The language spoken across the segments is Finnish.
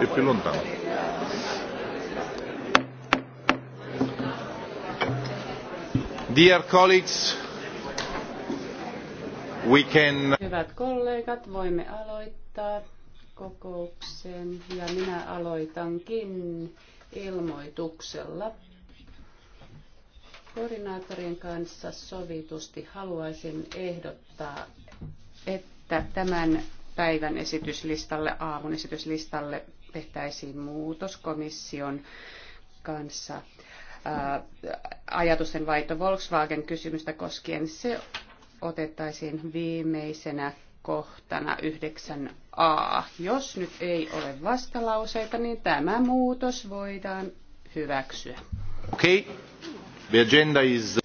e più lontano. Dear colleagues, we can... Hyvät kollegat, voimme aloittaa kokouksen ja minä aloitankin ilmoituksella. Koordinaattorin kanssa sovitusti haluaisin ehdottaa, että tämän päivän esityslistalle, aamun esityslistalle tehtäisiin muutos komission kanssa ajatusten vaihto Volkswagen-kysymystä koskien. Se otettaisiin viimeisenä kohtana 9a. Jos nyt ei ole vastalauseita, niin tämä muutos voidaan hyväksyä. Okei. Okay. The agenda is...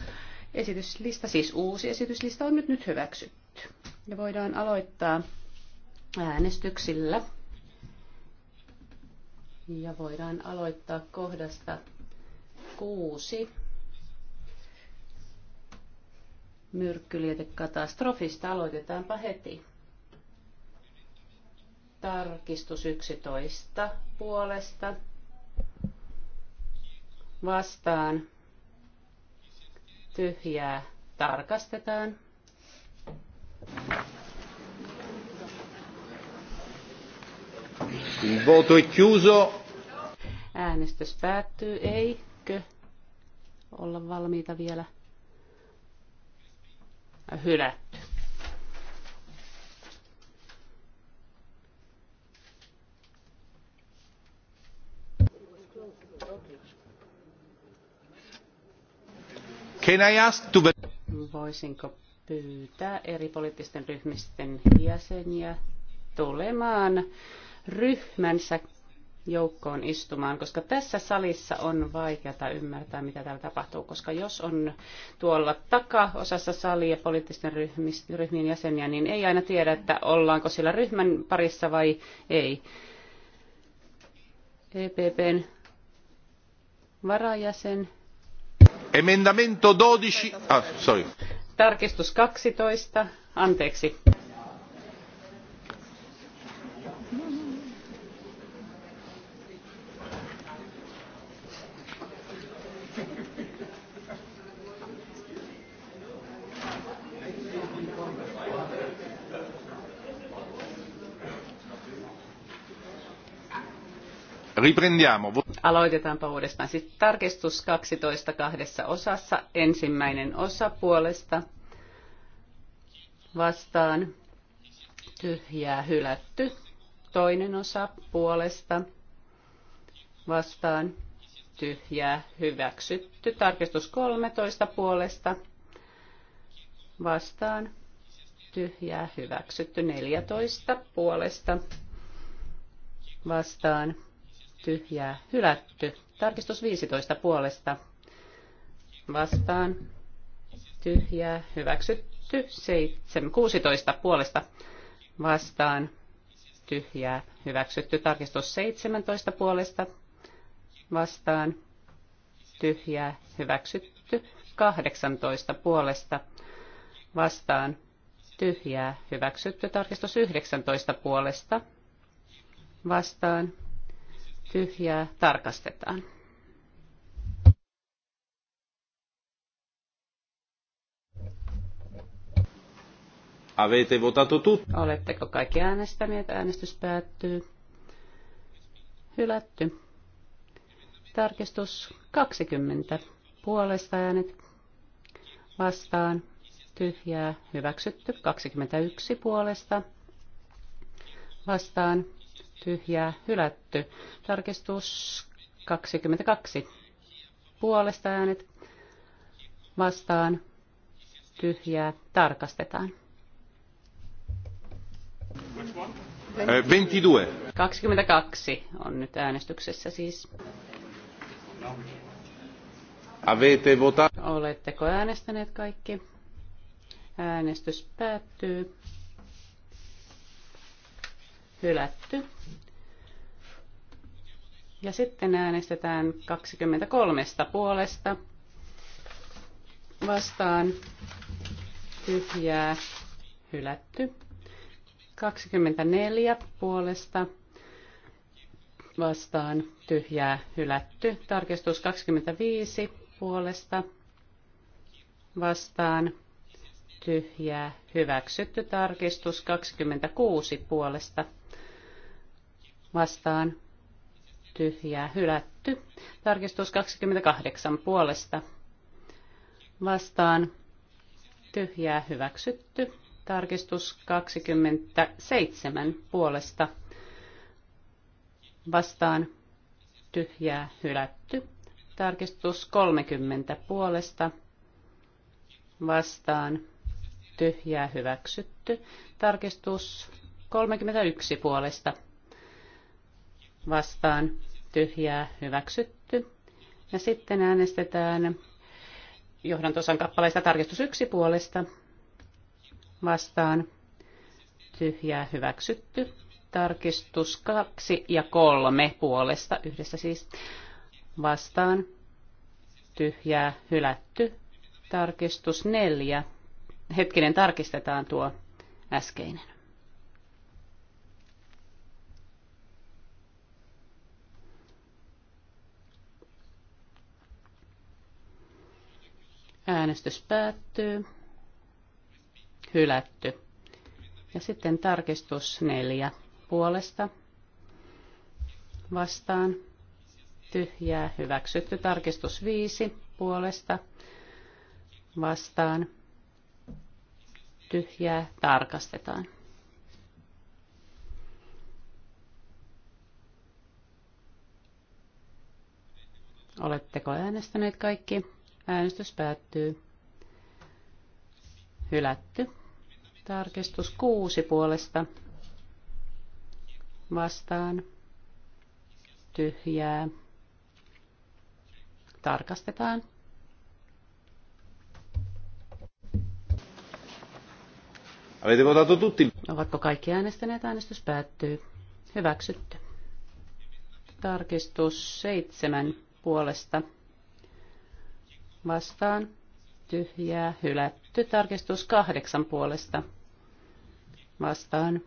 Esityslista, siis uusi esityslista on nyt, nyt hyväksytty. Ja voidaan aloittaa äänestyksillä. Ja voidaan aloittaa kohdasta kuusi myrkkylietekatastrofista. Aloitetaanpa heti. Tarkistus 11 puolesta. Vastaan. Tyhjää. Tarkastetaan. Il voto è chiuso. Äänestys päättyy, eikö olla valmiita vielä? Hylätty. Can I ask to... Voisinko pyytää eri poliittisten ryhmisten jäseniä tulemaan ryhmänsä joukkoon istumaan, koska tässä salissa on vaikeata ymmärtää, mitä täällä tapahtuu, koska jos on tuolla takaosassa sali ja poliittisten ryhmien jäseniä, niin ei aina tiedä, että ollaanko siellä ryhmän parissa vai ei. EPPn varajäsen. Emendamento 12. Ah, sorry. Tarkistus 12. Anteeksi. Riprendiamo. Aloitetaanpa uudestaan. Siis tarkistus 12 kahdessa osassa. Ensimmäinen osa puolesta vastaan tyhjää hylätty. Toinen osa puolesta vastaan tyhjää hyväksytty. Tarkistus 13 puolesta vastaan tyhjää hyväksytty. 14 puolesta vastaan tyhjää hylätty. Tarkistus 15 puolesta vastaan tyhjää hyväksytty. 7, 16 puolesta vastaan tyhjää hyväksytty. Tarkistus 17 puolesta vastaan tyhjää hyväksytty. 18 puolesta vastaan tyhjää hyväksytty. Tarkistus 19 puolesta vastaan tyhjää tarkastetaan. Avete votato tutti. Oletteko kaikki äänestäneet? Äänestys päättyy. Hylätty. Tarkistus 20. Puolesta äänet vastaan. Tyhjää. Hyväksytty. 21 puolesta vastaan tyhjää hylätty. Tarkistus 22 puolesta äänet vastaan tyhjää tarkastetaan. 22. 22 on nyt äänestyksessä siis. Avete vota. Oletteko äänestäneet kaikki? Äänestys päättyy hylätty. Ja sitten äänestetään 23 puolesta vastaan tyhjää hylätty. 24 puolesta vastaan tyhjää hylätty. Tarkistus 25 puolesta vastaan tyhjää hyväksytty. Tarkistus 26 puolesta vastaan tyhjää hylätty. Tarkistus 28 puolesta vastaan tyhjää hyväksytty. Tarkistus 27 puolesta vastaan tyhjää hylätty. Tarkistus 30 puolesta vastaan tyhjää hyväksytty. Tarkistus 31 puolesta vastaan tyhjää hyväksytty. Ja sitten äänestetään johdantosan kappaleista tarkistus yksi puolesta vastaan tyhjää hyväksytty. Tarkistus kaksi ja kolme puolesta yhdessä siis vastaan tyhjää hylätty. Tarkistus neljä. Hetkinen tarkistetaan tuo äskeinen. Äänestys päättyy. Hylätty. Ja sitten tarkistus neljä puolesta vastaan. Tyhjää hyväksytty. Tarkistus viisi puolesta vastaan. Tyhjää tarkastetaan. Oletteko äänestäneet kaikki? Äänestys päättyy. Hylätty. Tarkistus kuusi puolesta. Vastaan. Tyhjää. Tarkastetaan. Avete votato tutti? Ovatko kaikki äänestäneet? Äänestys päättyy. Hyväksytty. Tarkistus seitsemän puolesta vastaan tyhjää hylätty. Tarkistus kahdeksan puolesta vastaan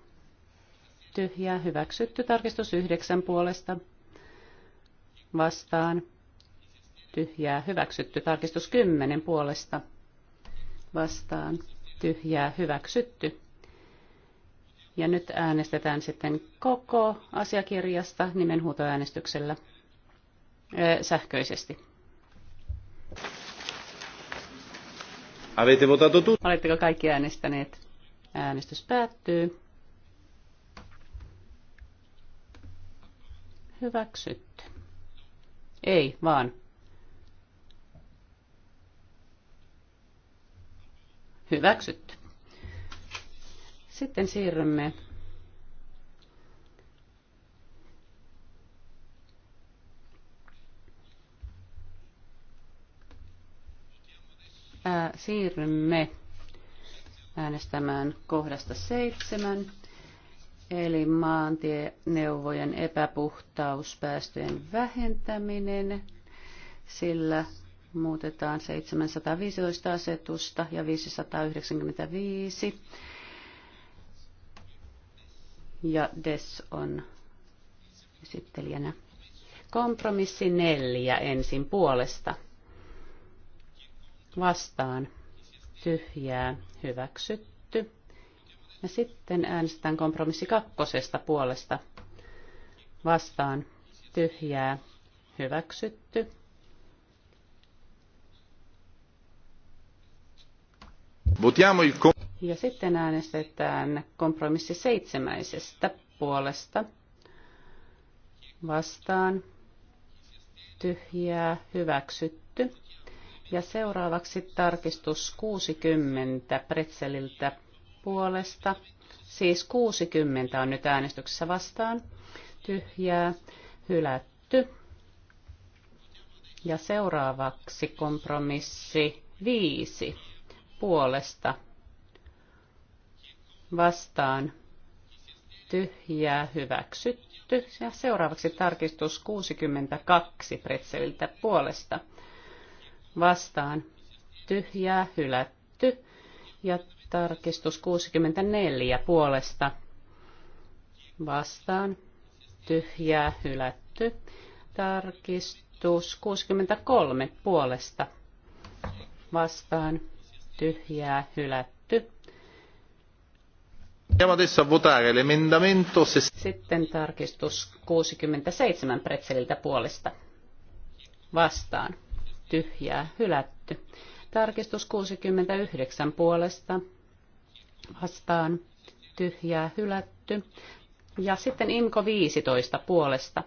tyhjää hyväksytty. Tarkistus yhdeksän puolesta vastaan tyhjää hyväksytty. Tarkistus kymmenen puolesta vastaan tyhjää hyväksytty. Ja nyt äänestetään sitten koko asiakirjasta nimenhuutoäänestyksellä sähköisesti. Avete votato tutti? Oletteko kaikki äänestäneet? Äänestys päättyy. Hyväksytty. Ei, vaan. Hyväksytty. Sitten siirrymme ää, siirrymme äänestämään kohdasta seitsemän, eli maantieneuvojen epäpuhtauspäästöjen vähentäminen, sillä muutetaan 715 asetusta ja 595. Ja Des on esittelijänä. Kompromissi neljä ensin puolesta vastaan tyhjää hyväksytty. Ja sitten äänestetään kompromissi kakkosesta puolesta vastaan tyhjää hyväksytty. Ja sitten äänestetään kompromissi seitsemäisestä puolesta vastaan tyhjää hyväksytty. Ja seuraavaksi tarkistus 60 Pretseliltä puolesta. Siis 60 on nyt äänestyksessä vastaan. Tyhjää, hylätty. Ja seuraavaksi kompromissi 5 puolesta vastaan tyhjää hyväksytty. Ja seuraavaksi tarkistus 62 Pretseliltä puolesta vastaan tyhjää hylätty ja tarkistus 64 puolesta vastaan tyhjää hylätty. Tarkistus 63 puolesta vastaan tyhjää hylätty. Sitten tarkistus 67 pretseliltä puolesta vastaan tyhjää hylätty. Tarkistus 69 puolesta vastaan tyhjää hylätty. Ja sitten IMKO 15 puolesta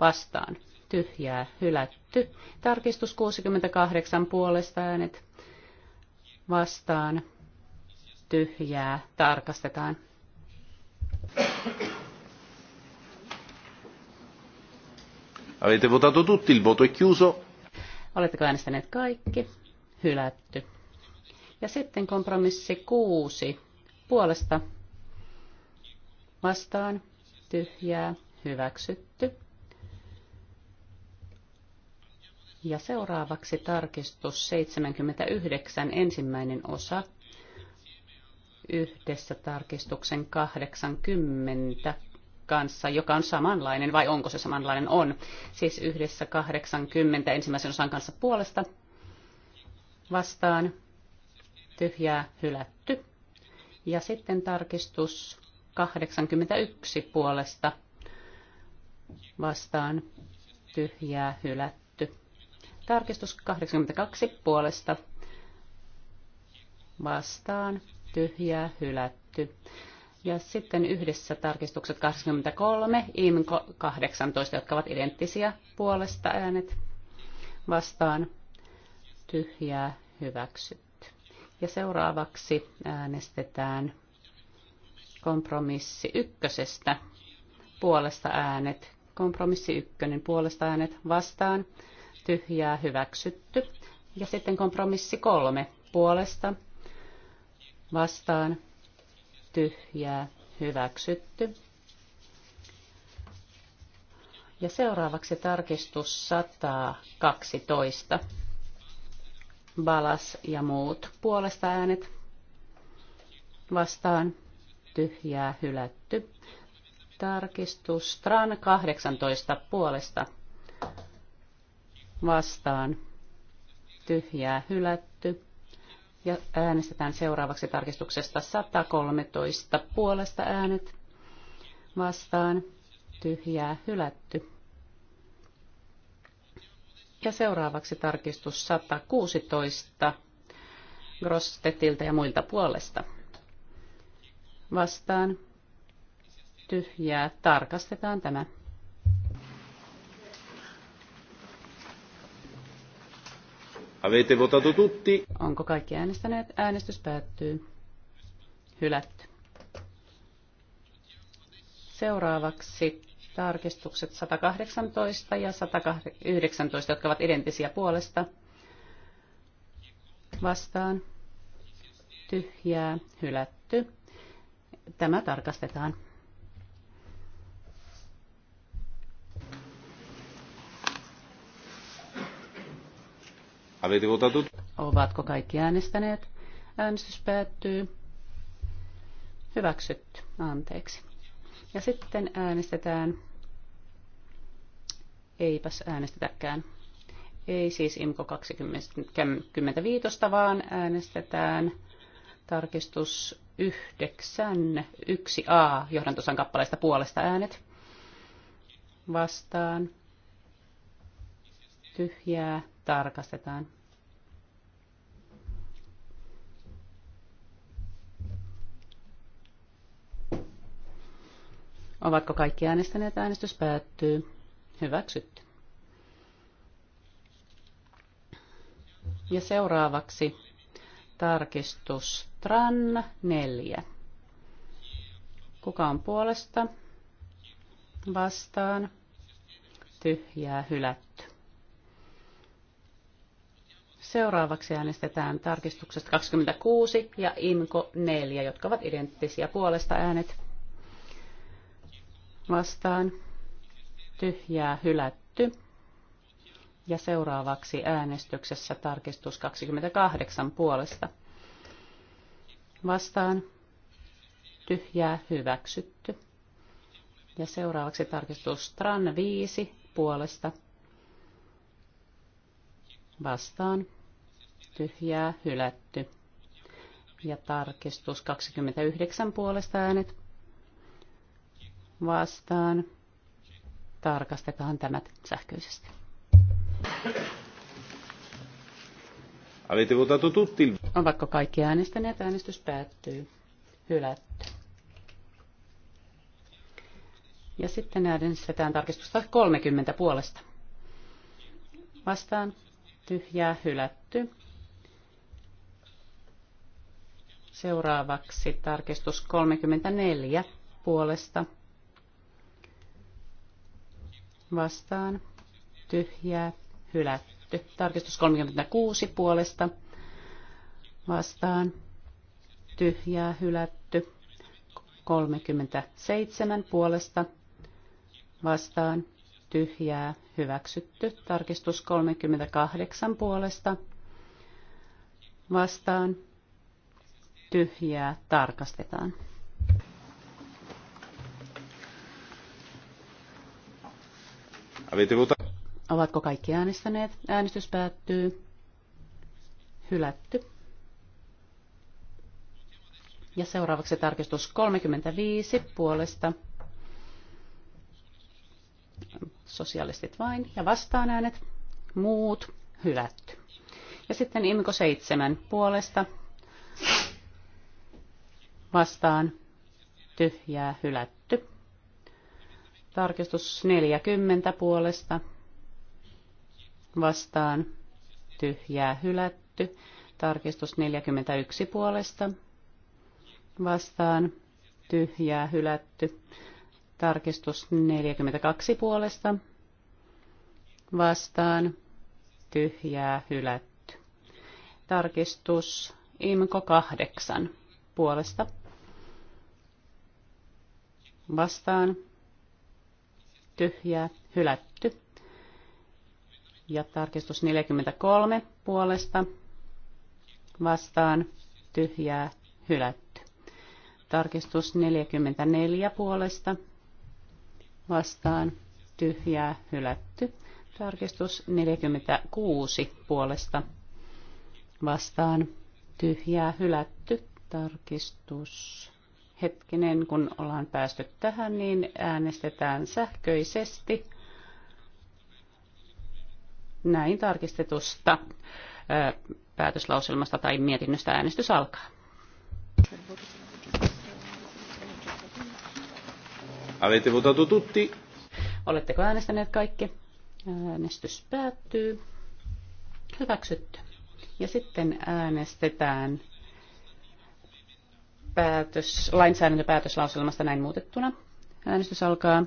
vastaan tyhjää hylätty. Tarkistus 68 puolesta äänet vastaan tyhjää tarkastetaan. Avete votato tutti, il voto è chiuso. Oletteko äänestäneet kaikki? Hylätty. Ja sitten kompromissi kuusi. Puolesta vastaan tyhjää hyväksytty. Ja seuraavaksi tarkistus 79 ensimmäinen osa yhdessä tarkistuksen 80 kanssa, joka on samanlainen, vai onko se samanlainen? On. Siis yhdessä 80 ensimmäisen osan kanssa puolesta vastaan tyhjää hylätty. Ja sitten tarkistus 81 puolesta vastaan tyhjää hylätty. Tarkistus 82 puolesta vastaan tyhjää hylätty. Ja sitten yhdessä tarkistukset 23, IM 18, jotka ovat identtisiä puolesta äänet vastaan tyhjää hyväksytty. Ja seuraavaksi äänestetään kompromissi ykkösestä puolesta äänet. Kompromissi ykkönen puolesta äänet vastaan tyhjää hyväksytty. Ja sitten kompromissi kolme puolesta vastaan tyhjää, hyväksytty. Ja seuraavaksi tarkistus 112. Balas ja muut puolesta äänet vastaan tyhjää hylätty. Tarkistus Tran 18 puolesta vastaan tyhjää hylätty ja äänestetään seuraavaksi tarkistuksesta 113 puolesta äänet vastaan tyhjää hylätty. Ja seuraavaksi tarkistus 116 Grostetilta ja muilta puolesta. Vastaan tyhjää tarkastetaan tämä Avete votato tutti? Onko kaikki äänestäneet? Äänestys päättyy. Hylätty. Seuraavaksi tarkistukset 118 ja 119, jotka ovat identtisiä puolesta. Vastaan. Tyhjää. Hylätty. Tämä tarkastetaan. Ovatko kaikki äänestäneet? Äänestys päättyy. Hyväksytty. Anteeksi. Ja sitten äänestetään. Eipäs äänestetäkään. Ei siis IMKO 25, vaan äänestetään tarkistus 9, 1a johdantosan kappaleista puolesta äänet vastaan tyhjää tarkastetaan. Ovatko kaikki äänestäneet? Äänestys päättyy. Hyväksytty. Ja seuraavaksi tarkistus TRAN 4. Kuka on puolesta? Vastaan. Tyhjää hylätty. Seuraavaksi äänestetään tarkistuksesta 26 ja IMKO 4, jotka ovat identtisiä puolesta äänet. Vastaan tyhjää hylätty. Ja seuraavaksi äänestyksessä tarkistus 28 puolesta. Vastaan tyhjää hyväksytty. Ja seuraavaksi tarkistus TRAN 5 puolesta vastaan tyhjää hylätty. Ja tarkistus 29 puolesta äänet vastaan. Tarkastetaan tämä sähköisesti. Avete votato tutti? Ovatko kaikki äänestäneet? Äänestys päättyy. Hylätty. Ja sitten äänestetään tarkistusta 30 puolesta. Vastaan tyhjää hylätty. Seuraavaksi tarkistus 34 puolesta vastaan tyhjää hylätty. Tarkistus 36 puolesta vastaan tyhjää hylätty. 37 puolesta vastaan tyhjää hyväksytty. Tarkistus 38 puolesta vastaan tyhjää tarkastetaan. Ovatko kaikki äänestäneet? Äänestys päättyy. Hylätty. Ja seuraavaksi tarkistus 35 puolesta. Sosialistit vain. Ja vastaan äänet. Muut. Hylätty. Ja sitten Imko 7 puolesta vastaan tyhjää hylätty. Tarkistus 40 puolesta vastaan tyhjää hylätty. Tarkistus 41 puolesta vastaan tyhjää hylätty. Tarkistus 42 puolesta vastaan tyhjää hylätty. Tarkistus IMKO 8 puolesta vastaan tyhjää hylätty. Ja tarkistus 43 puolesta vastaan tyhjää hylätty. Tarkistus 44 puolesta vastaan tyhjää hylätty. Tarkistus 46 puolesta vastaan tyhjää hylätty. Tarkistus hetkinen, kun ollaan päästy tähän, niin äänestetään sähköisesti näin tarkistetusta päätöslauselmasta tai mietinnöstä äänestys alkaa. Avete votato tutti? Oletteko äänestäneet kaikki? Äänestys päättyy. Hyväksytty. Ja sitten äänestetään päätös, lainsäädäntöpäätöslauselmasta näin muutettuna. Äänestys alkaa.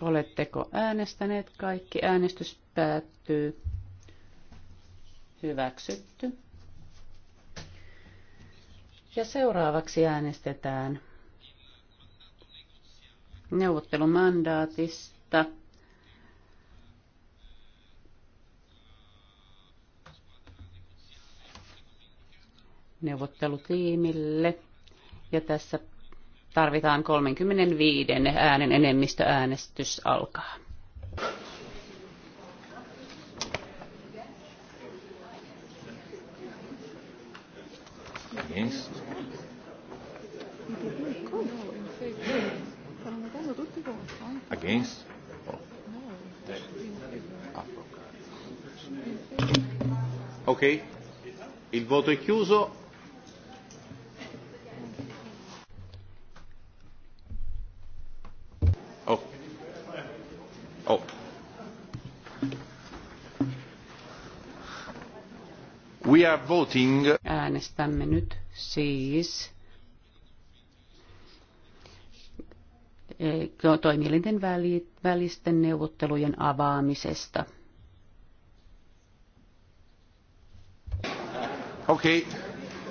Oletteko äänestäneet? Kaikki äänestys päättyy. Hyväksytty. Ja seuraavaksi äänestetään neuvottelumandaatista neuvottelutiimille. Ja tässä tarvitaan 35 äänen enemmistöäänestys alkaa. Against? Ok, il voto è chiuso. Oh. We are voting. Äänestämme nyt siis eh, no, toimielinten välisten neuvottelujen avaamisesta. Okay.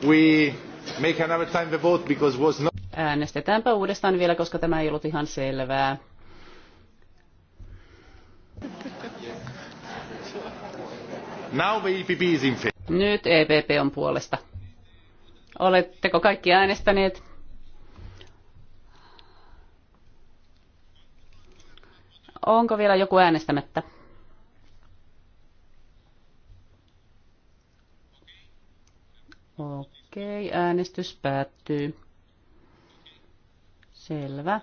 We make another time the vote because was not... Äänestetäänpä uudestaan vielä, koska tämä ei ollut ihan selvää. E Nyt EPP on puolesta. Oletteko kaikki äänestäneet? Onko vielä joku äänestämättä? Okei, äänestys päättyy. Selvä.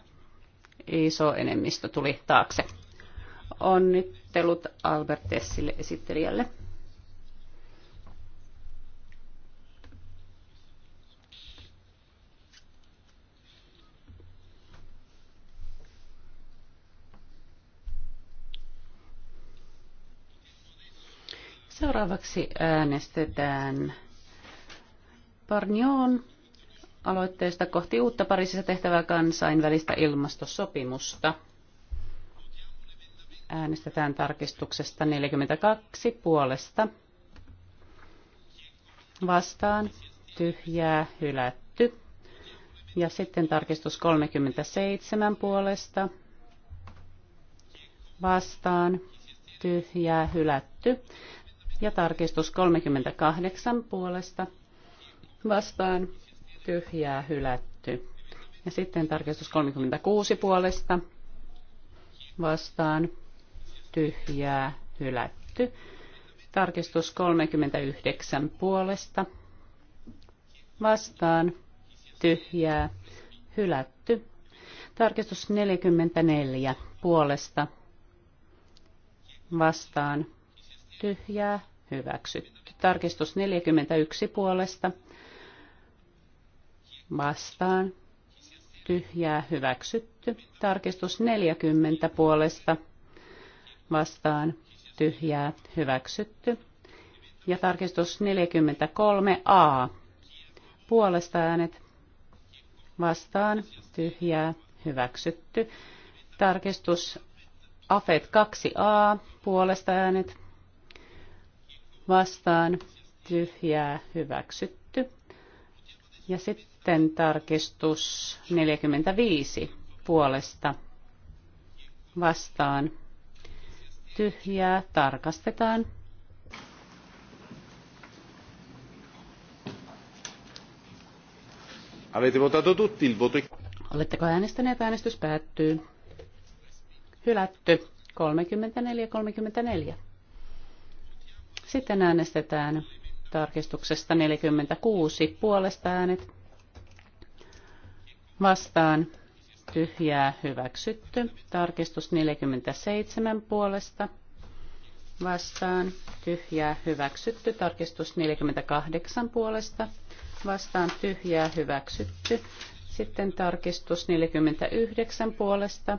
Iso enemmistö tuli taakse. Onnittelut Albert Tessille esittelijälle. Seuraavaksi äänestetään Parnion aloitteesta kohti uutta Pariisissa tehtävää kansainvälistä ilmastosopimusta. Äänestetään tarkistuksesta 42 puolesta. Vastaan tyhjää hylätty. Ja sitten tarkistus 37 puolesta. Vastaan tyhjää hylätty ja tarkistus 38 puolesta vastaan tyhjää hylätty. Ja sitten tarkistus 36 puolesta vastaan tyhjää hylätty. Tarkistus 39 puolesta vastaan tyhjää hylätty. Tarkistus 44 puolesta vastaan tyhjää, hyväksytty. Tarkistus 41 puolesta, vastaan, tyhjää, hyväksytty. Tarkistus 40 puolesta, vastaan, tyhjää, hyväksytty. Ja tarkistus 43a, puolesta äänet, vastaan, tyhjää, hyväksytty. Tarkistus AFET 2a, puolesta äänet, vastaan tyhjää hyväksytty. Ja sitten tarkistus 45 puolesta vastaan tyhjää tarkastetaan. Avete votato tutti il voto. Oletteko äänestäneet? Äänestys päättyy. Hylätty. 34-34. Sitten äänestetään tarkistuksesta 46 puolesta äänet vastaan tyhjää hyväksytty. Tarkistus 47 puolesta vastaan tyhjää hyväksytty. Tarkistus 48 puolesta vastaan tyhjää hyväksytty. Sitten tarkistus 49 puolesta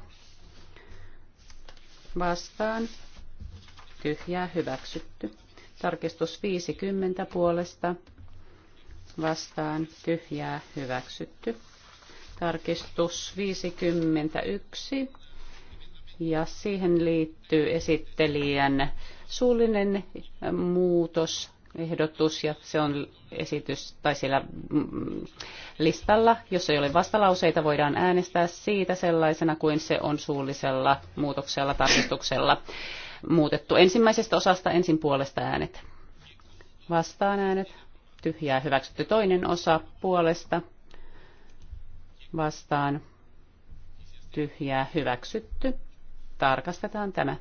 vastaan tyhjää hyväksytty. Tarkistus 50 puolesta vastaan tyhjää hyväksytty. Tarkistus 51 ja siihen liittyy esittelijän suullinen äh, muutos ehdotus ja se on esitys tai siellä mm, listalla, jossa ei ole vastalauseita, voidaan äänestää siitä sellaisena kuin se on suullisella muutoksella tarkistuksella muutettu. Ensimmäisestä osasta ensin puolesta äänet. Vastaan äänet. Tyhjää hyväksytty toinen osa puolesta. Vastaan. Tyhjää hyväksytty. Tarkastetaan tämä.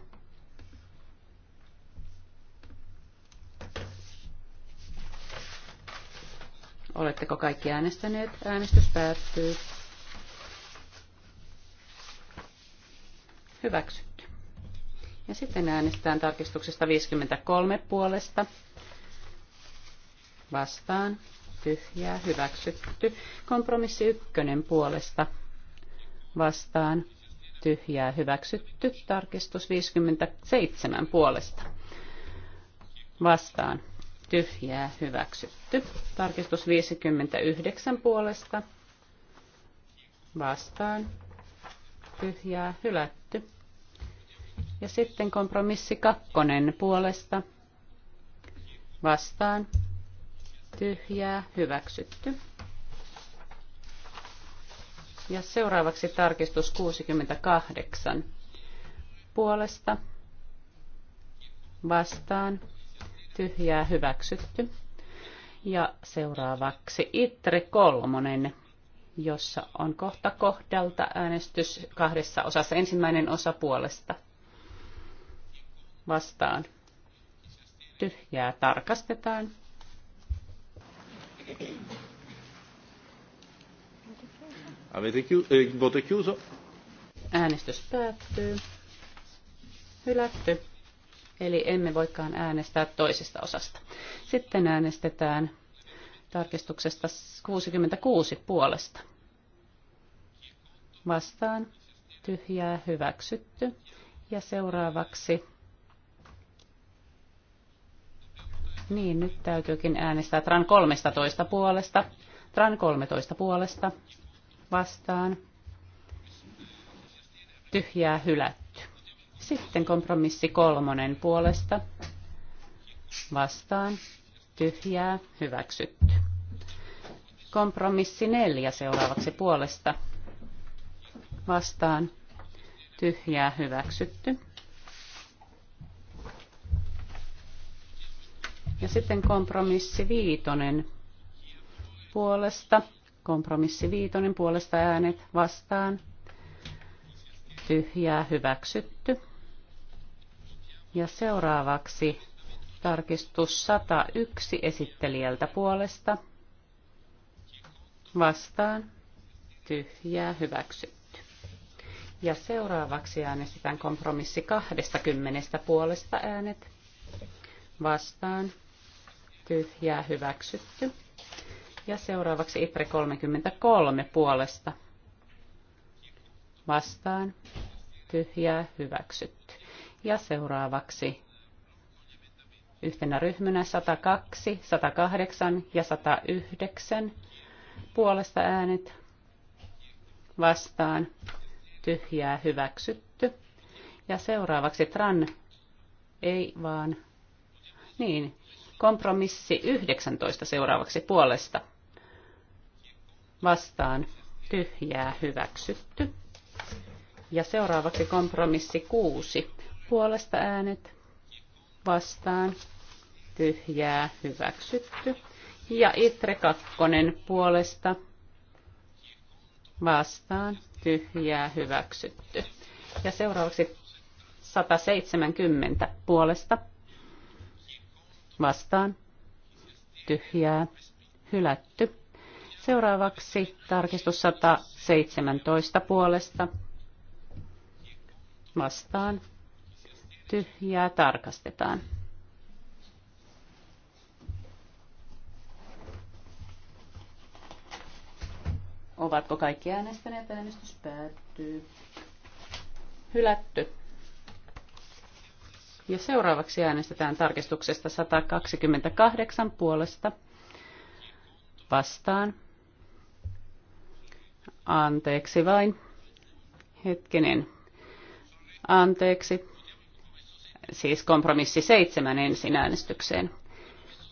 Oletteko kaikki äänestäneet? Äänestys päättyy. Hyväksytty. Ja sitten äänestetään tarkistuksesta 53 puolesta. Vastaan. Tyhjää. Hyväksytty. Kompromissi 1 puolesta. Vastaan. Tyhjää. Hyväksytty. Tarkistus 57 puolesta. Vastaan. Tyhjää. Hyväksytty. Tarkistus 59 puolesta. Vastaan. Tyhjää. Hylätty ja sitten kompromissi kakkonen puolesta vastaan tyhjää hyväksytty. Ja seuraavaksi tarkistus 68 puolesta vastaan tyhjää hyväksytty. Ja seuraavaksi Itre kolmonen, jossa on kohta kohdalta äänestys kahdessa osassa. Ensimmäinen osa puolesta vastaan tyhjää tarkastetaan. Eh, Äänestys päättyy. Hylätty. Eli emme voikaan äänestää toisesta osasta. Sitten äänestetään tarkistuksesta 66 puolesta. Vastaan tyhjää hyväksytty. Ja seuraavaksi Niin, nyt täytyykin äänestää Tran 13 puolesta. Tran 13 puolesta vastaan. Tyhjää hylätty. Sitten kompromissi kolmonen puolesta vastaan. Tyhjää hyväksytty. Kompromissi neljä seuraavaksi puolesta vastaan. Tyhjää hyväksytty. Ja sitten kompromissi viitonen puolesta. Kompromissi viitonen puolesta äänet vastaan. Tyhjää hyväksytty. Ja seuraavaksi tarkistus 101 esittelijältä puolesta. Vastaan. Tyhjää hyväksytty. Ja seuraavaksi äänestetään kompromissi 20 puolesta äänet. Vastaan tyhjää hyväksytty. Ja seuraavaksi IPRE 33 puolesta vastaan tyhjää hyväksytty. Ja seuraavaksi yhtenä ryhmänä 102, 108 ja 109 puolesta äänet vastaan tyhjää hyväksytty. Ja seuraavaksi tran ei vaan niin Kompromissi 19 seuraavaksi puolesta. Vastaan tyhjää hyväksytty. Ja seuraavaksi kompromissi 6. Puolesta äänet vastaan tyhjää hyväksytty. Ja Itre kakkonen puolesta vastaan tyhjää hyväksytty. Ja seuraavaksi 170 puolesta vastaan tyhjää hylätty. Seuraavaksi tarkistus 117 puolesta vastaan tyhjää tarkastetaan. Ovatko kaikki äänestäneet? Äänestys päättyy. Hylätty. Ja seuraavaksi äänestetään tarkistuksesta 128 puolesta vastaan. Anteeksi vain. Hetkinen. Anteeksi. Siis kompromissi seitsemän ensin äänestykseen.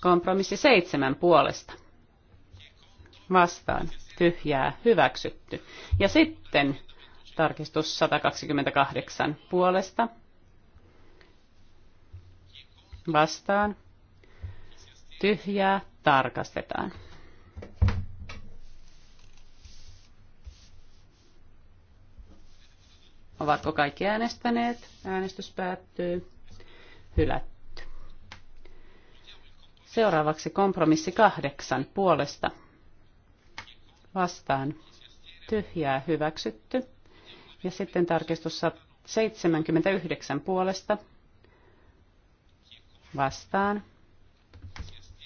Kompromissi seitsemän puolesta. Vastaan. Tyhjää. Hyväksytty. Ja sitten tarkistus 128 puolesta vastaan tyhjää tarkastetaan. Ovatko kaikki äänestäneet? Äänestys päättyy. Hylätty. Seuraavaksi kompromissi kahdeksan puolesta. Vastaan. Tyhjää hyväksytty. Ja sitten tarkistus 79 puolesta vastaan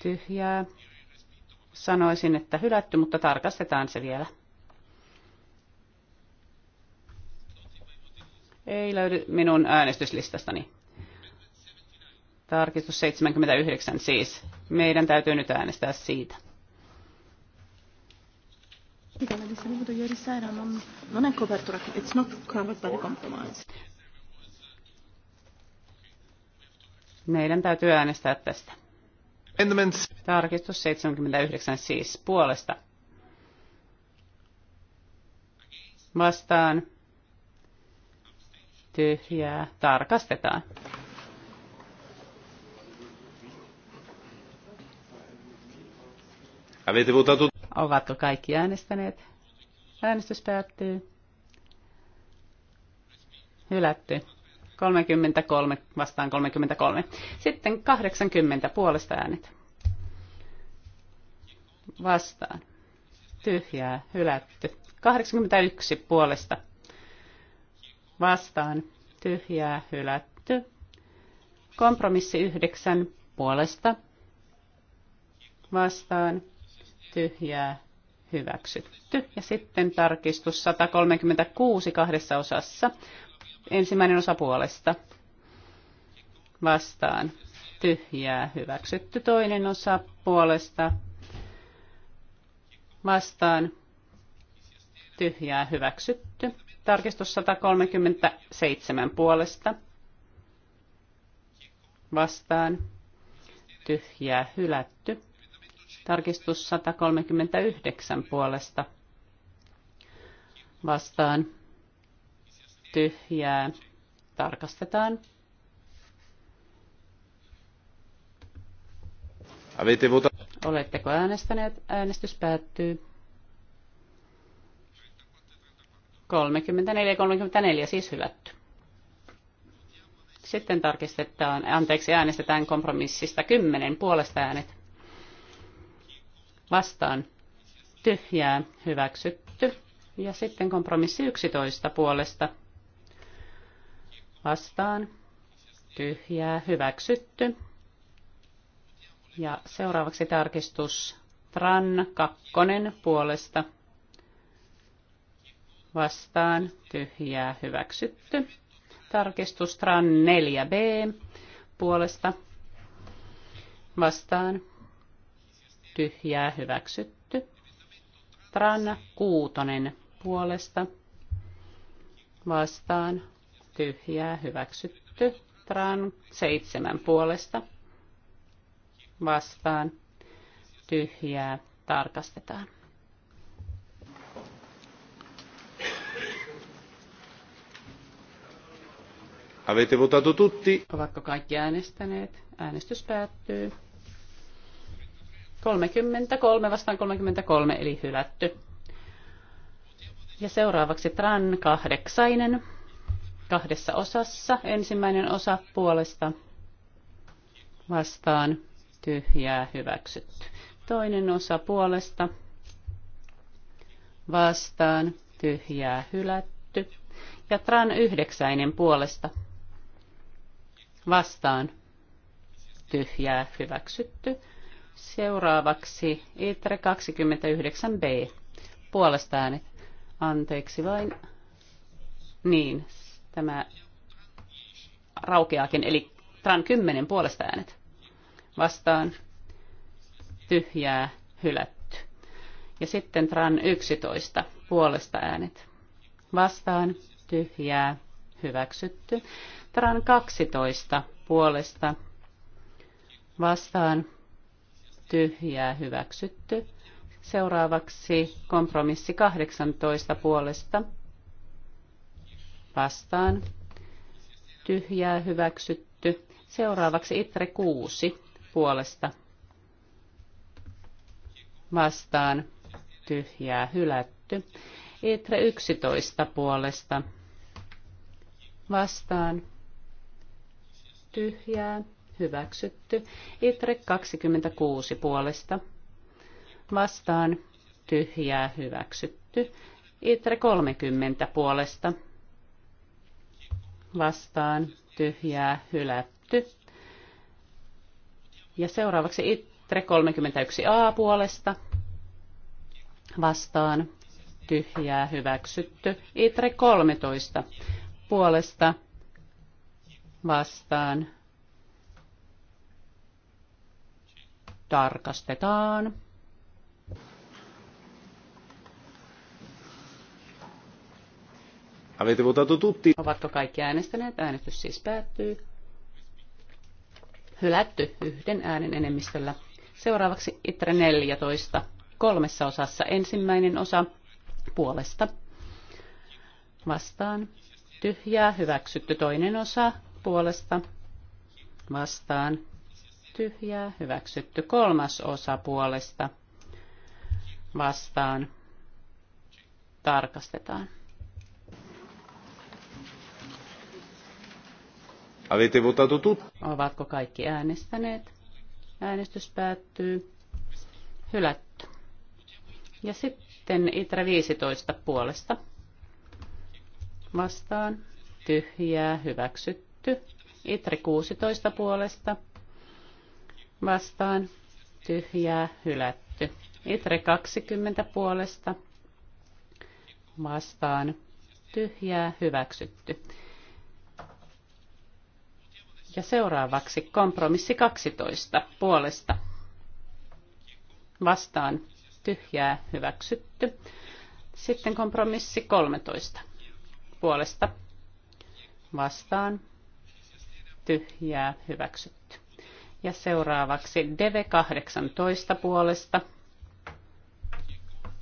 tyhjää. Sanoisin, että hylätty, mutta tarkastetaan se vielä. Ei löydy minun äänestyslistastani. Tarkistus 79 siis. Meidän täytyy nyt äänestää siitä. Meidän täytyy äänestää tästä. Tarkistus 79 siis puolesta. Vastaan. Tyhjää. Tarkastetaan. Ovatko kaikki äänestäneet? Äänestys päättyy. Hylätty. 33 vastaan 33. Sitten 80 puolesta äänet. Vastaan. Tyhjää, hylätty. 81 puolesta. Vastaan. Tyhjää, hylätty. Kompromissi 9 puolesta. Vastaan. Tyhjää, hyväksytty. Ja sitten tarkistus 136 kahdessa osassa. Ensimmäinen osa puolesta vastaan tyhjää hyväksytty. Toinen osa puolesta vastaan tyhjää hyväksytty. Tarkistus 137 puolesta vastaan tyhjää hylätty. Tarkistus 139 puolesta vastaan tyhjää. Tarkastetaan. Oletteko äänestäneet? Äänestys päättyy. 34, 34 siis hylätty. Sitten tarkistetaan, anteeksi, äänestetään kompromissista 10 puolesta äänet. Vastaan tyhjää hyväksytty. Ja sitten kompromissi 11 puolesta vastaan, tyhjää, hyväksytty. Ja seuraavaksi tarkistus Tran kakkonen puolesta vastaan, tyhjää, hyväksytty. Tarkistus Tran 4b puolesta vastaan, tyhjää, hyväksytty. Tran kuutonen puolesta vastaan, tyhjää hyväksytty. Tran seitsemän puolesta vastaan tyhjää tarkastetaan. Avete votato tutti? Ovatko kaikki äänestäneet? Äänestys päättyy. 33 vastaan 33 eli hylätty. Ja seuraavaksi Tran kahdeksainen kahdessa osassa. Ensimmäinen osa puolesta vastaan tyhjää hyväksytty. Toinen osa puolesta vastaan tyhjää hylätty. Ja tran yhdeksäinen puolesta vastaan tyhjää hyväksytty. Seuraavaksi ITRE 29b. Puolesta äänet. Anteeksi vain. Niin, tämä raukeakin, eli Tran 10 puolesta äänet vastaan tyhjää hylätty. Ja sitten Tran 11 puolesta äänet vastaan tyhjää hyväksytty. Tran 12 puolesta vastaan tyhjää hyväksytty. Seuraavaksi kompromissi 18 puolesta vastaan tyhjää hyväksytty. Seuraavaksi itre kuusi puolesta vastaan tyhjää hylätty. Itre 11 puolesta vastaan tyhjää hyväksytty. Itre 26 puolesta vastaan tyhjää hyväksytty. Itre 30 puolesta vastaan tyhjää hylätty. Ja seuraavaksi ITRE 31a puolesta vastaan tyhjää hyväksytty. ITRE 13 puolesta vastaan tarkastetaan. Avete votato tutti? Ovatko kaikki äänestäneet? Äänestys siis päättyy. Hylätty yhden äänen enemmistöllä. Seuraavaksi Itre 14 kolmessa osassa. Ensimmäinen osa puolesta vastaan. Tyhjää hyväksytty toinen osa puolesta vastaan. Tyhjää hyväksytty kolmas osa puolesta vastaan. Tarkastetaan. Avete votato tutti? Ovatko kaikki äänestäneet? Äänestys päättyy. Hylätty. Ja sitten Itra 15 puolesta. Vastaan. Tyhjää. Hyväksytty. Itra 16 puolesta. Vastaan. Tyhjää. Hylätty. Itre 20 puolesta. Vastaan. Tyhjää. Hyväksytty. Ja seuraavaksi kompromissi 12 puolesta. Vastaan tyhjää hyväksytty. Sitten kompromissi 13 puolesta. Vastaan tyhjää hyväksytty. Ja seuraavaksi DV18 puolesta.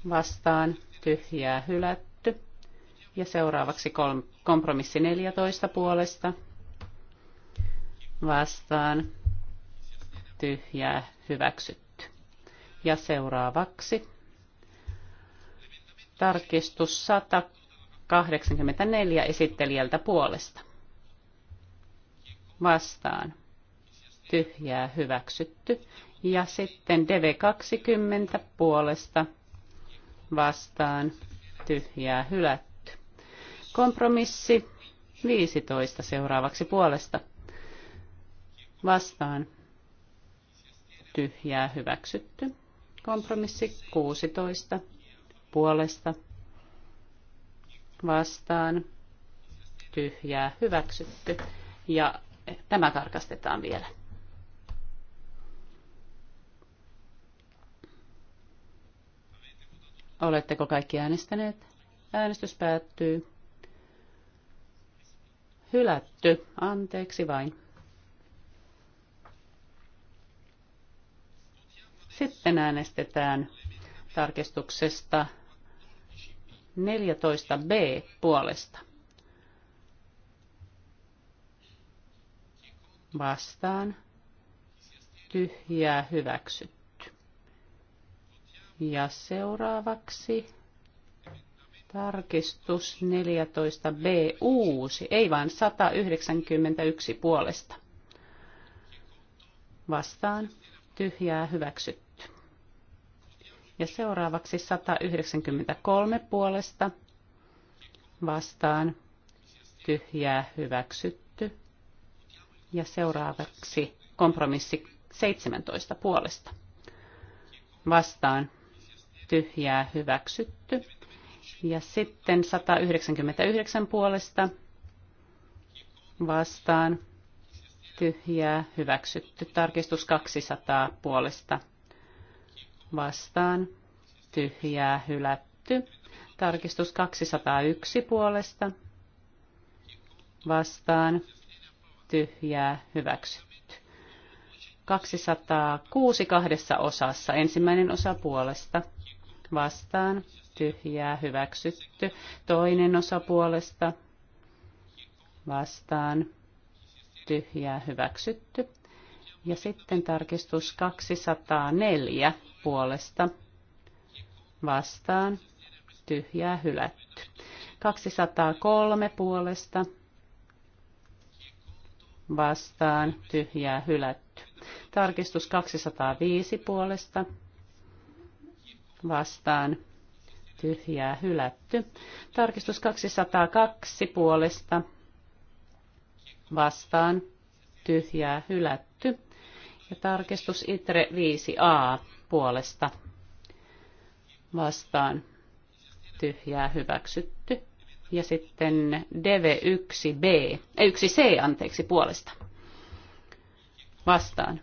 Vastaan tyhjää hylätty. Ja seuraavaksi kompromissi 14 puolesta vastaan tyhjää hyväksytty. Ja seuraavaksi tarkistus 184 esittelijältä puolesta. Vastaan tyhjää hyväksytty. Ja sitten DV20 puolesta vastaan tyhjää hylätty. Kompromissi 15 seuraavaksi puolesta vastaan tyhjää hyväksytty. Kompromissi 16 puolesta vastaan tyhjää hyväksytty. Ja tämä tarkastetaan vielä. Oletteko kaikki äänestäneet? Äänestys päättyy. Hylätty. Anteeksi vain. Sitten äänestetään tarkistuksesta 14b puolesta. Vastaan. Tyhjää hyväksytty. Ja seuraavaksi tarkistus 14b uusi, ei vaan 191 puolesta. Vastaan. Tyhjää hyväksytty. Ja seuraavaksi 193 puolesta vastaan tyhjää hyväksytty. Ja seuraavaksi kompromissi 17 puolesta vastaan tyhjää hyväksytty. Ja sitten 199 puolesta vastaan tyhjää hyväksytty. Tarkistus 200 puolesta vastaan tyhjää hylätty. Tarkistus 201 puolesta vastaan tyhjää hyväksytty. 206 kahdessa osassa. Ensimmäinen osa puolesta vastaan tyhjää hyväksytty. Toinen osa puolesta vastaan tyhjää hyväksytty. Ja sitten tarkistus 204 puolesta vastaan tyhjää hylätty. 203 puolesta vastaan tyhjää hylätty. Tarkistus 205 puolesta vastaan tyhjää hylätty. Tarkistus 202 puolesta vastaan tyhjää hylätty. Ja tarkistus ITRE 5a puolesta vastaan tyhjää hyväksytty. Ja sitten DV1B, ei 1C anteeksi puolesta vastaan.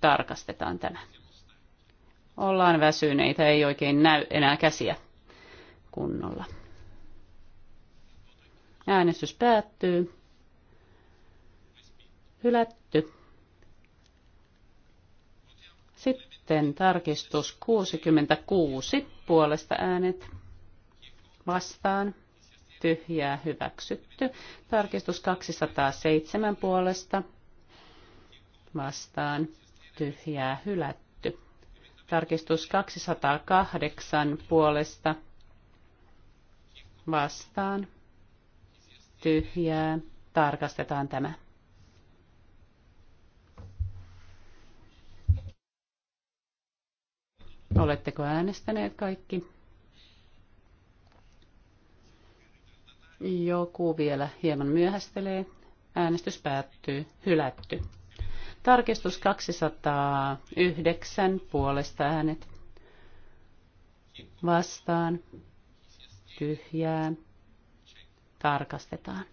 Tarkastetaan tämä. Ollaan väsyneitä, ei oikein näy enää käsiä kunnolla. Äänestys päättyy. Hylätty. Sitten tarkistus 66 puolesta äänet vastaan. Tyhjää hyväksytty. Tarkistus 207 puolesta vastaan. Tyhjää hylätty. Tarkistus 208 puolesta vastaan. Tyhjää. Tarkastetaan tämä. Oletteko äänestäneet kaikki? Joku vielä hieman myöhästelee. Äänestys päättyy. Hylätty. Tarkistus 209 puolesta äänet. Vastaan. Tyhjää. Tarkastetaan.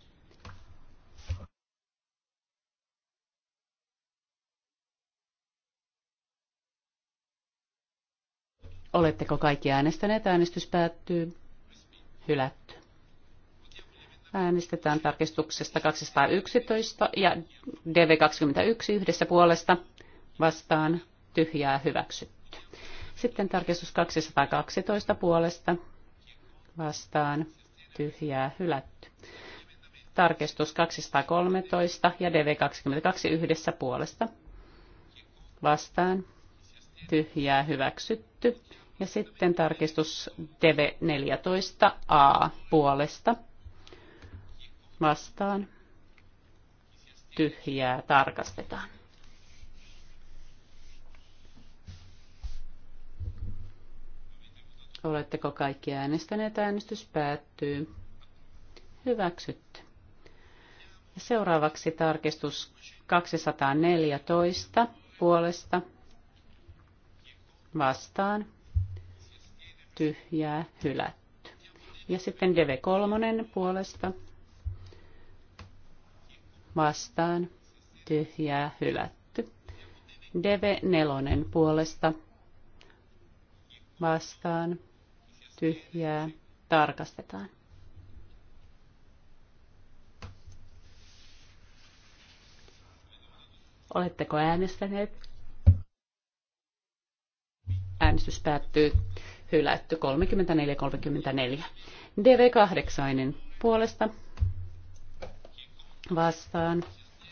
Oletteko kaikki äänestäneet? Äänestys päättyy. Hylätty. Äänestetään tarkistuksesta 211 ja DV21 yhdessä puolesta vastaan tyhjää hyväksytty. Sitten tarkistus 212 puolesta vastaan tyhjää hylätty. Tarkistus 213 ja DV22 yhdessä puolesta vastaan tyhjää hyväksytty hylätty. Ja sitten tarkistus TV14a puolesta vastaan tyhjää tarkastetaan. Oletteko kaikki äänestäneet? Äänestys päättyy. Hyväksytty. Ja seuraavaksi tarkistus 214 puolesta vastaan tyhjää hylätty. Ja sitten DV3 puolesta vastaan tyhjää hylätty. DV4 puolesta vastaan tyhjää tarkastetaan. Oletteko äänestäneet? Äänestys päättyy. Hylätty 34-34. DV8 puolesta. Vastaan.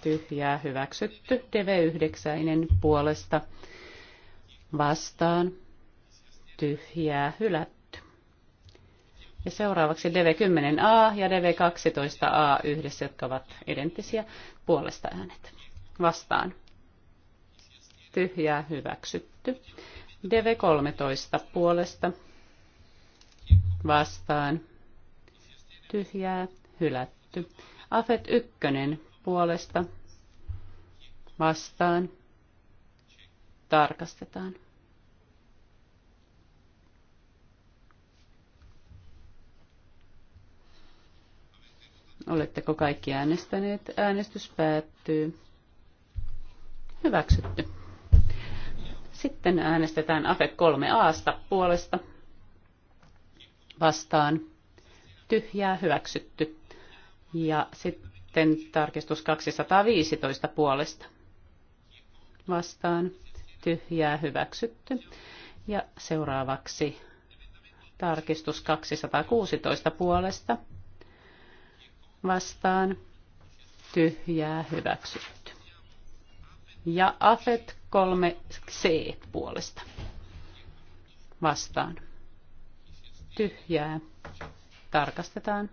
Tyhjää hyväksytty. DV9 puolesta. Vastaan. Tyhjää hylätty. Ja seuraavaksi DV10A ja DV12A yhdessä, jotka ovat identtisiä puolesta äänet. Vastaan tyhjää hyväksytty. DV13 puolesta vastaan tyhjää hylätty. Afet 1 puolesta vastaan tarkastetaan. Oletteko kaikki äänestäneet? Äänestys päättyy. Hyväksytty. Sitten äänestetään AFE 3 Aasta puolesta vastaan tyhjää hyväksytty. Ja sitten tarkistus 215 puolesta vastaan tyhjää hyväksytty. Ja seuraavaksi tarkistus 216 puolesta vastaan tyhjää hyväksytty. Ja AFET 3C puolesta. Vastaan. Tyhjää. Tarkastetaan.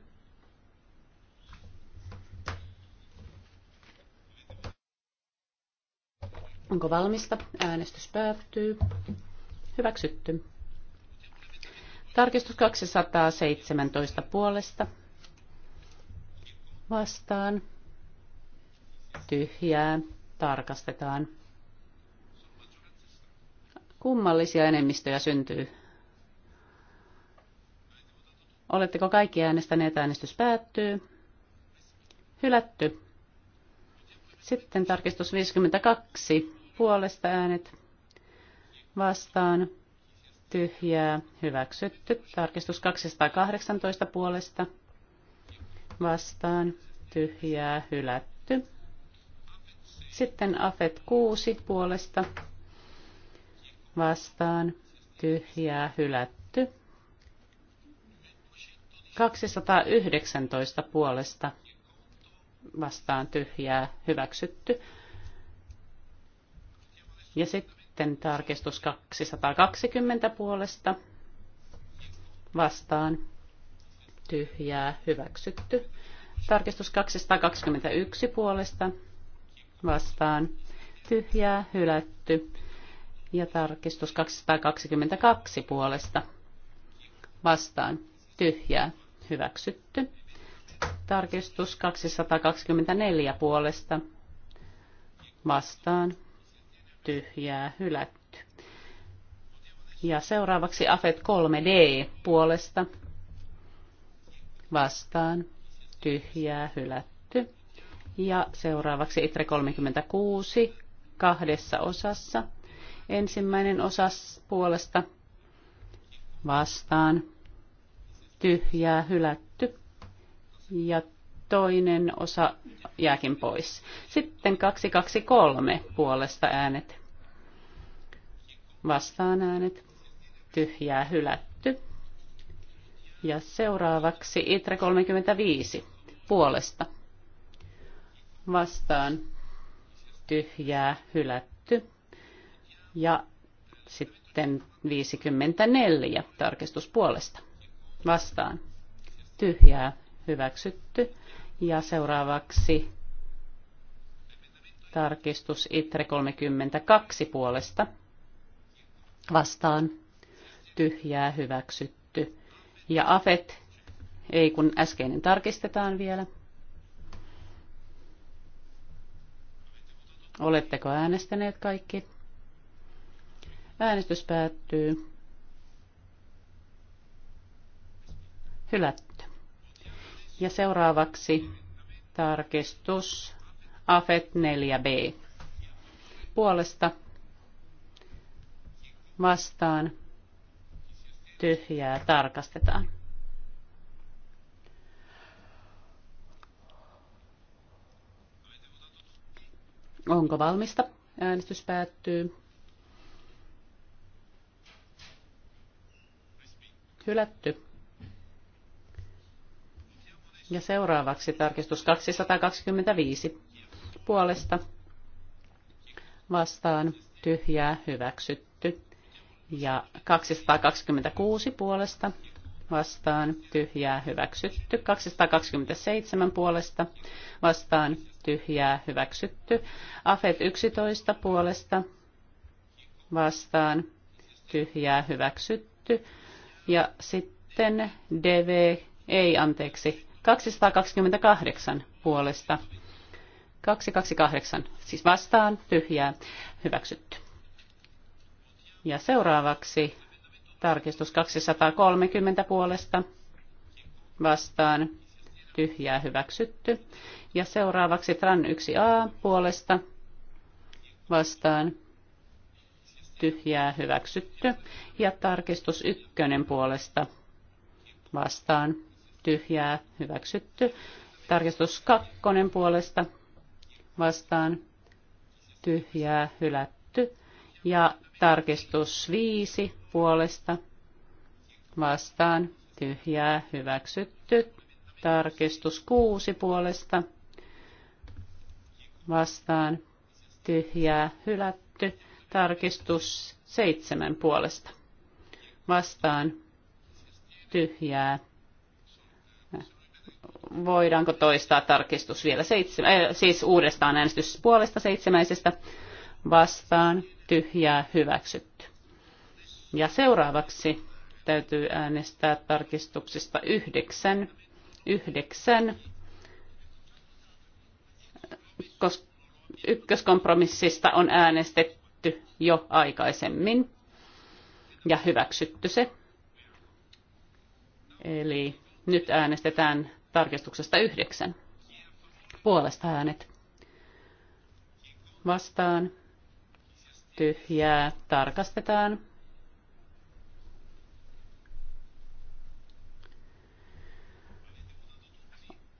Onko valmista? Äänestys päättyy. Hyväksytty. Tarkistus 217 puolesta. Vastaan. Tyhjää. Tarkastetaan kummallisia enemmistöjä syntyy. Oletteko kaikki äänestäneet? Äänestys päättyy. Hylätty. Sitten tarkistus 52. Puolesta äänet vastaan. Tyhjää. Hyväksytty. Tarkistus 218 puolesta vastaan. Tyhjää. Hylätty. Sitten AFET 6 puolesta vastaan tyhjää hylätty. 219 puolesta vastaan tyhjää hyväksytty. Ja sitten tarkistus 220 puolesta vastaan tyhjää hyväksytty. Tarkistus 221 puolesta vastaan tyhjää hylätty ja tarkistus 222 puolesta vastaan tyhjää hyväksytty. Tarkistus 224 puolesta vastaan tyhjää hylätty. Ja seuraavaksi AFET 3D puolesta vastaan tyhjää hylätty. Ja seuraavaksi ITRE 36 kahdessa osassa Ensimmäinen osa puolesta vastaan tyhjää hylätty ja toinen osa jääkin pois. Sitten 223 puolesta äänet vastaan äänet tyhjää hylätty. Ja seuraavaksi Itre 35 puolesta vastaan tyhjää hylätty. Ja sitten 54 tarkistuspuolesta vastaan. Tyhjää hyväksytty. Ja seuraavaksi tarkistus ITRE 32 puolesta vastaan. Tyhjää hyväksytty. Ja AFET, ei kun äskeinen tarkistetaan vielä. Oletteko äänestäneet kaikki? Äänestys päättyy. Hylätty. Ja seuraavaksi tarkistus AFET 4b. Puolesta vastaan tyhjää tarkastetaan. Onko valmista? Äänestys päättyy. Hylätty. Ja seuraavaksi tarkistus 225 puolesta vastaan tyhjää hyväksytty. Ja 226 puolesta vastaan tyhjää hyväksytty. 227 puolesta vastaan tyhjää hyväksytty. Afet 11 puolesta vastaan tyhjää hyväksytty. Ja sitten DV, ei anteeksi, 228 puolesta. 228, siis vastaan, tyhjää, hyväksytty. Ja seuraavaksi tarkistus 230 puolesta vastaan, tyhjää, hyväksytty. Ja seuraavaksi TRAN 1A puolesta vastaan, tyhjää hyväksytty. Ja tarkistus ykkönen puolesta vastaan tyhjää hyväksytty. Tarkistus kakkonen puolesta vastaan tyhjää hylätty. Ja tarkistus viisi puolesta vastaan tyhjää hyväksytty. Tarkistus kuusi puolesta vastaan tyhjää hylätty. Tarkistus seitsemän puolesta. Vastaan tyhjää. Voidaanko toistaa tarkistus vielä seitsemän, äh, siis uudestaan äänestys puolesta seitsemäisestä vastaan tyhjää hyväksytty. Ja seuraavaksi täytyy äänestää tarkistuksesta yhdeksän. Yhdeksän. Koska ykköskompromissista on äänestetty hyväksytty jo aikaisemmin ja hyväksytty se. Eli nyt äänestetään tarkistuksesta yhdeksän. Puolesta äänet. Vastaan. Tyhjää. Tarkastetaan.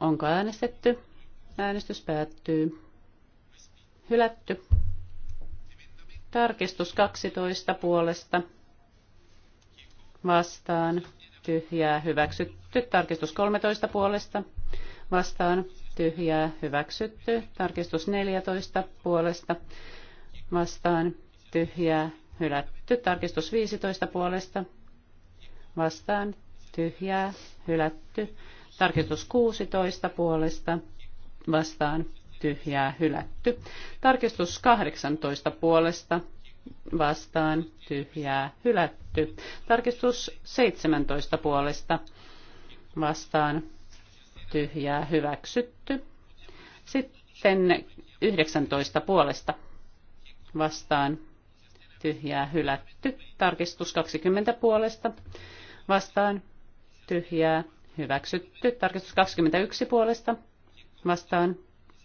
Onko äänestetty? Äänestys päättyy. Hylätty. Tarkistus 12 puolesta vastaan tyhjää hyväksytty. Tarkistus 13 puolesta vastaan tyhjää hyväksytty. Tarkistus 14 puolesta vastaan tyhjää hylätty. Tarkistus 15 puolesta vastaan tyhjää hylätty. Tarkistus 16 puolesta vastaan tyhjää hylätty. Tarkistus 18 puolesta vastaan tyhjää hylätty. Tarkistus 17 puolesta vastaan tyhjää hyväksytty. Sitten 19 puolesta vastaan tyhjää hylätty. Tarkistus 20 puolesta vastaan tyhjää hyväksytty. Tarkistus 21 puolesta vastaan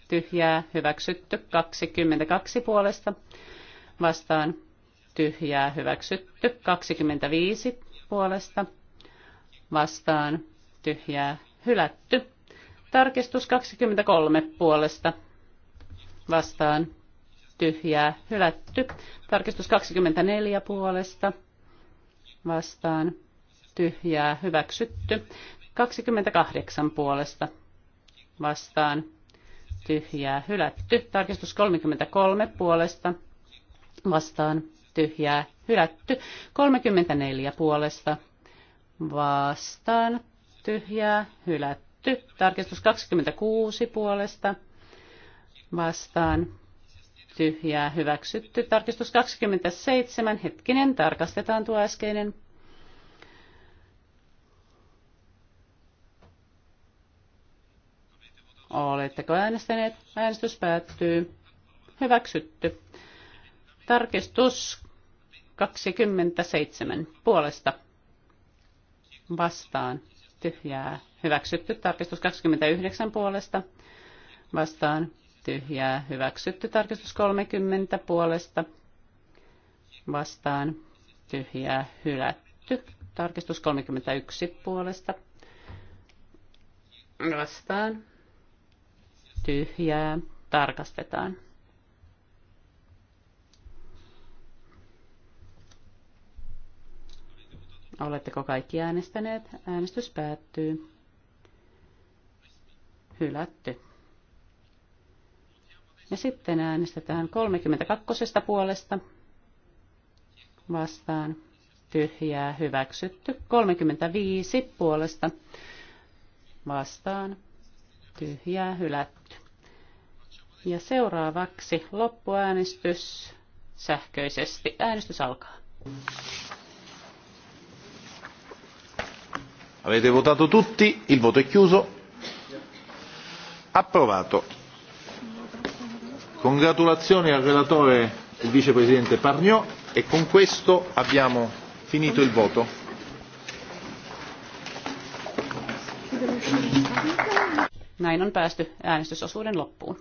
tyhjää, hyväksytty. 22 puolesta vastaan tyhjää, hyväksytty. 25 puolesta vastaan tyhjää, hylätty. Tarkistus 23 puolesta vastaan tyhjää, hylätty. Tarkistus 24 puolesta vastaan tyhjää, hyväksytty. 28 puolesta vastaan tyhjää hylätty. Tarkistus 33 puolesta vastaan tyhjää hylätty. 34 puolesta vastaan tyhjää hylätty. Tarkistus 26 puolesta vastaan tyhjää hyväksytty. Tarkistus 27, hetkinen, tarkastetaan tuo äskeinen Oletteko äänestäneet? Äänestys päättyy. Hyväksytty. Tarkistus 27 puolesta vastaan tyhjää. Hyväksytty tarkistus 29 puolesta vastaan tyhjää. Hyväksytty tarkistus 30 puolesta vastaan tyhjää. Hylätty tarkistus 31 puolesta vastaan tyhjää tarkastetaan. Oletteko kaikki äänestäneet? Äänestys päättyy. Hylätty. Ja sitten äänestetään 32. puolesta vastaan tyhjää hyväksytty. 35 puolesta vastaan tyhjää hylätty. Ja seuraavaksi loppuäänestys sähköisesti. Äänestys alkaa. Avete votato tutti, il voto è chiuso. Approvato. Congratulazioni al relatore il vicepresidente Parnio e con questo abbiamo finito il voto. Näin on päästy äänestysosuuden loppuun.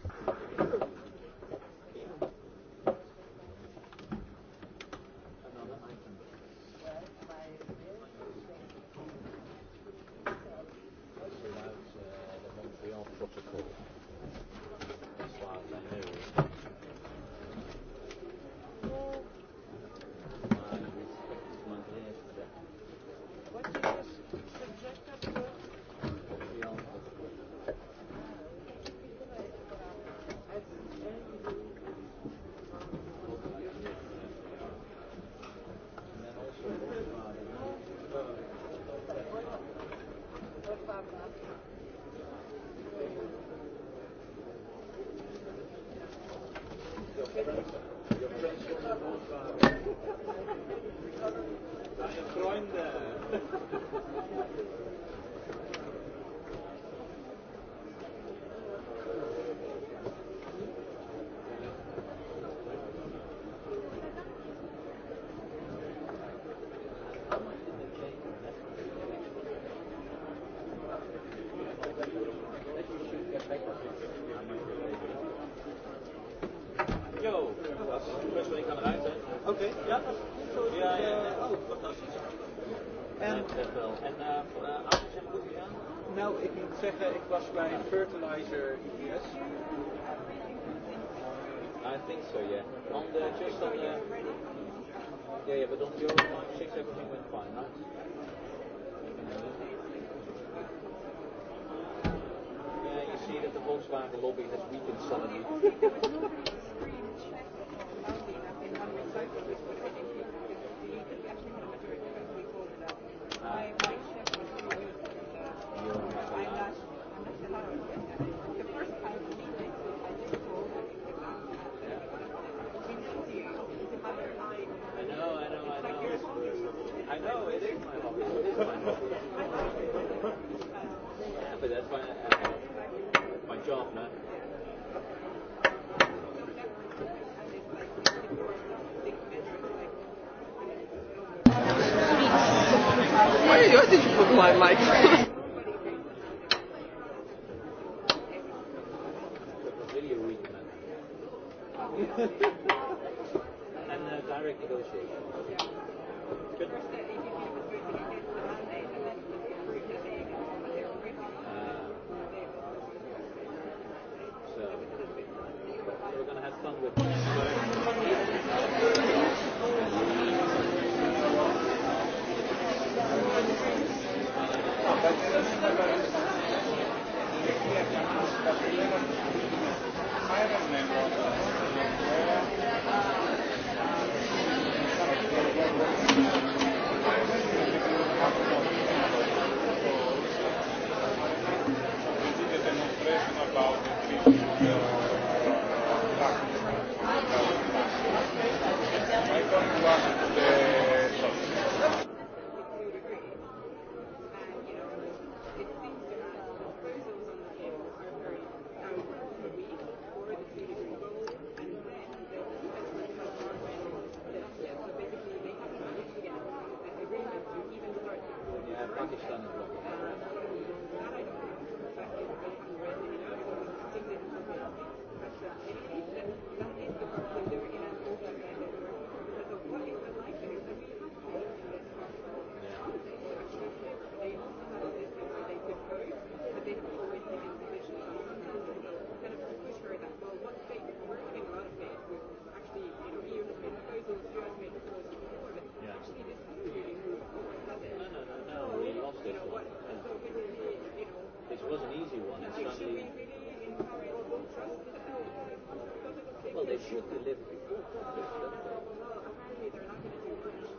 should they live before Christmas? That's the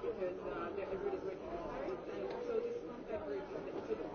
because uh, they're everybody's working so this concept is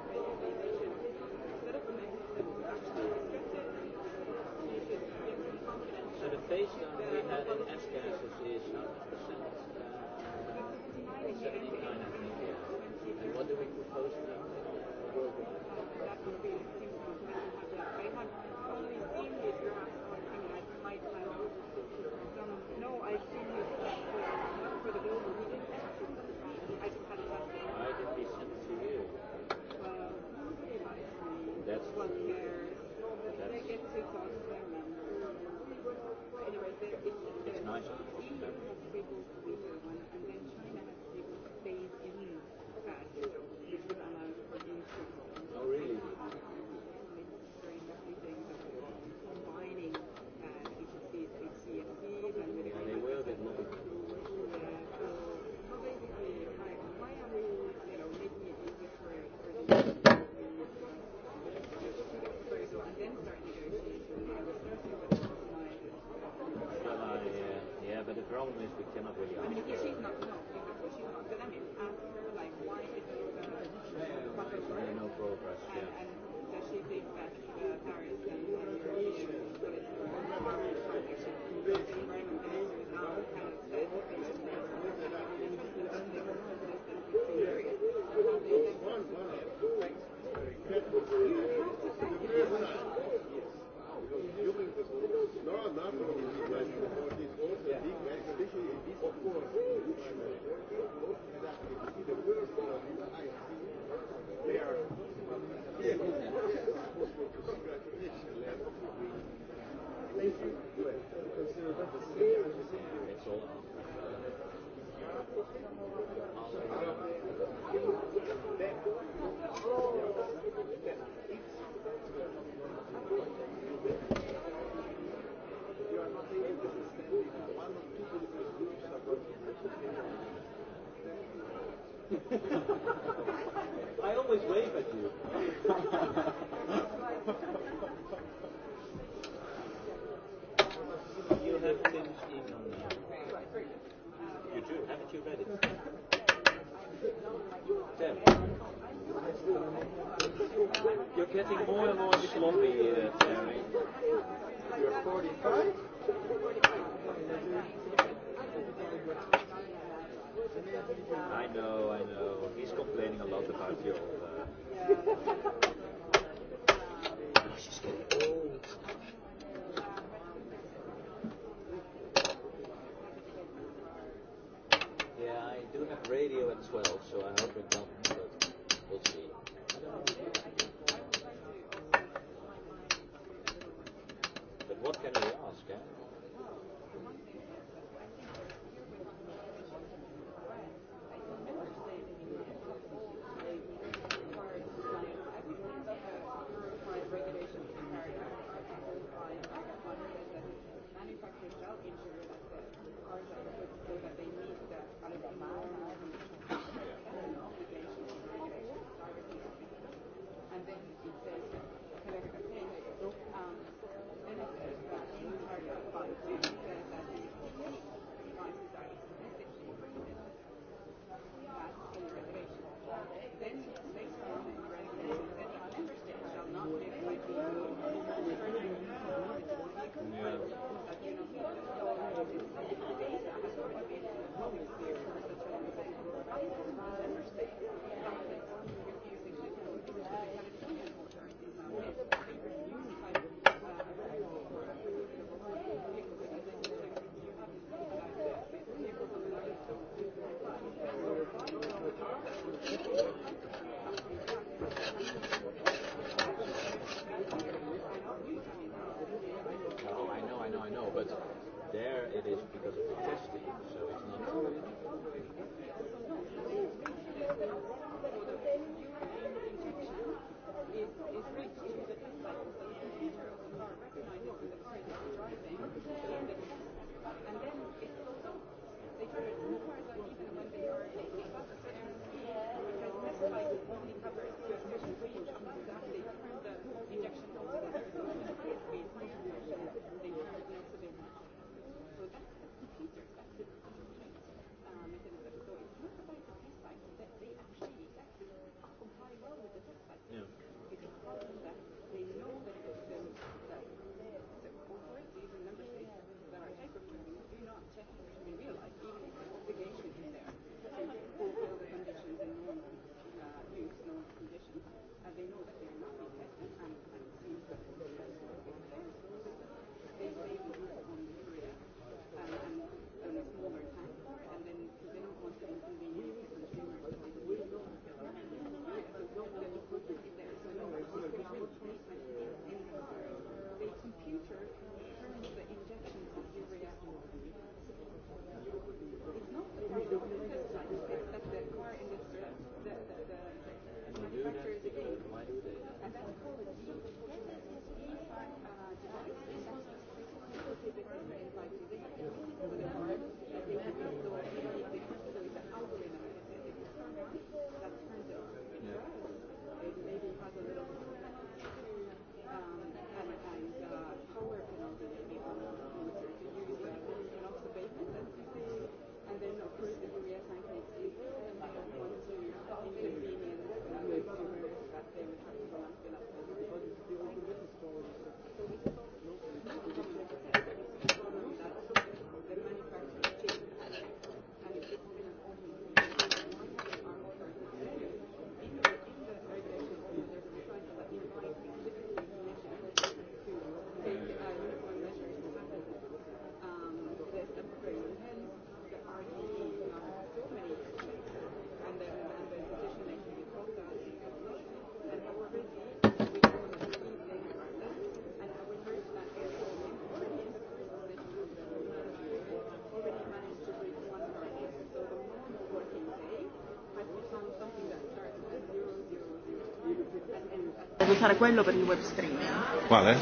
usare quello per il web streaming. Quale?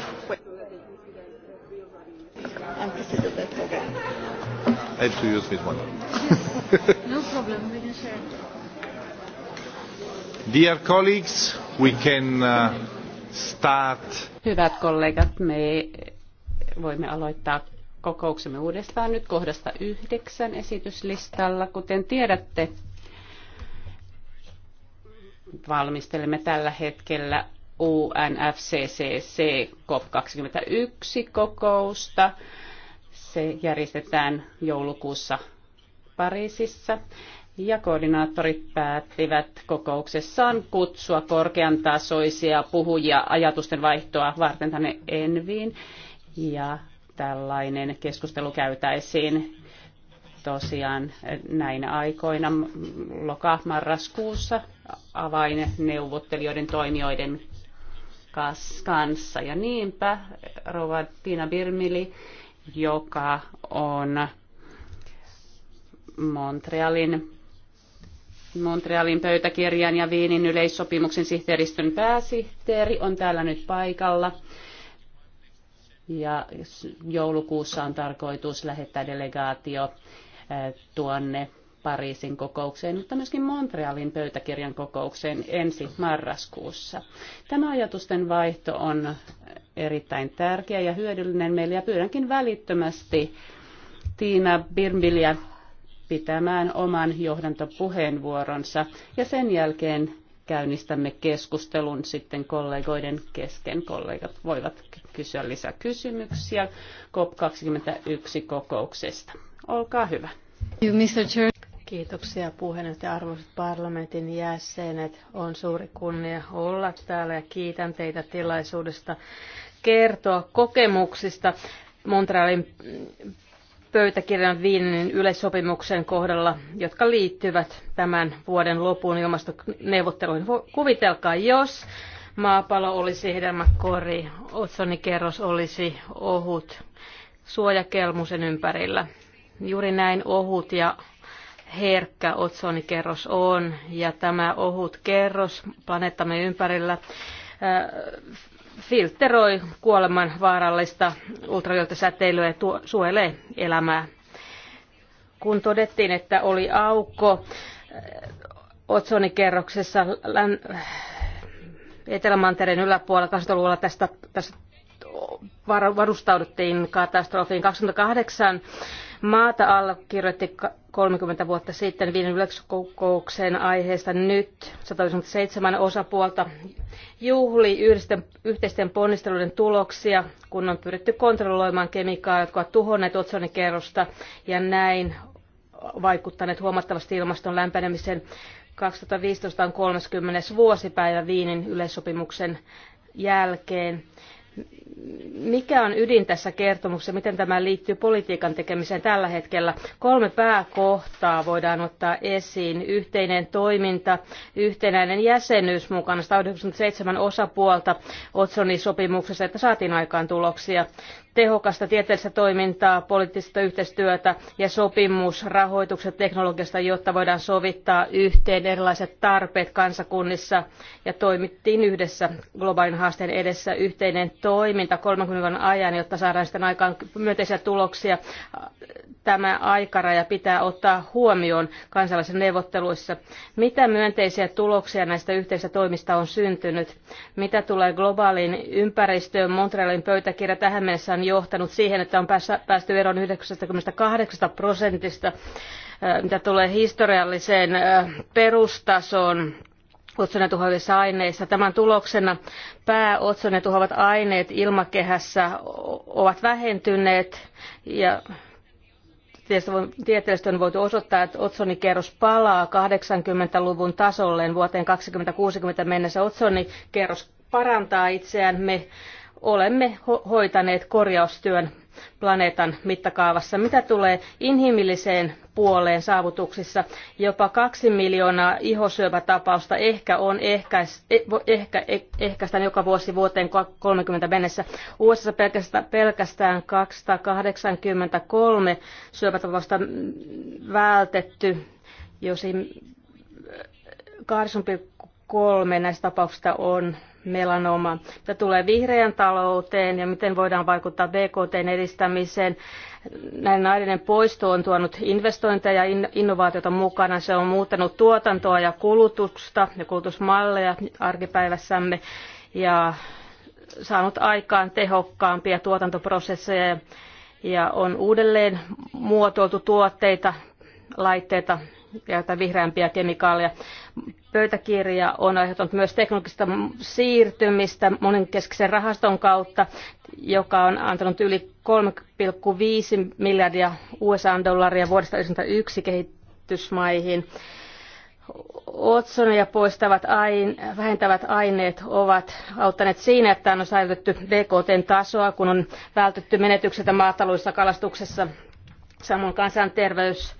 Anche se dov'è il programma. I have to use this one. no problem, we can share. Dear colleagues, we can uh, start. Hyvät kollegat, me voimme aloittaa kokouksemme uudestaan nyt kohdasta yhdeksän esityslistalla. Kuten tiedätte, valmistelemme tällä hetkellä UNFCCC COP21 kokousta. Se järjestetään joulukuussa Pariisissa ja koordinaattorit päättivät kokouksessaan kutsua korkean tasoisia puhujia ajatusten vaihtoa varten tänne Enviin ja tällainen keskustelu käytäisiin tosiaan näinä aikoina loka-marraskuussa avainneuvottelijoiden toimijoiden kanssa. Ja niinpä rouva Tiina Birmili, joka on Montrealin Montrealin pöytäkirjan ja Viinin yleissopimuksen sihteeristön pääsihteeri on täällä nyt paikalla. Ja joulukuussa on tarkoitus lähettää delegaatio tuonne Pariisin kokoukseen, mutta myöskin Montrealin pöytäkirjan kokoukseen ensi marraskuussa. Tämä ajatusten vaihto on erittäin tärkeä ja hyödyllinen meille ja pyydänkin välittömästi Tiina Birnbiliä pitämään oman johdantopuheenvuoronsa ja sen jälkeen käynnistämme keskustelun sitten kollegoiden kesken. Kollegat voivat kysyä lisäkysymyksiä COP21 kokouksesta. Olkaa hyvä. Mr. Kiitoksia puheenjohtaja arvoisat parlamentin jäsenet. On suuri kunnia olla täällä ja kiitän teitä tilaisuudesta kertoa kokemuksista Montrealin pöytäkirjan Viinin yleissopimuksen kohdalla, jotka liittyvät tämän vuoden lopun ilmastoneuvotteluihin. Kuvitelkaa, jos maapallo olisi hedelmäkori, otsonikerros olisi ohut, suojakelmusen ympärillä. Juuri näin ohut ja herkkä otsonikerros on ja tämä ohut kerros planeettamme ympärillä äh, filteroi kuoleman vaarallista ultraviolettisäteilyä ja tuo, suojelee elämää. Kun todettiin, että oli aukko äh, otsonikerroksessa län, Etelämantereen yläpuolella 20-luvulla tästä, tästä varustauduttiin katastrofiin. 2008 maata allekirjoitti 30 vuotta sitten viiden yleiskokouksen aiheesta nyt 197 osapuolta juhli yhteisten ponnisteluiden tuloksia, kun on pyritty kontrolloimaan kemikaaleja, jotka ovat tuhonneet otsonikerrosta ja näin vaikuttaneet huomattavasti ilmaston lämpenemiseen. 2015 on 30. vuosipäivä Viinin yleissopimuksen jälkeen mikä on ydin tässä kertomuksessa, miten tämä liittyy politiikan tekemiseen tällä hetkellä. Kolme pääkohtaa voidaan ottaa esiin. Yhteinen toiminta, yhtenäinen jäsenyys mukana 197 osapuolta Otsonin sopimuksessa, että saatiin aikaan tuloksia tehokasta tieteellistä toimintaa, poliittista yhteistyötä ja sopimusrahoitukset teknologiasta, jotta voidaan sovittaa yhteen erilaiset tarpeet kansakunnissa ja toimittiin yhdessä globaalin haasteen edessä yhteinen toiminta kolmekymmentä vuoden ajan, jotta saadaan sitten aikaan myönteisiä tuloksia tämä aikaraja pitää ottaa huomioon kansallisissa neuvotteluissa. Mitä myönteisiä tuloksia näistä yhteisistä toimista on syntynyt? Mitä tulee globaaliin ympäristöön? Montrealin pöytäkirja tähän mennessä on johtanut siihen, että on päästy eroon 98 prosentista, äh, mitä tulee historialliseen äh, perustasoon otsonetuhoavissa aineissa. Tämän tuloksena pääotsonetuhoavat aineet ilmakehässä ovat vähentyneet ja tieteellisesti on voitu osoittaa, että otsonikerros palaa 80-luvun tasolle vuoteen kuusikymmentä mennessä. Otsonikerros parantaa itseään. Me olemme hoitaneet korjaustyön planeetan mittakaavassa. Mitä tulee inhimilliseen puoleen saavutuksissa, jopa kaksi miljoonaa ihosyöpätapausta ehkä on ehkäis, e, ehkä, e, ehkäistään joka vuosi vuoteen 30 mennessä. USA pelkästään, pelkästään 283 syöpätapausta vältetty, jos 8,3 näistä tapauksista on melanoma. Mitä tulee vihreän talouteen ja miten voidaan vaikuttaa BKTn edistämiseen, näiden aineiden poisto on tuonut investointeja ja innovaatiota mukana. Se on muuttanut tuotantoa ja kulutusta ja kulutusmalleja arkipäivässämme ja saanut aikaan tehokkaampia tuotantoprosesseja ja on uudelleen muotoiltu tuotteita, laitteita käytetään vihreämpiä kemikaaleja. Pöytäkirja on aiheuttanut myös teknologista siirtymistä monenkeskisen rahaston kautta, joka on antanut yli 3,5 miljardia USA-dollaria vuodesta 1991 kehitysmaihin. Otsoneja poistavat aine, vähentävät aineet ovat auttaneet siinä, että on säilytetty BKTn tasoa, kun on vältetty menetykseltä maataloudessa kalastuksessa. Samoin kansanterveys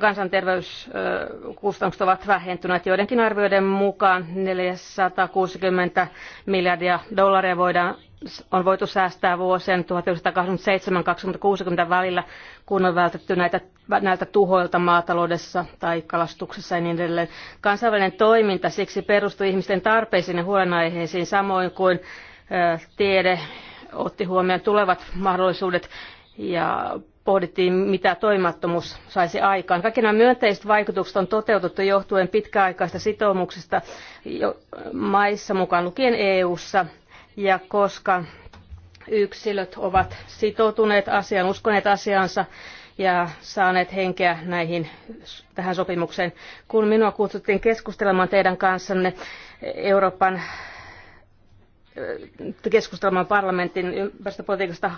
kansanterveyskustannukset ovat vähentyneet joidenkin arvioiden mukaan 460 miljardia dollaria on voitu säästää vuosien kaksituhatta 2060 välillä, kun on vältetty näitä, näiltä tuhoilta maataloudessa tai kalastuksessa ja niin edelleen. Kansainvälinen toiminta siksi perustuu ihmisten tarpeisiin ja huolenaiheisiin, samoin kuin tiede otti huomioon tulevat mahdollisuudet ja pohdittiin, mitä toimattomuus saisi aikaan. Kaikki nämä myönteiset vaikutukset on toteutettu johtuen pitkäaikaista sitoumuksista maissa mukaan lukien EU:ssa ja koska yksilöt ovat sitoutuneet asiaan, uskoneet asiansa ja saaneet henkeä näihin, tähän sopimukseen. Kun minua kutsuttiin keskustelemaan teidän kanssanne Euroopan keskustelemaan parlamentin ympäristöpolitiikasta.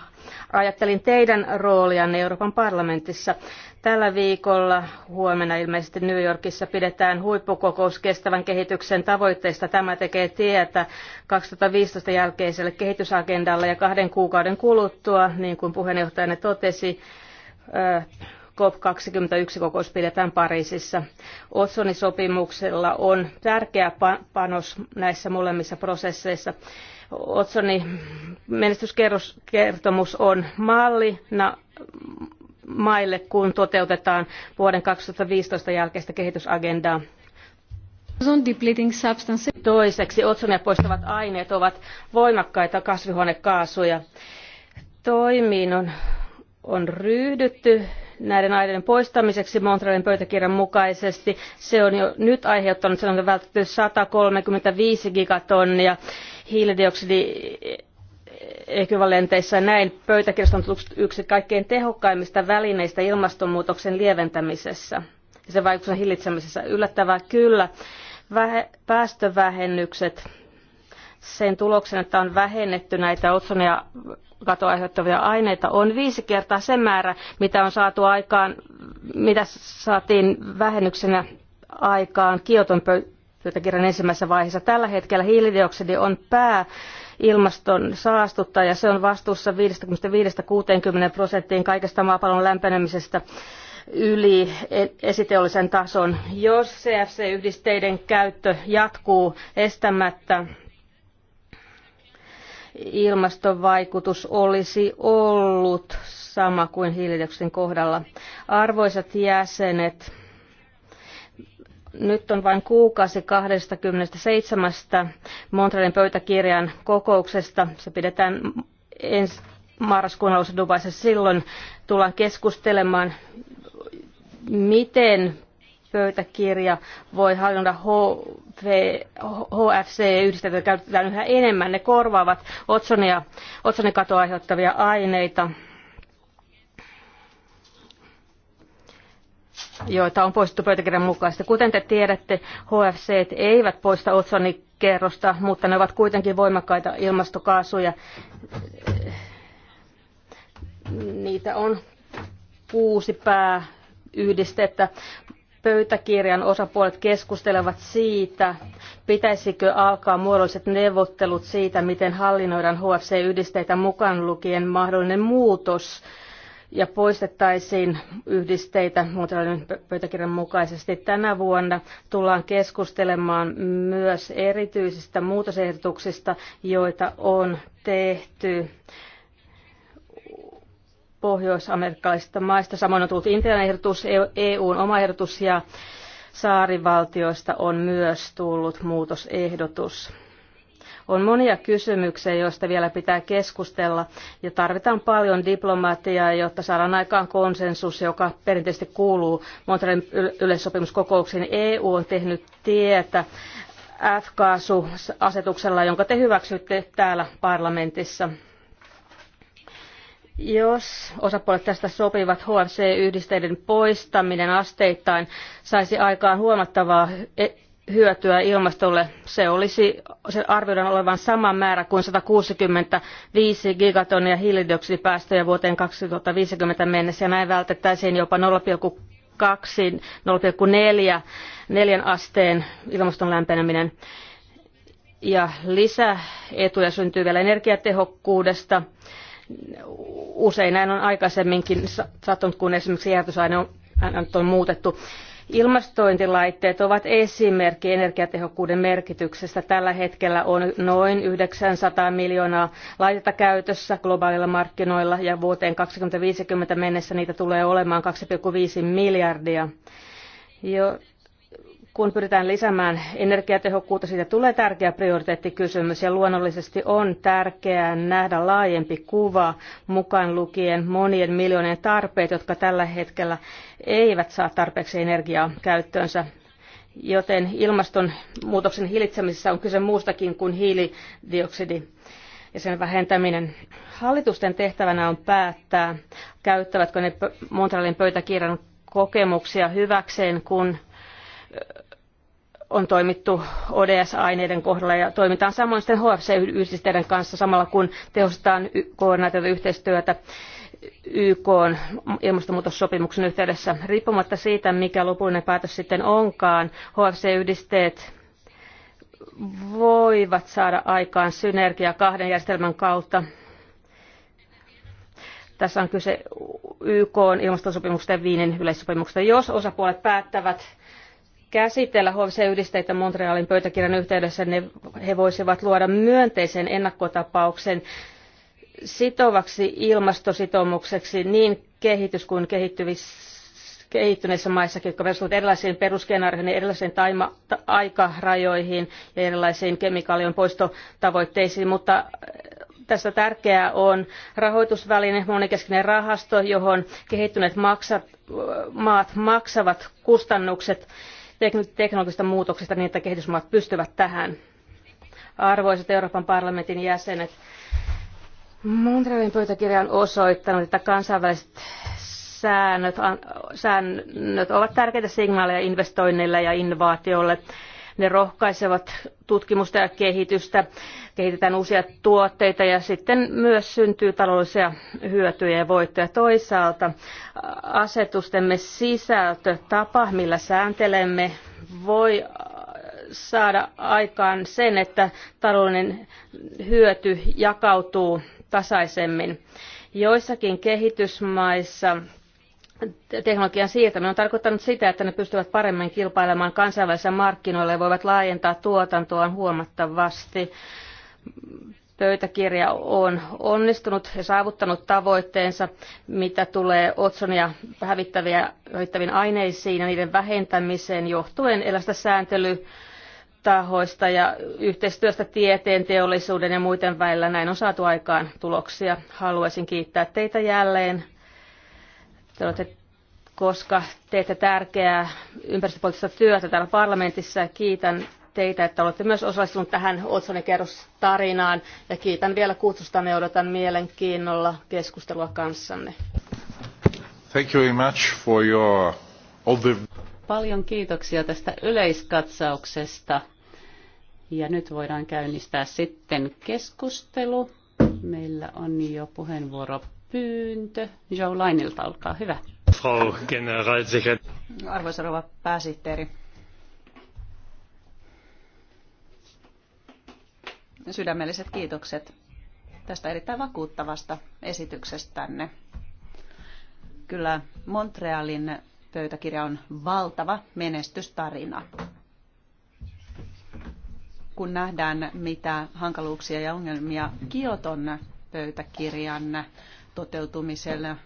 Ajattelin teidän roolianne Euroopan parlamentissa. Tällä viikolla huomenna ilmeisesti New Yorkissa pidetään huippukokous kestävän kehityksen tavoitteista. Tämä tekee tietä 2015 jälkeiselle kehitysagendalle ja kahden kuukauden kuluttua, niin kuin puheenjohtajanne totesi, COP21-kokous pidetään Pariisissa. Otsonisopimuksella on tärkeä panos näissä molemmissa prosesseissa. Otsoni menestyskertomus on mallina maille, kun toteutetaan vuoden 2015 jälkeistä kehitysagendaa. Toiseksi otsonia poistavat aineet ovat voimakkaita kasvihuonekaasuja. Toimiin on, on ryhdytty näiden aineiden poistamiseksi Montrealin pöytäkirjan mukaisesti. Se on jo nyt aiheuttanut sen on satakolmekymmentäviisi 135 gigatonnia hiilidioksidi ja näin pöytäkirjasta on tullut yksi kaikkein tehokkaimmista välineistä ilmastonmuutoksen lieventämisessä ja sen vaikutuksen hillitsemisessä. Yllättävää kyllä. Vähe- päästövähennykset sen tuloksena, että on vähennetty näitä otsoneja katoa aiheuttavia aineita on viisi kertaa se määrä, mitä on saatu aikaan, mitä saatiin vähennyksenä aikaan Kioton pöytäkirjan ensimmäisessä vaiheessa. Tällä hetkellä hiilidioksidi on pää ilmaston saastuttaja. Se on vastuussa 55-60 prosenttiin kaikesta maapallon lämpenemisestä yli esiteollisen tason. Jos CFC-yhdisteiden käyttö jatkuu estämättä, ilmastovaikutus olisi ollut sama kuin hiilidioksidin kohdalla. Arvoisat jäsenet, nyt on vain kuukausi 27. Montrealin pöytäkirjan kokouksesta. Se pidetään ensi marraskuun alussa Dubaissa. Silloin tullaan keskustelemaan, miten pöytäkirja voi hallinnoida HV, HFC yhdistettyä käytetään yhä enemmän. Ne korvaavat otsonia, otsonikatoa aiheuttavia aineita, joita on poistettu pöytäkirjan mukaisesti. Kuten te tiedätte, HFC eivät poista otsonikerrosta, mutta ne ovat kuitenkin voimakkaita ilmastokaasuja. Niitä on kuusi pää yhdistettä pöytäkirjan osapuolet keskustelevat siitä, pitäisikö alkaa muodolliset neuvottelut siitä, miten hallinnoidaan HFC-yhdisteitä mukaan lukien mahdollinen muutos ja poistettaisiin yhdisteitä Montrealin pöytäkirjan mukaisesti. Tänä vuonna tullaan keskustelemaan myös erityisistä muutosehdotuksista, joita on tehty pohjoisamerikkalaisista maista. Samoin on tullut Intian ehdotus, EUn e oma ehdotus ja saarivaltioista on myös tullut muutosehdotus. On monia kysymyksiä, joista vielä pitää keskustella ja tarvitaan paljon diplomatiaa, jotta saadaan aikaan konsensus, joka perinteisesti kuuluu Montrealin yleissopimuskokouksiin. EU on tehnyt tietä F-kaasuasetuksella, jonka te hyväksytte täällä parlamentissa. Jos osapuolet tästä sopivat, HFC-yhdisteiden poistaminen asteittain saisi aikaan huomattavaa e- hyötyä ilmastolle. Se olisi arvioidaan olevan sama määrä kuin 165 gigatonnia hiilidioksidipäästöjä vuoteen 2050 mennessä ja näin vältettäisiin jopa 0,2 0,4 neljä asteen ilmaston lämpeneminen. Ja lisäetuja syntyy vielä energiatehokkuudesta Usein näin on aikaisemminkin sattunut, kun esimerkiksi järjestysaine on, on muutettu. Ilmastointilaitteet ovat esimerkki energiatehokkuuden merkityksestä. Tällä hetkellä on noin 900 miljoonaa laitetta käytössä globaalilla markkinoilla ja vuoteen 2050 mennessä niitä tulee olemaan 2,5 miljardia. Jo kun pyritään lisäämään energiatehokkuutta, siitä tulee tärkeä prioriteettikysymys ja luonnollisesti on tärkeää nähdä laajempi kuva mukaan lukien monien miljoonien tarpeet, jotka tällä hetkellä eivät saa tarpeeksi energiaa käyttöönsä. Joten ilmastonmuutoksen hillitsemisessä on kyse muustakin kuin hiilidioksidi ja sen vähentäminen. Hallitusten tehtävänä on päättää, käyttävätkö ne Montrealin pöytäkirjan kokemuksia hyväkseen, kun on toimittu ODS-aineiden kohdalla ja toimitaan samoin sitten HFC-yhdisteiden kanssa samalla kun tehostetaan koordinaatiota yhteistyötä YK ilmastonmuutossopimuksen yhteydessä. Riippumatta siitä, mikä lopullinen päätös sitten onkaan, HFC-yhdisteet voivat saada aikaan synergiaa kahden järjestelmän kautta. Tässä on kyse YK ilmastosopimuksesta ja Viinin yleissopimuksesta. Jos osapuolet päättävät käsitellä HVC-yhdisteitä Montrealin pöytäkirjan yhteydessä, ne he voisivat luoda myönteisen ennakkotapauksen sitovaksi ilmastositoumukseksi niin kehitys- kuin kehittyvissä kehittyneissä maissakin, jotka perustuvat erilaisiin perusskenaarioihin, niin erilaisiin taima- aikarajoihin ja erilaisiin kemikaalien poistotavoitteisiin, mutta äh, tässä tärkeää on rahoitusväline, monikeskinen rahasto, johon kehittyneet maksat, äh, maat maksavat kustannukset teknologisista muutoksista niin, että kehitysmaat pystyvät tähän. Arvoisat Euroopan parlamentin jäsenet, Montrealin pöytäkirja on osoittanut, että kansainväliset säännöt, säännöt ovat tärkeitä signaaleja investoinneille ja innovaatioille ne rohkaisevat tutkimusta ja kehitystä, kehitetään uusia tuotteita ja sitten myös syntyy taloudellisia hyötyjä ja voittoja. Toisaalta asetustemme sisältö, tapa millä sääntelemme, voi saada aikaan sen, että taloudellinen hyöty jakautuu tasaisemmin. Joissakin kehitysmaissa teknologian siirtäminen on tarkoittanut sitä, että ne pystyvät paremmin kilpailemaan kansainvälisillä markkinoilla ja voivat laajentaa tuotantoaan huomattavasti. Pöytäkirja on onnistunut ja saavuttanut tavoitteensa, mitä tulee otsonia hävittäviin aineisiin ja niiden vähentämiseen johtuen elästä sääntely tahoista ja yhteistyöstä tieteen, teollisuuden ja muiden välillä. Näin on saatu aikaan tuloksia. Haluaisin kiittää teitä jälleen te olette, koska teette tärkeää ympäristöpoliittista työtä täällä parlamentissa ja kiitän teitä, että olette myös osallistunut tähän Otsonikerrostarinaan ja kiitän vielä kutsusta ja odotan mielenkiinnolla keskustelua kanssanne. Thank you very much for your the. Paljon kiitoksia tästä yleiskatsauksesta. Ja nyt voidaan käynnistää sitten keskustelu. Meillä on jo puheenvuoro pyyntö Joe Lainilta, olkaa hyvä. Frau Arvoisa rouva pääsihteeri. Sydämelliset kiitokset tästä erittäin vakuuttavasta esityksestänne. Kyllä Montrealin pöytäkirja on valtava menestystarina. Kun nähdään, mitä hankaluuksia ja ongelmia Kioton pöytäkirjan toteutumisella,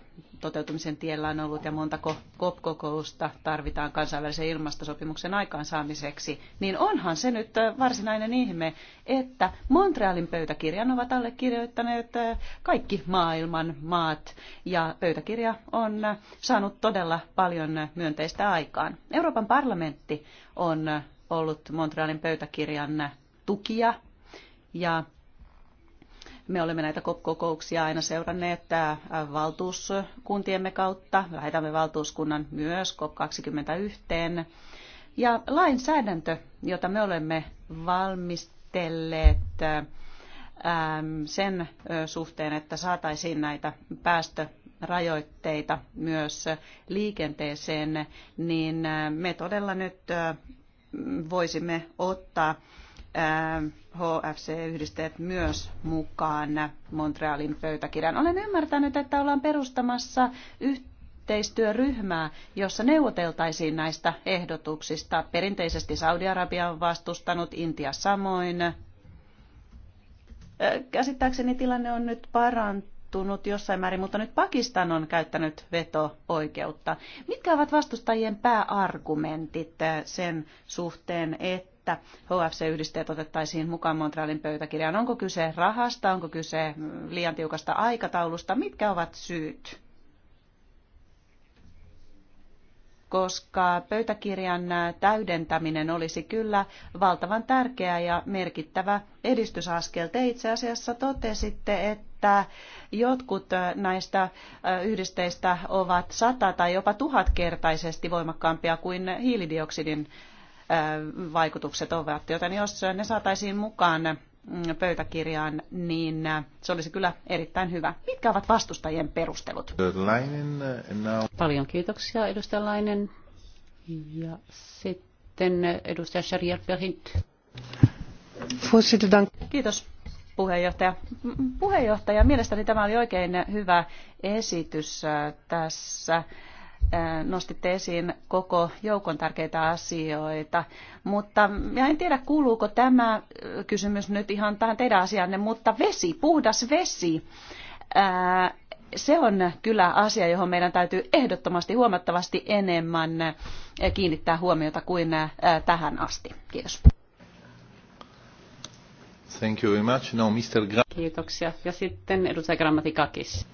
toteutumisen tiellä on ollut ja montako COP-kokousta tarvitaan kansainvälisen ilmastosopimuksen aikaansaamiseksi, niin onhan se nyt varsinainen ihme, että Montrealin pöytäkirjan ovat allekirjoittaneet kaikki maailman maat ja pöytäkirja on saanut todella paljon myönteistä aikaan. Euroopan parlamentti on ollut Montrealin pöytäkirjan tukija ja me olemme näitä kokouksia aina seuranneet valtuuskuntiemme kautta. Lähetämme valtuuskunnan myös COP21. Ja lainsäädäntö, jota me olemme valmistelleet sen suhteen, että saataisiin näitä päästö rajoitteita myös liikenteeseen, niin me todella nyt voisimme ottaa HFC-yhdisteet myös mukaan Montrealin pöytäkirjan. Olen ymmärtänyt, että ollaan perustamassa yhteistyöryhmää, jossa neuvoteltaisiin näistä ehdotuksista. Perinteisesti Saudi-Arabia on vastustanut, Intia samoin. Käsittääkseni tilanne on nyt parantunut jossain määrin, mutta nyt Pakistan on käyttänyt veto-oikeutta. Mitkä ovat vastustajien pääargumentit sen suhteen, että että HFC-yhdisteet otettaisiin mukaan Montrealin pöytäkirjaan? Onko kyse rahasta, onko kyse mm, liian tiukasta aikataulusta? Mitkä ovat syyt? koska pöytäkirjan täydentäminen olisi kyllä valtavan tärkeä ja merkittävä edistysaskel. Te itse asiassa totesitte, että jotkut äh, näistä äh, yhdisteistä ovat sata tai jopa tuhatkertaisesti voimakkaampia kuin hiilidioksidin vaikutukset ovat. Joten jos ne saataisiin mukaan mm, pöytäkirjaan, niin se olisi kyllä erittäin hyvä. Mitkä ovat vastustajien perustelut? Uh, Paljon kiitoksia edustaja Lainen. Ja sitten edustaja Sharia Perhint. Kiitos puheenjohtaja. Puheenjohtaja, mielestäni tämä oli oikein hyvä esitys tässä nostitte esiin koko joukon tärkeitä asioita, mutta minä en tiedä kuuluuko tämä kysymys nyt ihan tähän teidän asianne, mutta vesi, puhdas vesi, se on kyllä asia, johon meidän täytyy ehdottomasti huomattavasti enemmän kiinnittää huomiota kuin tähän asti. Kiitos. Thank you very much. No, Mr. Gra- Kiitoksia. Ja sitten edustaja Grammatikakis.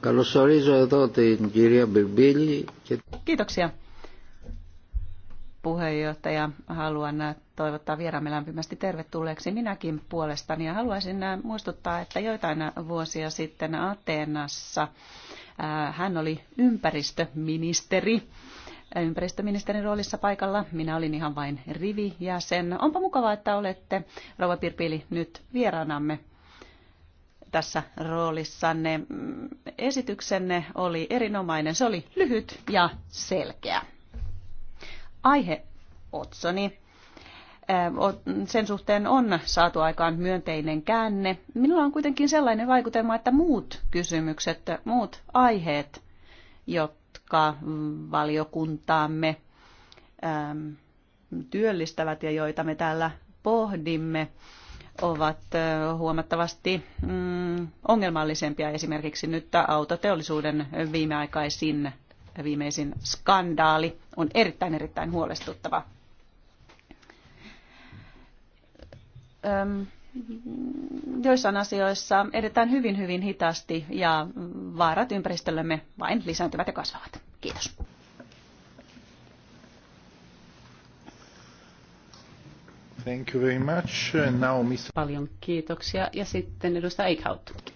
Καλωσορίζω εδώ την κυρία Μπερμπίλη. Kiitoksia puheenjohtaja. Haluan toivottaa vieraamme lämpimästi tervetulleeksi minäkin puolestani. Ja haluaisin muistuttaa, että joitain vuosia sitten Ateenassa äh, hän oli ympäristöministeri. Ympäristöministerin roolissa paikalla. Minä olin ihan vain rivijäsen. Onpa mukavaa, että olette, rouva Pirpili, nyt vieraanamme tässä roolissanne. Mm, esityksenne oli erinomainen. Se oli lyhyt ja selkeä. Aihe otsoni. Äh, sen suhteen on saatu aikaan myönteinen käänne. Minulla on kuitenkin sellainen vaikutelma, että muut kysymykset, muut aiheet, jotka valiokuntaamme ähm, työllistävät ja joita me täällä pohdimme, ovat huomattavasti mm, ongelmallisempia esimerkiksi nyt autoteollisuuden viimeaikaisin viimeisin skandaali on erittäin erittäin huolestuttava. Joissain asioissa edetään hyvin hyvin hitaasti ja vaarat ympäristöllemme vain lisääntyvät ja kasvavat. Kiitos. Thank you very much. Now, Mr. Paljon kiitoksia. Ja sitten edustaja Eichhout.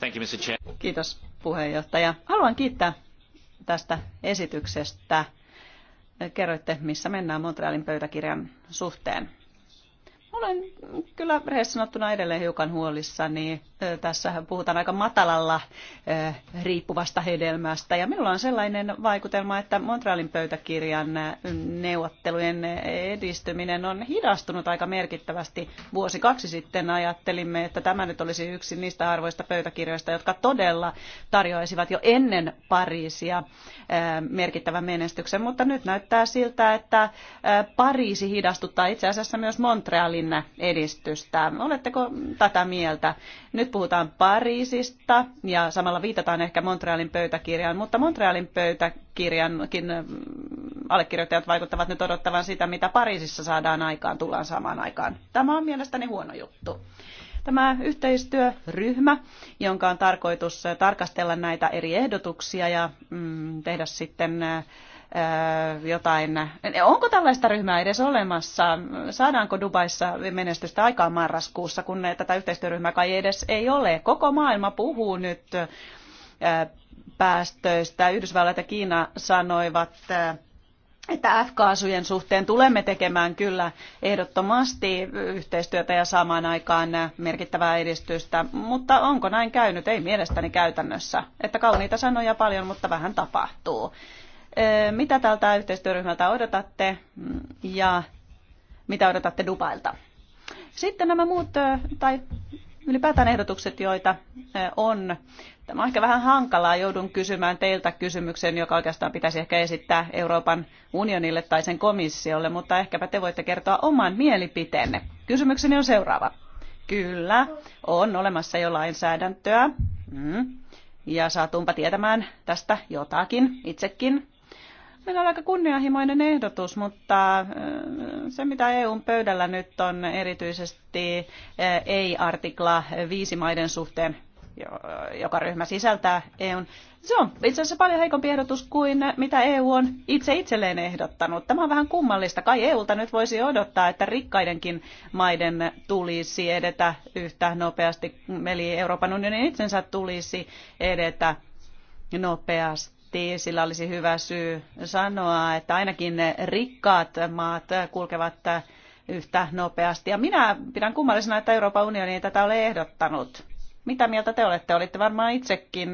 Thank you, Mr. Chair. Kiitos puheenjohtaja. Haluan kiittää tästä esityksestä. Kerroitte, missä mennään Montrealin pöytäkirjan suhteen. Olen kyllä rehellisesti sanottuna edelleen hiukan huolissani Tässähän puhutaan aika matalalla riippuvasta hedelmästä. Ja minulla on sellainen vaikutelma, että Montrealin pöytäkirjan neuvottelujen edistyminen on hidastunut aika merkittävästi. Vuosi kaksi sitten ajattelimme, että tämä nyt olisi yksi niistä arvoista pöytäkirjoista, jotka todella tarjoaisivat jo ennen Pariisia merkittävän menestyksen. Mutta nyt näyttää siltä, että Pariisi hidastuttaa itse asiassa myös Montrealin edistystä. Oletteko tätä mieltä? Nyt puhutaan Pariisista ja samalla viitataan ehkä Montrealin pöytäkirjaan, mutta Montrealin pöytäkirjankin allekirjoittajat vaikuttavat nyt odottavan sitä, mitä Pariisissa saadaan aikaan, tullaan saamaan aikaan. Tämä on mielestäni huono juttu. Tämä yhteistyöryhmä, jonka on tarkoitus tarkastella näitä eri ehdotuksia ja mm, tehdä sitten jotain. Onko tällaista ryhmää edes olemassa? Saadaanko Dubaissa menestystä aikaan marraskuussa, kun tätä yhteistyöryhmää kai edes ei ole? Koko maailma puhuu nyt päästöistä. Yhdysvallat ja Kiina sanoivat että F-kaasujen suhteen tulemme tekemään kyllä ehdottomasti yhteistyötä ja saamaan aikaan merkittävää edistystä, mutta onko näin käynyt? Ei mielestäni käytännössä. Että kauniita sanoja paljon, mutta vähän tapahtuu. Mitä tältä yhteistyöryhmältä odotatte ja mitä odotatte Dubailta? Sitten nämä muut, tai ylipäätään ehdotukset, joita on. Tämä on ehkä vähän hankalaa. Joudun kysymään teiltä kysymyksen, joka oikeastaan pitäisi ehkä esittää Euroopan unionille tai sen komissiolle, mutta ehkäpä te voitte kertoa oman mielipiteenne. Kysymykseni on seuraava. Kyllä, on olemassa jo lainsäädäntöä. Mm. Ja saatuunpa tietämään tästä jotakin itsekin. Meillä on aika kunnianhimoinen ehdotus, mutta äh, se mitä EUn pöydällä nyt on erityisesti äh, ei-artikla viisi maiden suhteen, joka ryhmä sisältää EUn, se on itse asiassa paljon heikompi ehdotus kuin mitä EU on itse itselleen ehdottanut. Tämä on vähän kummallista. Kai EUlta nyt voisi odottaa, että rikkaidenkin maiden tulisi edetä yhtä nopeasti, eli Euroopan unionin itsensä tulisi edetä nopeasti viesti, sillä olisi hyvä syy sanoa, että ainakin rikkaat maat kulkevat yhtä nopeasti. Ja minä pidän kummallisena, että Euroopan unioni ei tätä ole ehdottanut. Mitä mieltä te olette? Olitte varmaan itsekin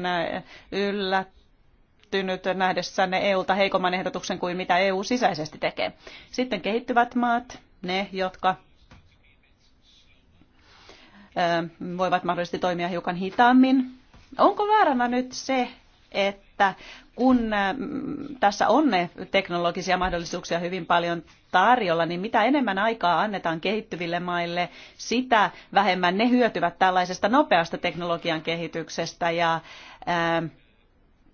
yllättynyt nähdessänne EUlta heikomman ehdotuksen kuin mitä EU sisäisesti tekee. Sitten kehittyvät maat, ne, jotka voivat mahdollisesti toimia hiukan hitaammin. Onko vääränä nyt se, että että kun tässä on ne teknologisia mahdollisuuksia hyvin paljon tarjolla, niin mitä enemmän aikaa annetaan kehittyville maille, sitä vähemmän ne hyötyvät tällaisesta nopeasta teknologian kehityksestä ja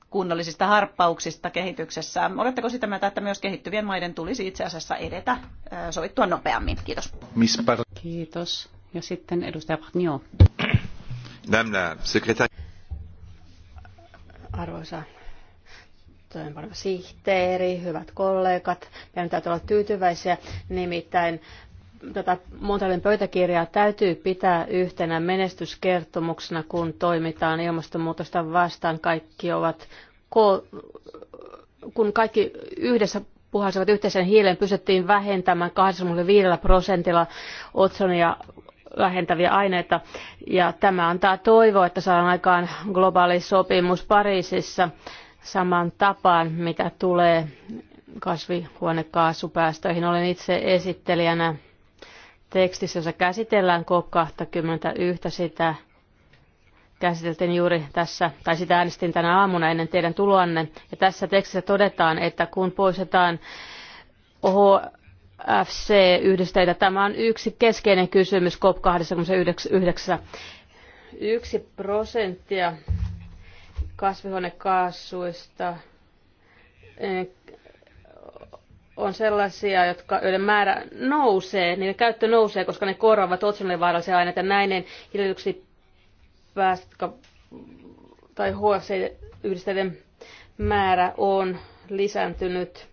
kunnollisista harppauksista kehityksessä. Oletteko sitä mieltä, että myös kehittyvien maiden tulisi itse asiassa edetä sovittua nopeammin? Kiitos. Kiitos. Ja sitten edustaja Pagnio. Madame la secrétaire. Arvoisa toimeenpaneva sihteeri, hyvät kollegat, meidän täytyy olla tyytyväisiä, nimittäin tätä tota, Montrealin pöytäkirjaa täytyy pitää yhtenä menestyskertomuksena, kun toimitaan ilmastonmuutosta vastaan. Kaikki ovat, kun kaikki yhdessä puhalsivat yhteisen hiilen, pystyttiin vähentämään 85 prosentilla otsonia vähentäviä aineita. Ja tämä antaa toivoa, että saadaan aikaan globaali sopimus Pariisissa saman tapaan, mitä tulee kasvihuonekaasupäästöihin. Olen itse esittelijänä tekstissä, jossa käsitellään COP21. Sitä käsiteltiin juuri tässä, tai sitä äänestin tänä aamuna ennen teidän tuloanne. Ja tässä tekstissä todetaan, että kun poistetaan FC-yhdisteitä. Tämä on yksi keskeinen kysymys COP29. Yksi prosenttia kasvihuonekaasuista eh, on sellaisia, jotka, joiden määrä nousee, niiden käyttö nousee, koska ne korvaavat otsonille vaarallisia aineita. Näinen hiilidioksi päästöt tai HFC-yhdisteiden määrä on lisääntynyt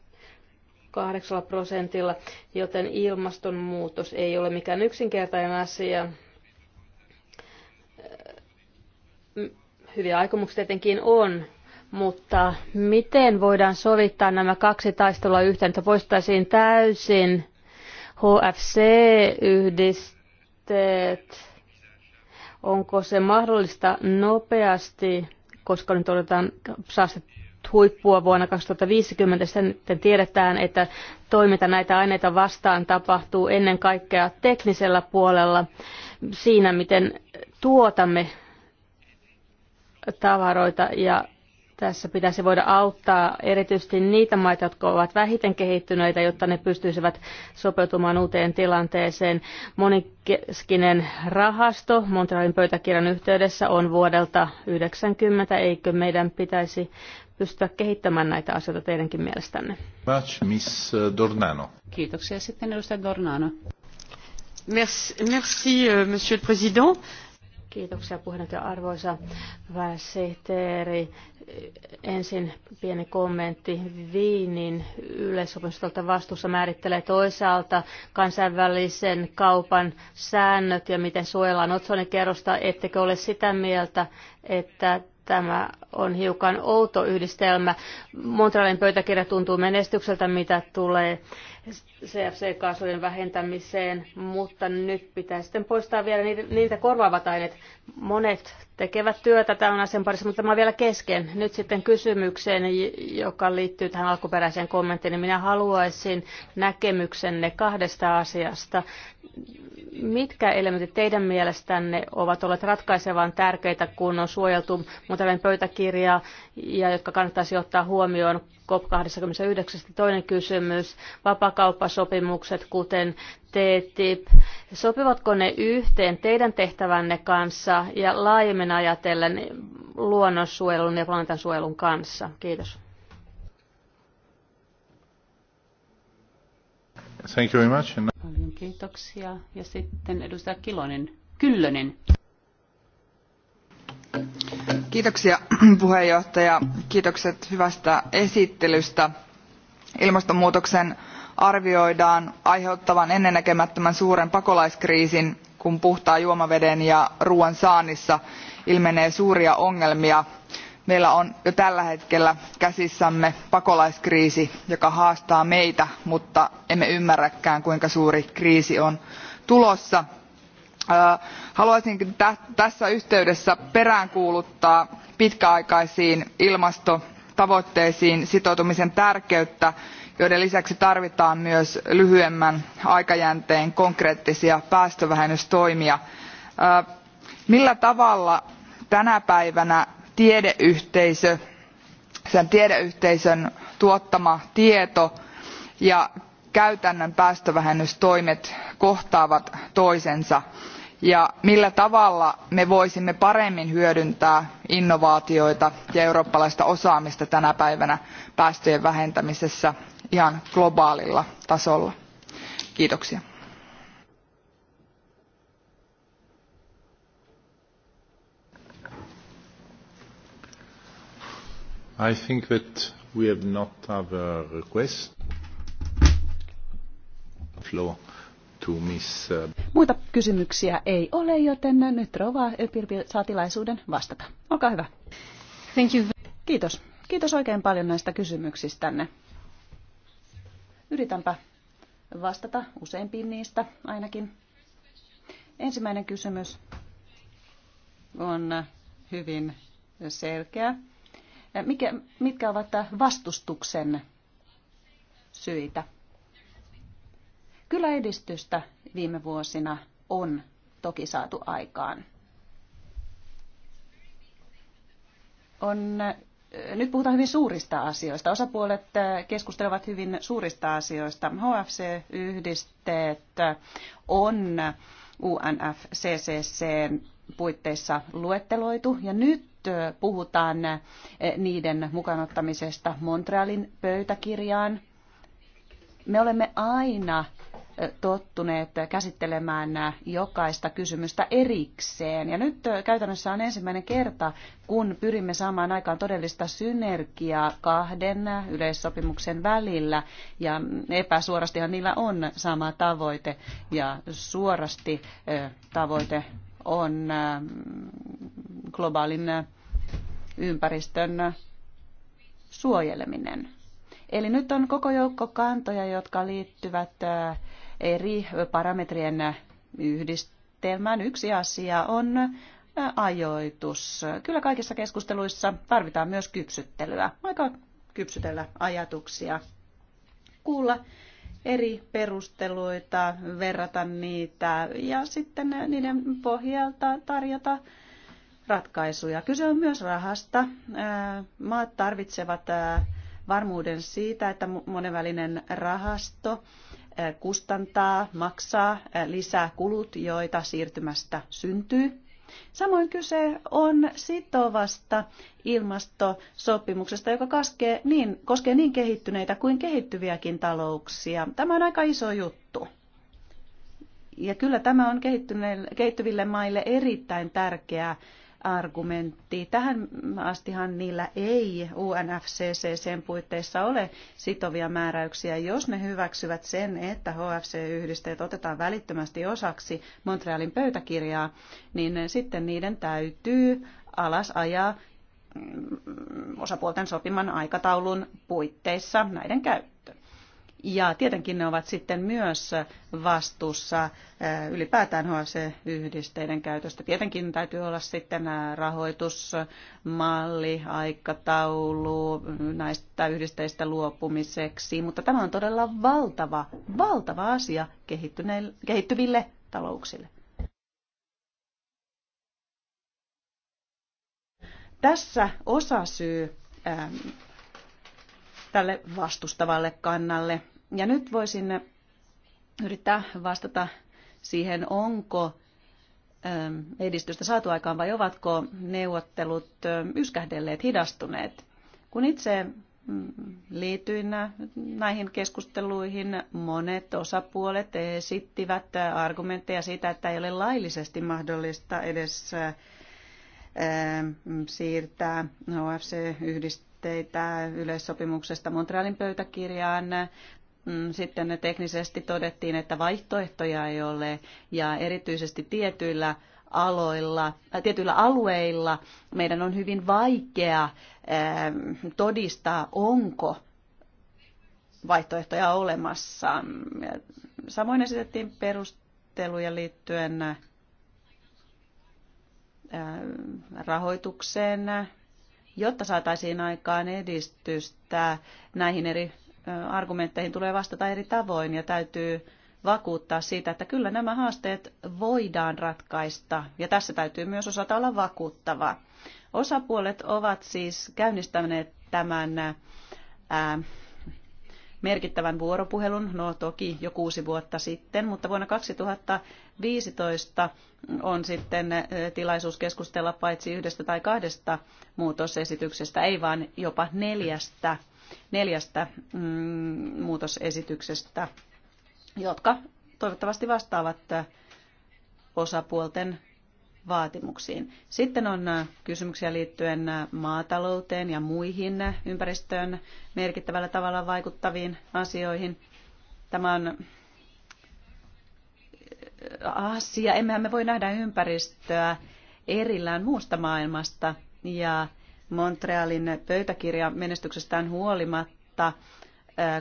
kahdeksalla prosentilla, joten ilmastonmuutos ei ole mikään yksinkertainen asia. Hyviä aikomuksia tietenkin on, mutta miten voidaan sovittaa nämä kaksi taistelua yhteen, että poistaisiin täysin HFC-yhdisteet? Onko se mahdollista nopeasti, koska nyt odotetaan huippua vuonna 2050. Sitten tiedetään, että toiminta näitä aineita vastaan tapahtuu ennen kaikkea teknisellä puolella siinä, miten tuotamme tavaroita ja tässä pitäisi voida auttaa erityisesti niitä maita, jotka ovat vähiten kehittyneitä, jotta ne pystyisivät sopeutumaan uuteen tilanteeseen. Monikeskinen rahasto Montrealin pöytäkirjan yhteydessä on vuodelta 90. Eikö meidän pitäisi pystyä kehittämään näitä asioita teidänkin mielestänne? Miss Dornano. Kiitoksia. Sitten edustaja Dornano. Merci, merci euh, monsieur le président. Kiitoksia puheenjohtaja arvoisa pääsihteeri. Ensin pieni kommentti. Viinin yleissopimus vastuussa määrittelee toisaalta kansainvälisen kaupan säännöt ja miten suojellaan otsonikerrosta. Ettekö ole sitä mieltä, että tämä on hiukan outo yhdistelmä. Montrealin pöytäkirja tuntuu menestykseltä, mitä tulee CFC-kaasujen vähentämiseen, mutta nyt pitää sitten poistaa vielä niitä, niitä korvaavat aineet. Monet tekevät työtä tämän asian parissa, mutta tämä on vielä kesken. Nyt sitten kysymykseen, joka liittyy tähän alkuperäiseen kommenttiin, niin minä haluaisin näkemyksenne kahdesta asiasta Mitkä elementit teidän mielestänne ovat olleet ratkaisevan tärkeitä, kun on suojeltu Montereen pöytäkirjaa ja jotka kannattaisi ottaa huomioon COP29? Toinen kysymys, vapakauppasopimukset, kuten TTIP, sopivatko ne yhteen teidän tehtävänne kanssa ja laajemmin ajatellen luonnonsuojelun ja planeetansuojelun kanssa? Kiitos. Thank you very much. Paljon kiitoksia. Ja sitten edustaja Kilonen. Kyllönen. Kiitoksia puheenjohtaja. Kiitokset hyvästä esittelystä. Ilmastonmuutoksen arvioidaan aiheuttavan ennennäkemättömän suuren pakolaiskriisin, kun puhtaan juomaveden ja ruoan saannissa ilmenee suuria ongelmia meillä on jo tällä hetkellä käsissämme pakolaiskriisi joka haastaa meitä mutta emme ymmärräkään kuinka suuri kriisi on tulossa. haluaisinkin tässä yhteydessä peräänkuuluttaa pitkäaikaisiin ilmastotavoitteisiin sitoutumisen tärkeyttä joiden lisäksi tarvitaan myös lyhyemmän aikajänteen konkreettisia päästövähennystoimia. millä tavalla tänä päivänä tiedeyhteisö sen tiedeyhteisön tuottama tieto ja käytännön päästövähennystoimet kohtaavat toisensa ja millä tavalla me voisimme paremmin hyödyntää innovaatioita ja eurooppalaista osaamista tänä päivänä päästöjen vähentämisessä ihan globaalilla tasolla. kiitoksia. I think that we have not request. Floor to miss. Uh, Muita kysymyksiä ei ole, joten nyt Rova Öpilpi saa tilaisuuden vastata. Olkaa hyvä. Thank you. Kiitos. Kiitos oikein paljon näistä kysymyksistänne. Yritänpä vastata useimpiin niistä ainakin. Ensimmäinen kysymys on hyvin selkeä. Mikä, mitkä ovat vastustuksen syitä? Kyllä edistystä viime vuosina on toki saatu aikaan. On, nyt puhutaan hyvin suurista asioista. Osapuolet keskustelevat hyvin suurista asioista. HFC-yhdisteet on UNFCCCn puitteissa luetteloitu ja nyt puhutaan niiden mukanottamisesta Montrealin pöytäkirjaan. Me olemme aina tottuneet käsittelemään jokaista kysymystä erikseen. Ja nyt käytännössä on ensimmäinen kerta, kun pyrimme saamaan aikaan todellista synergiaa kahden yleissopimuksen välillä. Ja epäsuorastihan niillä on sama tavoite ja suorasti tavoite on globaalin eh, ympäristön eh, suojeleminen. Eli nyt on koko joukko kantoja, jotka liittyvät eh, eri parametrien yhdistelmään. Yksi asia on ajoitus. Kyllä kaikissa keskusteluissa tarvitaan myös kypsyttelyä. Aika kypsytellä ajatuksia, kuulla eri perusteluita, verrata niitä ja sitten niiden pohjalta tarjota ratkaisuja. Kyse on myös rahasta. Maat tarvitsevat varmuuden siitä, että monenvälinen rahasto kustantaa, maksaa lisää kulut, joita siirtymästä syntyy. Samoin kyse on sitovasta ilmastosopimuksesta, joka koskee niin, koskee niin kehittyneitä kuin kehittyviäkin talouksia. Tämä on aika iso juttu. Ja kyllä tämä on kehittyville maille erittäin tärkeää argumentti. Tähän astihan niillä ei UNFCCCn puitteissa ole sitovia määräyksiä. Jos ne hyväksyvät sen, että HFC-yhdisteet otetaan välittömästi osaksi Montrealin pöytäkirjaa, niin sitten niiden täytyy alas ajaa mm, osapuolten sopiman aikataulun puitteissa näiden käyttö. Ja tietenkin ne ovat sitten myös vastuussa ylipäätään HFC-yhdisteiden käytöstä. Tietenkin täytyy olla sitten rahoitusmalli, aikataulu näistä yhdisteistä luopumiseksi, mutta tämä on todella valtava, valtava asia kehittyville talouksille. Tässä osa syy tälle vastustavalle kannalle ja nyt voisin yrittää vastata siihen, onko ähm, edistystä saatu aikaan vai ovatko neuvottelut ähm, yskähdelleet, hidastuneet. Kun itse mm, liityin näihin keskusteluihin, monet osapuolet esittivät argumentteja siitä, että ei ole laillisesti mahdollista edes ähm, siirtää OFC-yhdistystä yleissopimuksesta Montrealin pöytäkirjaan. Mm, sitten ne teknisesti todettiin, että vaihtoehtoja ei ole ja erityisesti tietyillä aloilla, äh, tietyillä alueilla meidän on hyvin vaikea ähm, todistaa, onko vaihtoehtoja olemassa. Samoin esitettiin perusteluja liittyen äh, rahoitukseen, jotta saataisiin aikaan edistystä näihin eri argumentteihin tulee vastata eri tavoin ja täytyy vakuuttaa siitä, että kyllä nämä haasteet voidaan ratkaista ja tässä täytyy myös osata olla vakuuttava. Osapuolet ovat siis käynnistäneet tämän ää, merkittävän vuoropuhelun, no toki jo kuusi vuotta sitten, mutta vuonna 2015 on sitten tilaisuus keskustella paitsi yhdestä tai kahdesta muutosesityksestä, ei vaan jopa neljästä neljästä mm, muutosesityksestä, jotka toivottavasti vastaavat osapuolten vaatimuksiin. Sitten on kysymyksiä liittyen maatalouteen ja muihin ympäristöön merkittävällä tavalla vaikuttaviin asioihin. Tämä on asia. Emmehän me voi nähdä ympäristöä erillään muusta maailmasta ja Montrealin pöytäkirja menestyksestään huolimatta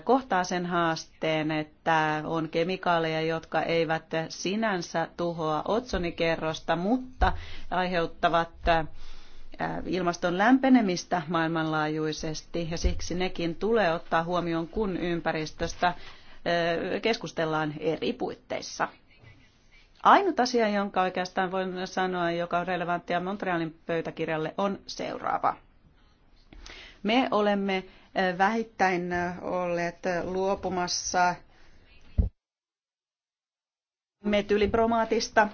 kohtaa sen haasteen, että on kemikaaleja, jotka eivät sinänsä tuhoa otsonikerrosta, mutta aiheuttavat ilmaston lämpenemistä maailmanlaajuisesti ja siksi nekin tulee ottaa huomioon, kun ympäristöstä keskustellaan eri puitteissa. Ainut asia, jonka oikeastaan voin sanoa, joka on relevanttia Montrealin pöytäkirjalle, on seuraava. Me olemme eh, vähittäin eh, olleet luopumassa metylibromaatista.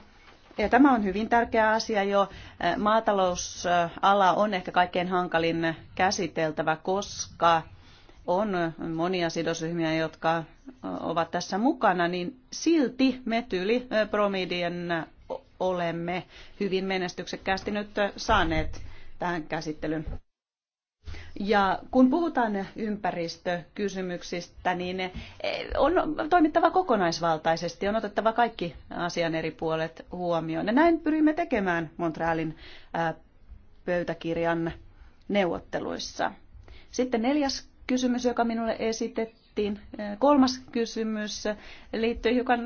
Ja tämä on hyvin tärkeä asia jo. Eh, maatalousala on ehkä kaikkein hankalin käsiteltävä, koska on monia sidosryhmiä, jotka ovat tässä mukana, niin silti me promidien olemme hyvin menestyksekkäästi nyt saaneet tähän käsittelyyn. Ja kun puhutaan ympäristökysymyksistä, niin e, on toimittava kokonaisvaltaisesti, on otettava kaikki asian eri puolet huomioon. Ja näin pyrimme tekemään Montrealin pöytäkirjan neuvotteluissa. Sitten neljäs kysymys, joka minulle esitettiin. Kolmas kysymys liittyy hiukan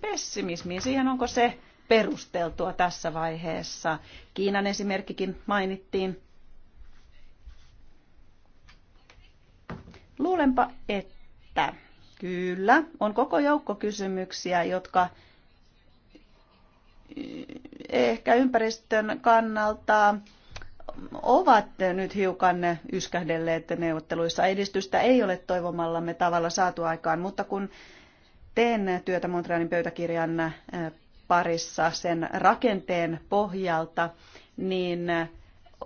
pessimismiin, siihen onko se perusteltua tässä vaiheessa. Kiinan esimerkkikin mainittiin. Luulenpa, että kyllä, on koko joukko kysymyksiä, jotka ehkä ympäristön kannalta ovat nyt hiukan yskähdelleet neuvotteluissa. Edistystä ei ole toivomallamme tavalla saatu aikaan, mutta kun teen työtä Montrealin pöytäkirjan äh, parissa sen rakenteen pohjalta, niin äh,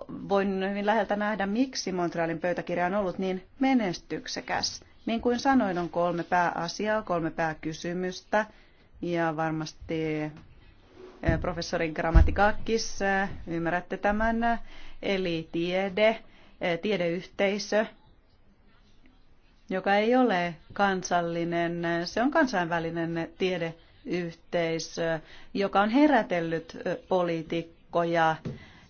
voin hyvin läheltä nähdä, miksi Montrealin pöytäkirja on ollut niin menestyksekäs. Niin kuin sanoin, on kolme pääasiaa, kolme pääkysymystä ja varmasti äh, professori Grammatikakis, ymmärrätte tämän eli tiede, eh, tiedeyhteisö, joka ei ole kansallinen, eh, se on kansainvälinen tiedeyhteisö, joka on herätellyt eh, poliitikkoja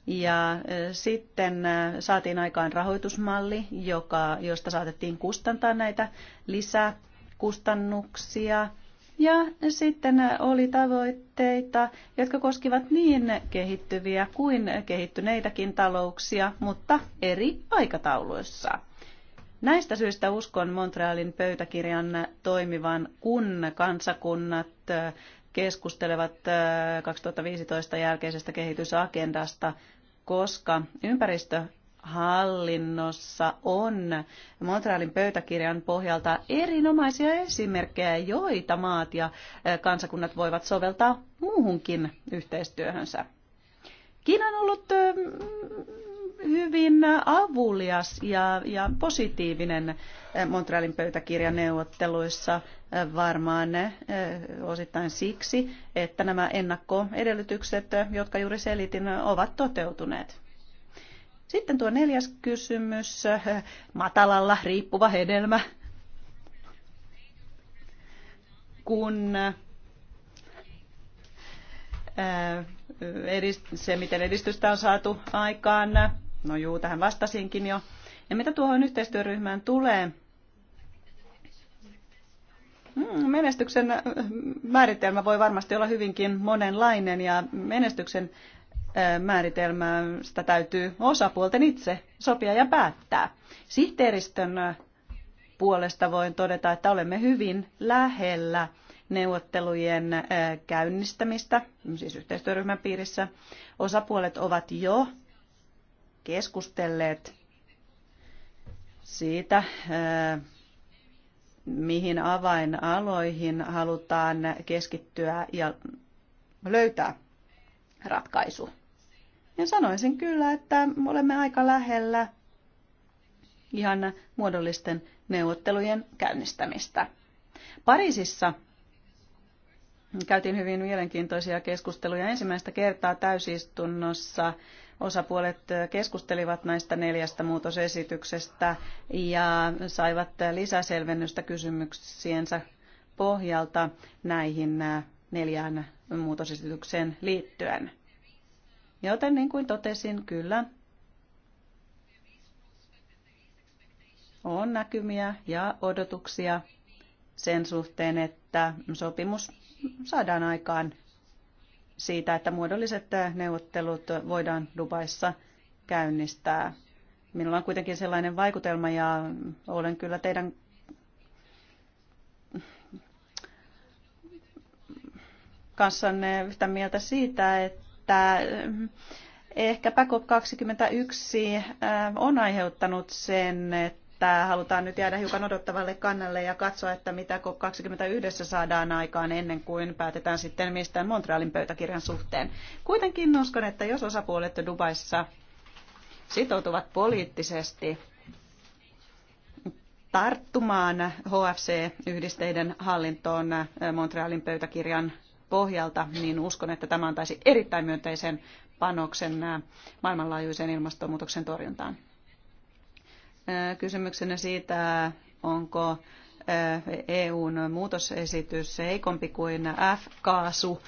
ja sitten saatiin aikaan rahoitusmalli, joka, josta saatettiin kustantaa näitä lisäkustannuksia ja sitten oli tavoitteita, jotka koskivat niin kehittyviä kuin kehittyneitäkin talouksia, mutta eri aikatauluissa. Näistä syistä uskon Montrealin pöytäkirjan toimivan, kun kansakunnat äh, keskustelevat 2015 äh, jälkeisestä kehitysagendasta, koska ympäristö hallinnossa on Montrealin pöytäkirjan pohjalta erinomaisia esimerkkejä, joita maat ja kansakunnat voivat soveltaa muuhunkin yhteistyöhönsä. Kiina on ollut mm, hyvin avulias ja, ja positiivinen Montrealin pöytäkirjan neuvotteluissa varmaan osittain siksi, että nämä ennakkoedellytykset, jotka juuri selitin, ovat toteutuneet. Sitten tuo neljäs kysymys, matalalla riippuva hedelmä. Kun se, miten edistystä on saatu aikaan, no juu, tähän vastasinkin jo. Ja mitä tuohon yhteistyöryhmään tulee, hmm, Menestyksen määritelmä voi varmasti olla hyvinkin monenlainen ja menestyksen määritelmästä täytyy osapuolten itse sopia ja päättää. Sihteeristön puolesta voin todeta, että olemme hyvin lähellä neuvottelujen käynnistämistä, siis yhteistyöryhmän piirissä. Osapuolet ovat jo keskustelleet siitä, mihin avainaloihin halutaan keskittyä ja löytää ratkaisu. Ja sanoisin kyllä, että olemme aika lähellä ihan muodollisten neuvottelujen käynnistämistä. Pariisissa käytiin hyvin mielenkiintoisia keskusteluja. Ensimmäistä kertaa täysistunnossa osapuolet keskustelivat näistä neljästä muutosesityksestä ja saivat lisäselvennystä kysymyksiensä pohjalta näihin neljään muutosesitykseen liittyen. Joten niin kuin totesin, kyllä on näkymiä ja odotuksia sen suhteen, että sopimus saadaan aikaan siitä, että muodolliset neuvottelut voidaan Dubaissa käynnistää. Minulla on kuitenkin sellainen vaikutelma ja olen kyllä teidän kanssanne yhtä mieltä siitä, että että eh, ehkäpä COP21 eh, on aiheuttanut sen, että halutaan nyt jäädä hiukan odottavalle kannalle ja katsoa, että mitä COP21 saadaan aikaan ennen kuin päätetään sitten mistään Montrealin pöytäkirjan suhteen. Kuitenkin uskon, että jos osapuolet Dubaissa sitoutuvat poliittisesti tarttumaan HFC-yhdisteiden hallintoon eh, Montrealin pöytäkirjan pohjalta, niin uskon, että tämä antaisi erittäin myönteisen panoksen maailmanlaajuisen ilmastonmuutoksen torjuntaan. Kysymyksenä siitä, onko EUn muutosesitys heikompi kuin F-kaasu,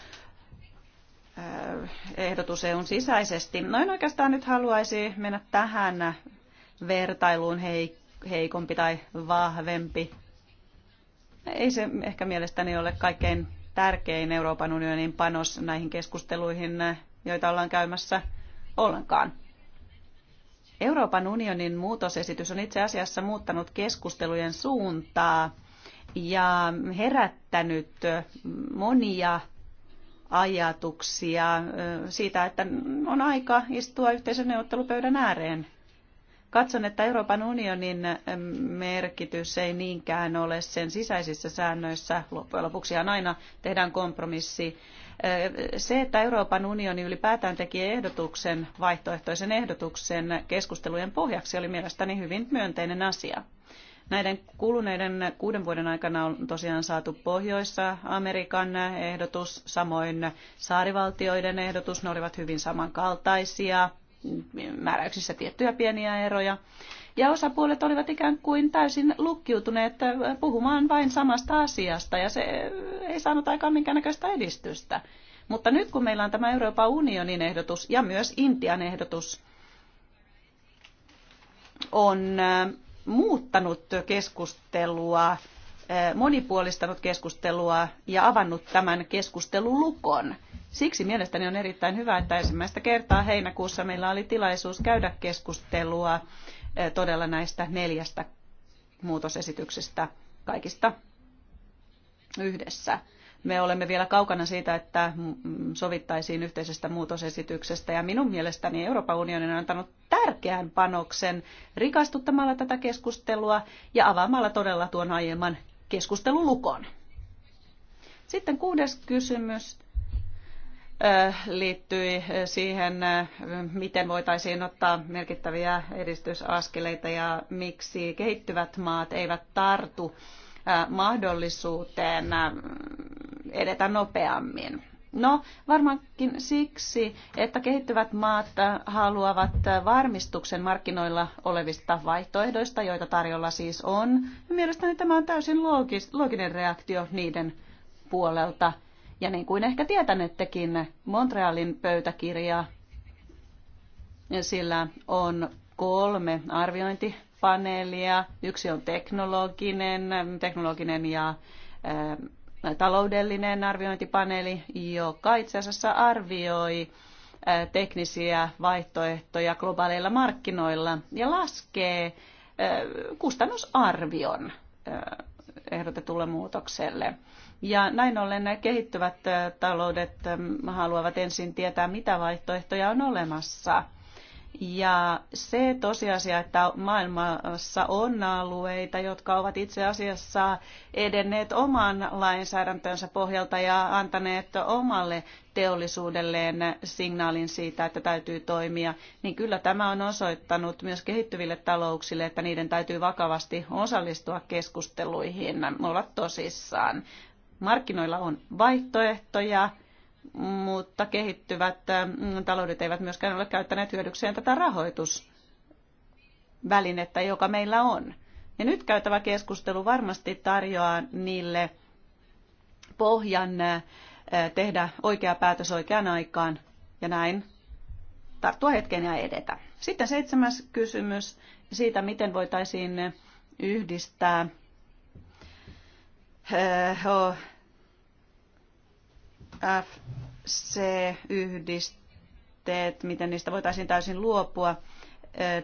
ehdotus EUn sisäisesti. Noin oikeastaan nyt haluaisi mennä tähän vertailuun heikompi tai vahvempi. Ei se ehkä mielestäni ole kaikkein tärkein Euroopan unionin panos näihin keskusteluihin, joita ollaan käymässä ollenkaan. Euroopan unionin muutosesitys on itse asiassa muuttanut keskustelujen suuntaa ja herättänyt monia ajatuksia siitä, että on aika istua yhteisen neuvottelupöydän ääreen Katson, että Euroopan unionin merkitys ei niinkään ole sen sisäisissä säännöissä. Loppujen lopuksihan aina tehdään kompromissi. Se, että Euroopan unioni ylipäätään teki ehdotuksen, vaihtoehtoisen ehdotuksen keskustelujen pohjaksi, oli mielestäni hyvin myönteinen asia. Näiden kuluneiden kuuden vuoden aikana on tosiaan saatu Pohjoissa Amerikan ehdotus, samoin saarivaltioiden ehdotus, ne olivat hyvin samankaltaisia määräyksissä tiettyjä pieniä eroja. Ja osapuolet olivat ikään kuin täysin lukkiutuneet äh, puhumaan vain samasta asiasta, ja se äh, ei saanut aikaan minkäännäköistä edistystä. Mutta nyt kun meillä on tämä Euroopan unionin ehdotus ja myös Intian ehdotus, on äh, muuttanut keskustelua, monipuolistanut keskustelua ja avannut tämän keskustelulukon. Siksi mielestäni on erittäin hyvä, että ensimmäistä kertaa heinäkuussa meillä oli tilaisuus käydä keskustelua eh, todella näistä neljästä muutosesityksestä kaikista yhdessä. Me olemme vielä kaukana siitä, että mm, sovittaisiin yhteisestä muutosesityksestä ja minun mielestäni Euroopan unioni on antanut tärkeän panoksen rikastuttamalla tätä keskustelua ja avaamalla todella tuon aiemman keskustelulukon. Sitten kuudes kysymys liittyi siihen, miten voitaisiin ottaa merkittäviä edistysaskeleita ja miksi kehittyvät maat eivät tartu mahdollisuuteen edetä nopeammin. No, varmaankin siksi, että kehittyvät maat haluavat varmistuksen markkinoilla olevista vaihtoehdoista, joita tarjolla siis on. Mielestäni tämä on täysin loogis, looginen reaktio niiden puolelta – ja niin kuin ehkä tietänettekin, Montrealin pöytäkirja, sillä on kolme arviointipaneelia. Yksi on teknologinen, teknologinen ja taloudellinen arviointipaneeli, joka itse asiassa arvioi teknisiä vaihtoehtoja globaaleilla markkinoilla ja laskee kustannusarvion ehdotetulle muutokselle. Ja näin ollen kehittyvät taloudet haluavat ensin tietää, mitä vaihtoehtoja on olemassa. Ja se tosiasia, että maailmassa on alueita, jotka ovat itse asiassa edenneet oman lainsäädäntönsä pohjalta ja antaneet omalle teollisuudelleen signaalin siitä, että täytyy toimia, niin kyllä tämä on osoittanut myös kehittyville talouksille, että niiden täytyy vakavasti osallistua keskusteluihin, olla tosissaan. Markkinoilla on vaihtoehtoja, mutta kehittyvät ähm, taloudet eivät myöskään ole käyttäneet hyödykseen tätä rahoitusvälinettä, joka meillä on. Ja nyt käytävä keskustelu varmasti tarjoaa niille pohjan äh, tehdä oikea päätös oikeaan aikaan ja näin tarttua hetken ja edetä. Sitten seitsemäs kysymys siitä, miten voitaisiin yhdistää C, yhdisteet miten niistä voitaisiin täysin luopua.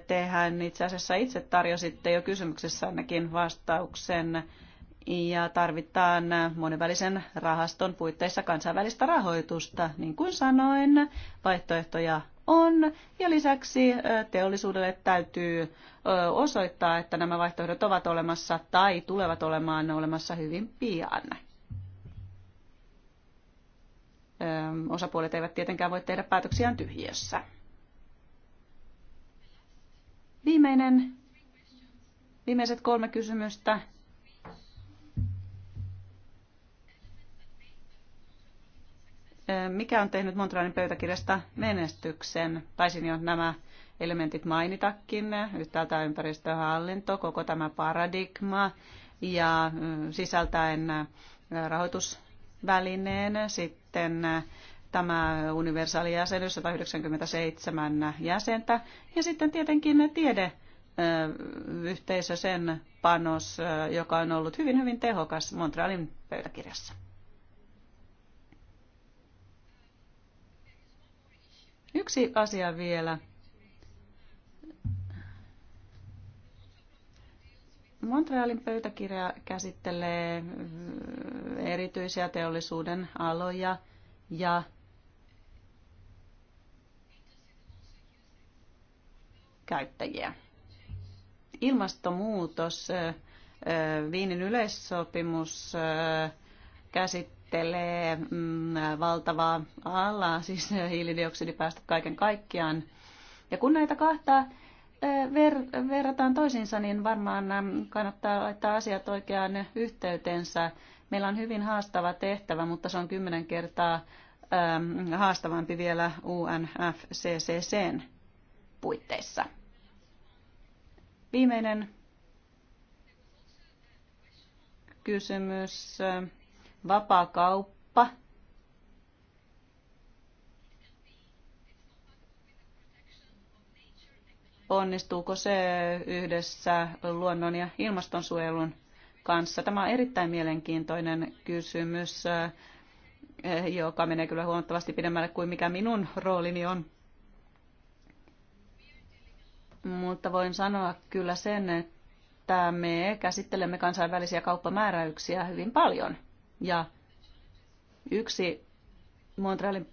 Tehän itse asiassa itse tarjositte jo kysymyksessä ainakin vastauksen ja tarvitaan monenvälisen rahaston puitteissa kansainvälistä rahoitusta. Niin kuin sanoin, vaihtoehtoja on. Ja lisäksi teollisuudelle täytyy osoittaa, että nämä vaihtoehdot ovat olemassa tai tulevat olemaan olemassa hyvin pian. Osapuolet eivät tietenkään voi tehdä päätöksiään tyhjiössä. Viimeinen, viimeiset kolme kysymystä mikä on tehnyt Montrealin pöytäkirjasta menestyksen? Taisin jo nämä elementit mainitakin, yhtäältä ympäristöhallinto, koko tämä paradigma ja sisältäen rahoitusvälineen, sitten tämä universaali jäsenyys, 197 jäsentä ja sitten tietenkin tiede yhteisö sen panos, joka on ollut hyvin, hyvin tehokas Montrealin pöytäkirjassa. Yksi asia vielä. Montrealin pöytäkirja käsittelee mm, erityisiä teollisuuden aloja ja käyttäjiä. Ilmastonmuutos, Viinin mm, mm, yleissopimus käsittelee määrittelee mm, valtavaa alaa, siis hiilidioksidipäästöt kaiken kaikkiaan. Ja kun näitä kahta eh, ver- verrataan toisiinsa, niin varmaan mm, kannattaa laittaa asiat oikeaan yhteytensä. Meillä on hyvin haastava tehtävä, mutta se on kymmenen kertaa mm, haastavampi vielä UNFCCCn puitteissa. Viimeinen kysymys eh, vapaakauppa onnistuuko se yhdessä luonnon ja ilmastonsuojelun kanssa. Tämä on erittäin mielenkiintoinen kysymys, joka menee kyllä huomattavasti pidemmälle kuin mikä minun roolini on. Mutta voin sanoa kyllä sen, että me käsittelemme kansainvälisiä kauppamääräyksiä hyvin paljon – ja yksi Montrealin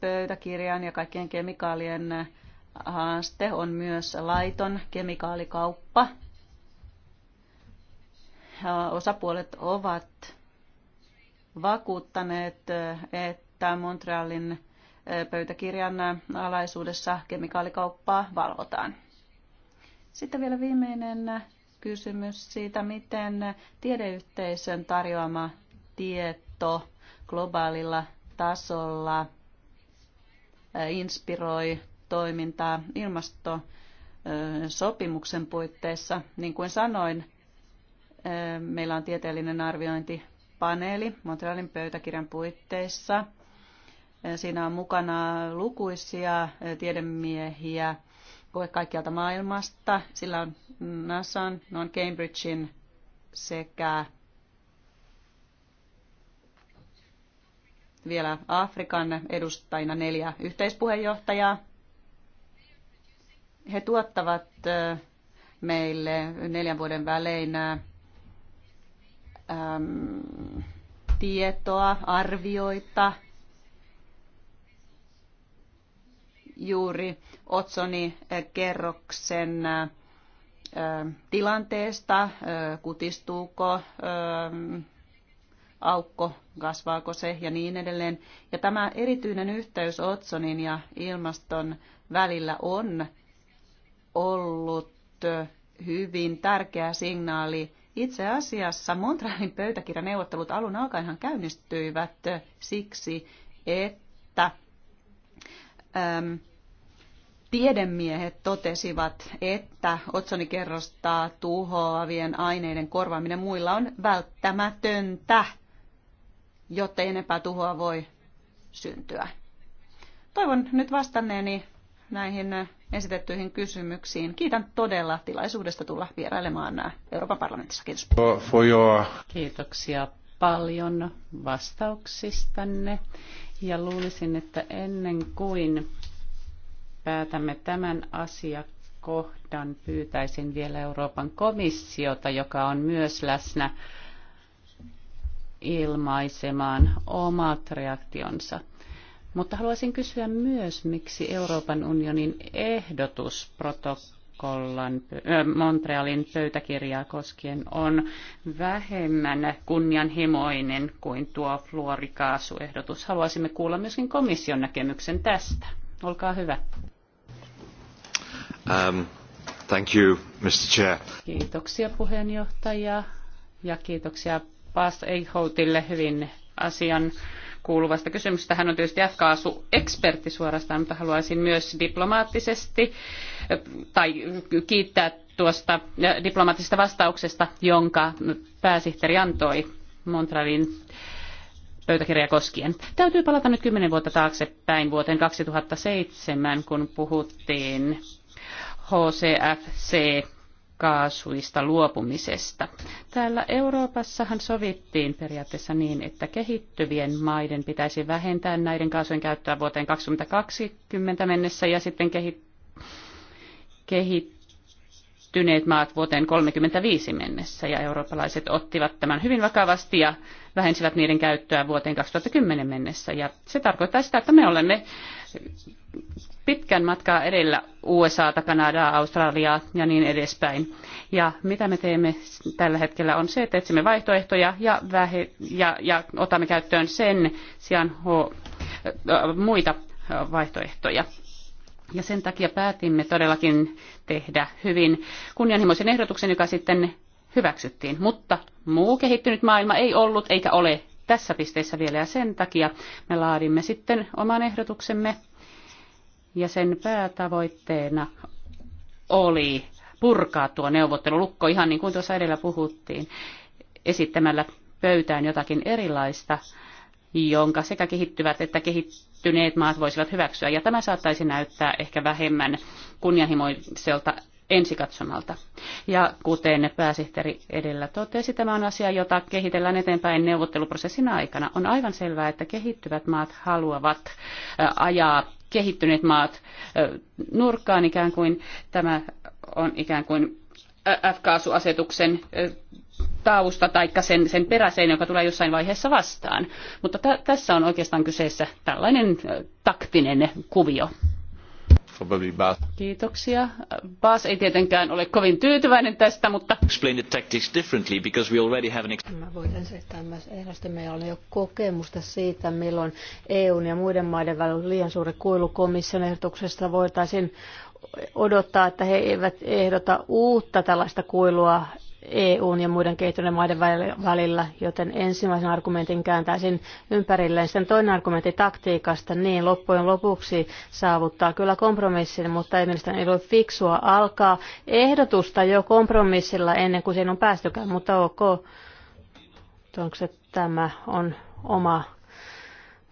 pöytäkirjan ja kaikkien kemikaalien haaste on myös laiton kemikaalikauppa. Osapuolet ovat vakuuttaneet, että Montrealin eh, pöytäkirjan alaisuudessa kemikaalikauppaa valvotaan. Sitten vielä viimeinen kysymys siitä, miten tiedeyhteisön tarjoama tieto globaalilla tasolla inspiroi toimintaa ilmastosopimuksen puitteissa. Niin kuin sanoin, meillä on tieteellinen arviointipaneeli Montrealin pöytäkirjan puitteissa. Siinä on mukana lukuisia tiedemiehiä kaikkialta maailmasta. Sillä on NASAn, on Cambridgein sekä vielä Afrikan edustajina neljä yhteispuheenjohtajaa. He tuottavat eh, meille neljän vuoden välein äm, eh, tietoa, arvioita juuri Otsoni eh, kerroksen tilanteesta, kutistuuko aukko, kasvaako se ja niin edelleen. Ja tämä erityinen yhteys Otsonin ja ilmaston välillä on ollut hyvin tärkeä signaali. Itse asiassa Montrealin pöytäkirjaneuvottelut alun alkaenhan käynnistyivät siksi, että äm, tiedemiehet totesivat, että otsonikerrostaa tuhoavien aineiden korvaaminen muilla on välttämätöntä jotta ei enempää tuhoa voi syntyä. Toivon nyt vastanneeni näihin esitettyihin kysymyksiin. Kiitän todella tilaisuudesta tulla vierailemaan Euroopan parlamentissa. Kiitos. Kiitoksia paljon vastauksistanne. Ja luulisin, että ennen kuin päätämme tämän asiakohdan, pyytäisin vielä Euroopan komissiota, joka on myös läsnä ilmaisemaan omat reaktionsa. Mutta haluaisin kysyä myös, miksi Euroopan unionin ehdotus protokollan, Montrealin pöytäkirjaa koskien on vähemmän kunnianhimoinen kuin tuo fluorikaasuehdotus. Haluaisimme kuulla myöskin komission näkemyksen tästä. Olkaa hyvä. Um, thank you, Mr. Chair. Kiitoksia puheenjohtaja ja kiitoksia Bas Eichhoutille hyvin asian kuuluvasta kysymystä, Hän on tietysti f ekspertti suorastaan, mutta haluaisin myös diplomaattisesti tai kiittää tuosta diplomaattisesta vastauksesta, jonka pääsihteeri antoi Montrealin pöytäkirjaa koskien. Täytyy palata nyt kymmenen vuotta taaksepäin vuoteen 2007, kun puhuttiin HCFC kaasuista luopumisesta. Täällä Euroopassahan sovittiin periaatteessa niin, että kehittyvien maiden pitäisi vähentää näiden kaasujen käyttöä vuoteen 2020 mennessä ja sitten kehi- kehittyneet maat vuoteen 35 mennessä. Ja eurooppalaiset ottivat tämän hyvin vakavasti ja vähensivät niiden käyttöä vuoteen 2010 mennessä. Ja se tarkoittaa sitä, että me olemme pitkän matkaa edellä USAta, Kanadaa, Australiaa ja niin edespäin. Ja mitä me teemme tällä hetkellä on se, että etsimme vaihtoehtoja ja, vähe- ja, ja otamme käyttöön sen sijaan ho- äh, muita vaihtoehtoja. Ja sen takia päätimme todellakin tehdä hyvin kunnianhimoisen ehdotuksen, joka sitten hyväksyttiin. Mutta muu kehittynyt maailma ei ollut eikä ole tässä pisteessä vielä ja sen takia me laadimme sitten oman ehdotuksemme ja sen päätavoitteena oli purkaa tuo neuvottelulukko, ihan niin kuin tuossa edellä puhuttiin, esittämällä pöytään jotakin erilaista, jonka sekä kehittyvät että kehittyneet maat voisivat hyväksyä. Ja tämä saattaisi näyttää ehkä vähemmän kunnianhimoiselta ensikatsomalta. Ja kuten pääsihteeri edellä totesi, tämä on asia, jota kehitellään eteenpäin neuvotteluprosessin aikana. On aivan selvää, että kehittyvät maat haluavat ajaa kehittyneet maat nurkkaan ikään kuin tämä on ikään kuin F-kaasuasetuksen tausta tai sen, sen peräseen, joka tulee jossain vaiheessa vastaan. Mutta tässä on oikeastaan kyseessä tällainen taktinen kuvio Kiitoksia. Baas ei tietenkään ole kovin tyytyväinen tästä, mutta... Explain the tactics differently because we already have an... Mä voin selittää myös ehdosti. Meillä on jo kokemusta siitä, milloin EUn ja muiden maiden välillä liian suuri kuilu komission ehdotuksesta voitaisiin odottaa, että he eivät ehdota uutta tällaista kuilua EUn ja muiden kehittyneiden maiden välillä, joten ensimmäisen argumentin kääntäisin ympärilleen. Sen toinen argumentti taktiikasta, niin loppujen lopuksi saavuttaa kyllä kompromissin, mutta ei mielestäni ei ole fiksua alkaa ehdotusta jo kompromissilla ennen kuin siihen on päästykään, mutta ok. Onko se tämä on oma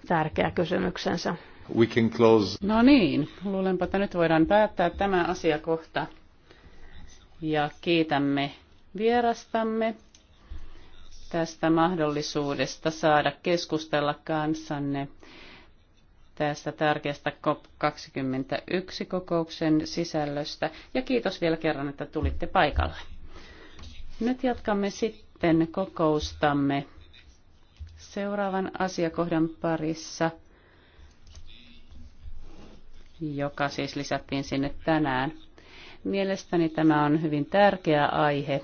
tärkeä kysymyksensä? We can close. No niin, luulenpa, että nyt voidaan päättää tämä asiakohta. Ja kiitämme vierastamme tästä mahdollisuudesta saada keskustella kanssanne tästä tärkeästä COP21-kokouksen sisällöstä. Ja kiitos vielä kerran, että tulitte paikalle. Nyt jatkamme sitten kokoustamme seuraavan asiakohdan parissa, joka siis lisättiin sinne tänään. Mielestäni tämä on hyvin tärkeä aihe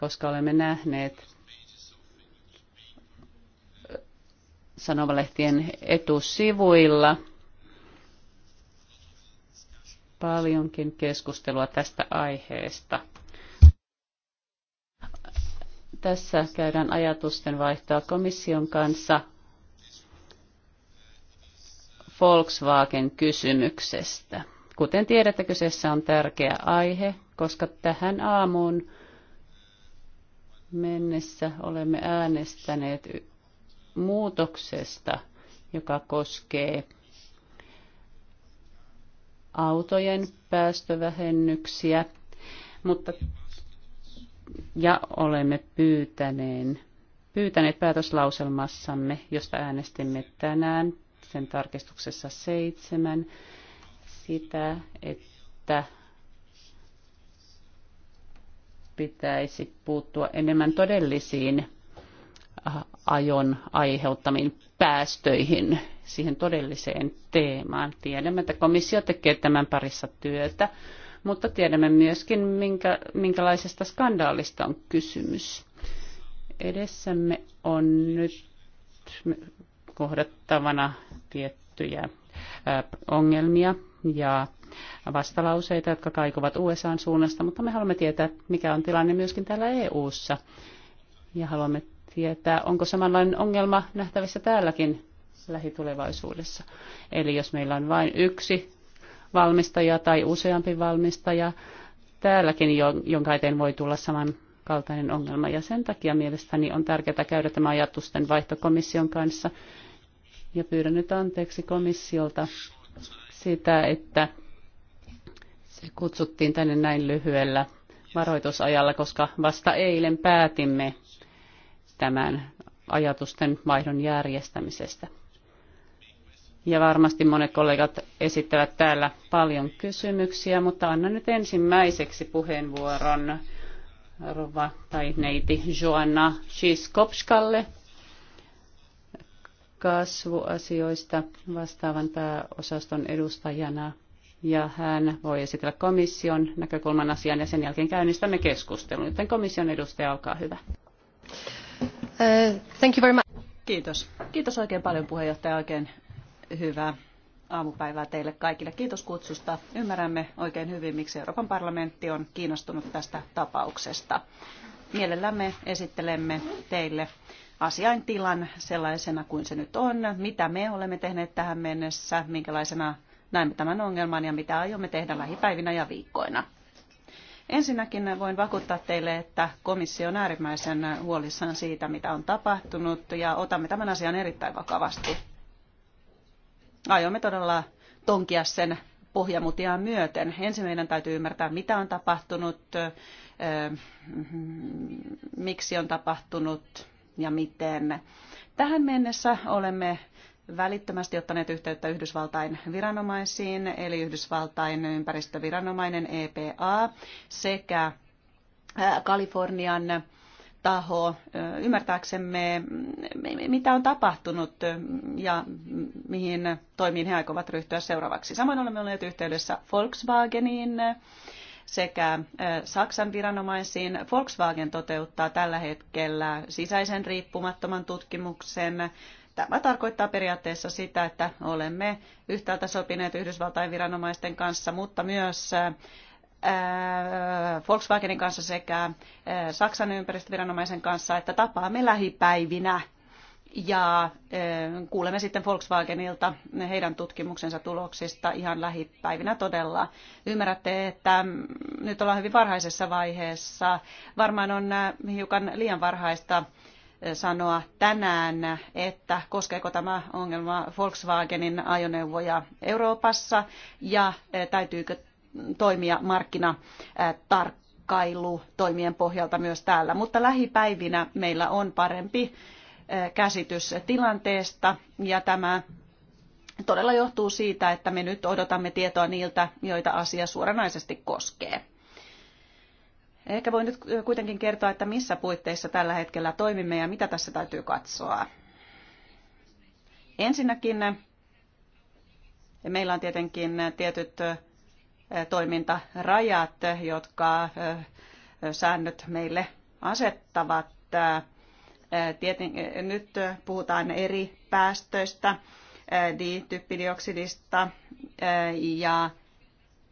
koska olemme nähneet sanomalehtien etusivuilla paljonkin keskustelua tästä aiheesta. Tässä käydään ajatusten vaihtoa komission kanssa Volkswagen-kysymyksestä. Kuten tiedätte, kyseessä on tärkeä aihe, koska tähän aamuun mennessä olemme äänestäneet muutoksesta, joka koskee autojen päästövähennyksiä, mutta ja olemme pyytäneen, pyytäneet päätöslauselmassamme, josta äänestimme tänään, sen tarkistuksessa seitsemän, sitä, että pitäisi puuttua enemmän todellisiin äh, ajon aiheuttamiin päästöihin, siihen todelliseen teemaan. Tiedämme, että komissio tekee tämän parissa työtä, mutta tiedämme myöskin, minkä, minkälaisesta skandaalista on kysymys. Edessämme on nyt kohdattavana tiettyjä äh, ongelmia ja vastalauseita, jotka kaikuvat USAn suunnasta, mutta me haluamme tietää, mikä on tilanne myöskin täällä EU:ssa. Ja haluamme tietää, onko samanlainen ongelma nähtävissä täälläkin lähitulevaisuudessa. Eli jos meillä on vain yksi valmistaja tai useampi valmistaja, täälläkin, jonka eteen voi tulla samankaltainen ongelma. Ja sen takia mielestäni on tärkeää käydä tämä ajatusten vaihto komission kanssa. Ja pyydän nyt anteeksi komissiolta sitä, että kutsuttiin tänne näin lyhyellä varoitusajalla, koska vasta eilen päätimme tämän ajatusten vaihdon järjestämisestä. Ja varmasti monet kollegat esittävät täällä paljon kysymyksiä, mutta annan nyt ensimmäiseksi puheenvuoron rova tai neiti Joanna Shiskopskalle kasvuasioista vastaavan pääosaston edustajana ja hän voi esitellä komission näkökulman asian ja sen jälkeen käynnistämme keskustelun. Joten komission edustaja, olkaa hyvä. Uh, thank you very much. Kiitos. Kiitos oikein paljon puheenjohtaja. Oikein hyvää aamupäivää teille kaikille. Kiitos kutsusta. Ymmärrämme oikein hyvin, miksi Euroopan parlamentti on kiinnostunut tästä tapauksesta. Mielellämme esittelemme teille asiaintilan sellaisena kuin se nyt on, mitä me olemme tehneet tähän mennessä, minkälaisena näemme tämän ongelman ja mitä aiomme tehdä lähipäivinä ja viikkoina. Ensinnäkin voin vakuuttaa teille, että komissio on äärimmäisen huolissaan siitä, mitä on tapahtunut, ja otamme tämän asian erittäin vakavasti. Aiomme todella tonkia sen pohjamutiaan myöten. Ensin meidän täytyy ymmärtää, mitä on tapahtunut, miksi on tapahtunut ja miten. Tähän mennessä olemme välittömästi ottaneet yhteyttä Yhdysvaltain viranomaisiin, eli Yhdysvaltain ympäristöviranomainen EPA sekä Kalifornian taho ymmärtääksemme, mm, mitä on tapahtunut mm, ja mihin toimiin he aikovat ryhtyä seuraavaksi. Samoin olemme olleet yhteydessä Volkswageniin sekä Saksan viranomaisiin. Volkswagen toteuttaa tällä hetkellä sisäisen riippumattoman tutkimuksen Tämä tarkoittaa periaatteessa sitä, että olemme yhtäältä sopineet Yhdysvaltain viranomaisten kanssa, mutta myös äh, Volkswagenin kanssa sekä äh, Saksan ympäristöviranomaisen kanssa, että tapaamme lähipäivinä ja äh, kuulemme sitten Volkswagenilta heidän tutkimuksensa tuloksista ihan lähipäivinä todella. Ymmärrätte, että mm, nyt ollaan hyvin varhaisessa vaiheessa. Varmaan on hiukan liian varhaista sanoa tänään, että koskeeko tämä ongelma Volkswagenin ajoneuvoja Euroopassa ja eh, täytyykö toimia markkinatarkkailutoimien pohjalta myös täällä. Mutta lähipäivinä meillä on parempi eh, käsitys tilanteesta ja tämä todella johtuu siitä, että me nyt odotamme tietoa niiltä, joita asia suoranaisesti koskee. Ehkä voin nyt kuitenkin kertoa, että missä puitteissa tällä hetkellä toimimme ja mitä tässä täytyy katsoa. Ensinnäkin meillä on tietenkin tietyt toimintarajat, jotka säännöt meille asettavat. Tieten, nyt puhutaan eri päästöistä, D-typpidioksidista ja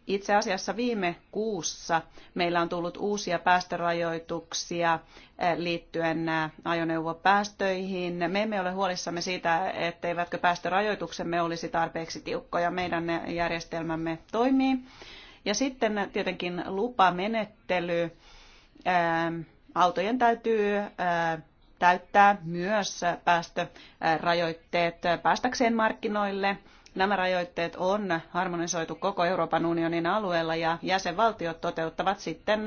itse asiassa viime kuussa meillä on tullut uusia päästörajoituksia eh, liittyen eh, ajoneuvopäästöihin. Me emme ole huolissamme siitä, etteivätkö päästörajoituksemme olisi tarpeeksi tiukkoja. Meidän eh, järjestelmämme toimii. Ja sitten tietenkin lupamenettely. Autojen täytyy täyttää myös päästörajoitteet päästäkseen markkinoille. Nämä rajoitteet on harmonisoitu koko Euroopan unionin alueella ja jäsenvaltiot toteuttavat sitten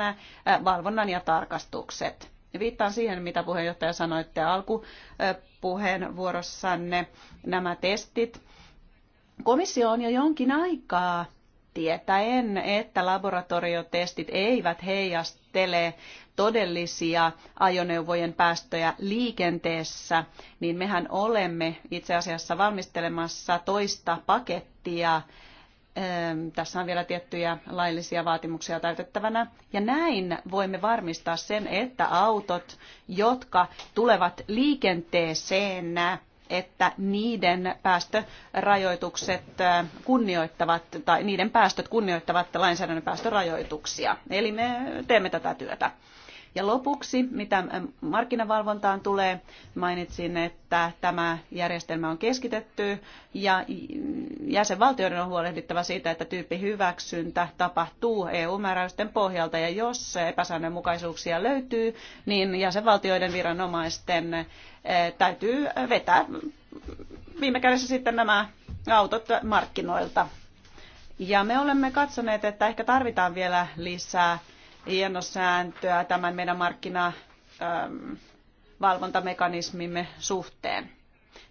valvonnan ja tarkastukset. Viittaan siihen, mitä puheenjohtaja sanoitte alkupuheenvuorossanne, nämä testit. Komissio on jo jonkin aikaa tietäen, että laboratoriotestit eivät heijastele todellisia ajoneuvojen päästöjä liikenteessä, niin mehän olemme itse asiassa valmistelemassa toista pakettia. Ehm, tässä on vielä tiettyjä laillisia vaatimuksia täytettävänä. Ja näin voimme varmistaa sen, että autot, jotka tulevat liikenteeseen, että niiden päästörajoitukset eh, kunnioittavat, tai niiden päästöt kunnioittavat lainsäädännön päästörajoituksia. Eli me teemme tätä työtä. Ja lopuksi, mitä markkinavalvontaan tulee, mainitsin, että tämä järjestelmä on keskitetty ja jäsenvaltioiden on huolehdittava siitä, että tyyppihyväksyntä tapahtuu EU-määräysten pohjalta ja jos epäsäännönmukaisuuksia löytyy, niin jäsenvaltioiden viranomaisten täytyy vetää viime kädessä sitten nämä autot markkinoilta. Ja me olemme katsoneet, että ehkä tarvitaan vielä lisää hienosääntöä tämän meidän markkinavalvontamekanismimme ähm, suhteen.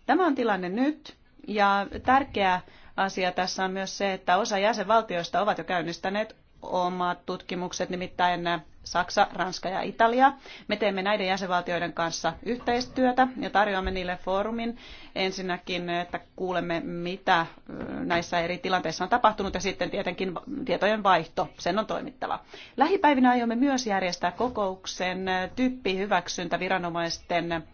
Tämä on tilanne nyt ja tärkeä asia tässä on myös se, että osa jäsenvaltioista ovat jo käynnistäneet omat tutkimukset, nimittäin Saksa, Ranska ja Italia. Me teemme näiden jäsenvaltioiden kanssa yhteistyötä ja tarjoamme niille foorumin ensinnäkin, että kuulemme, mitä näissä eri tilanteissa on tapahtunut ja sitten tietenkin tietojen vaihto, sen on toimittava. Lähipäivinä aiomme myös järjestää kokouksen tyyppihyväksyntä viranomaisten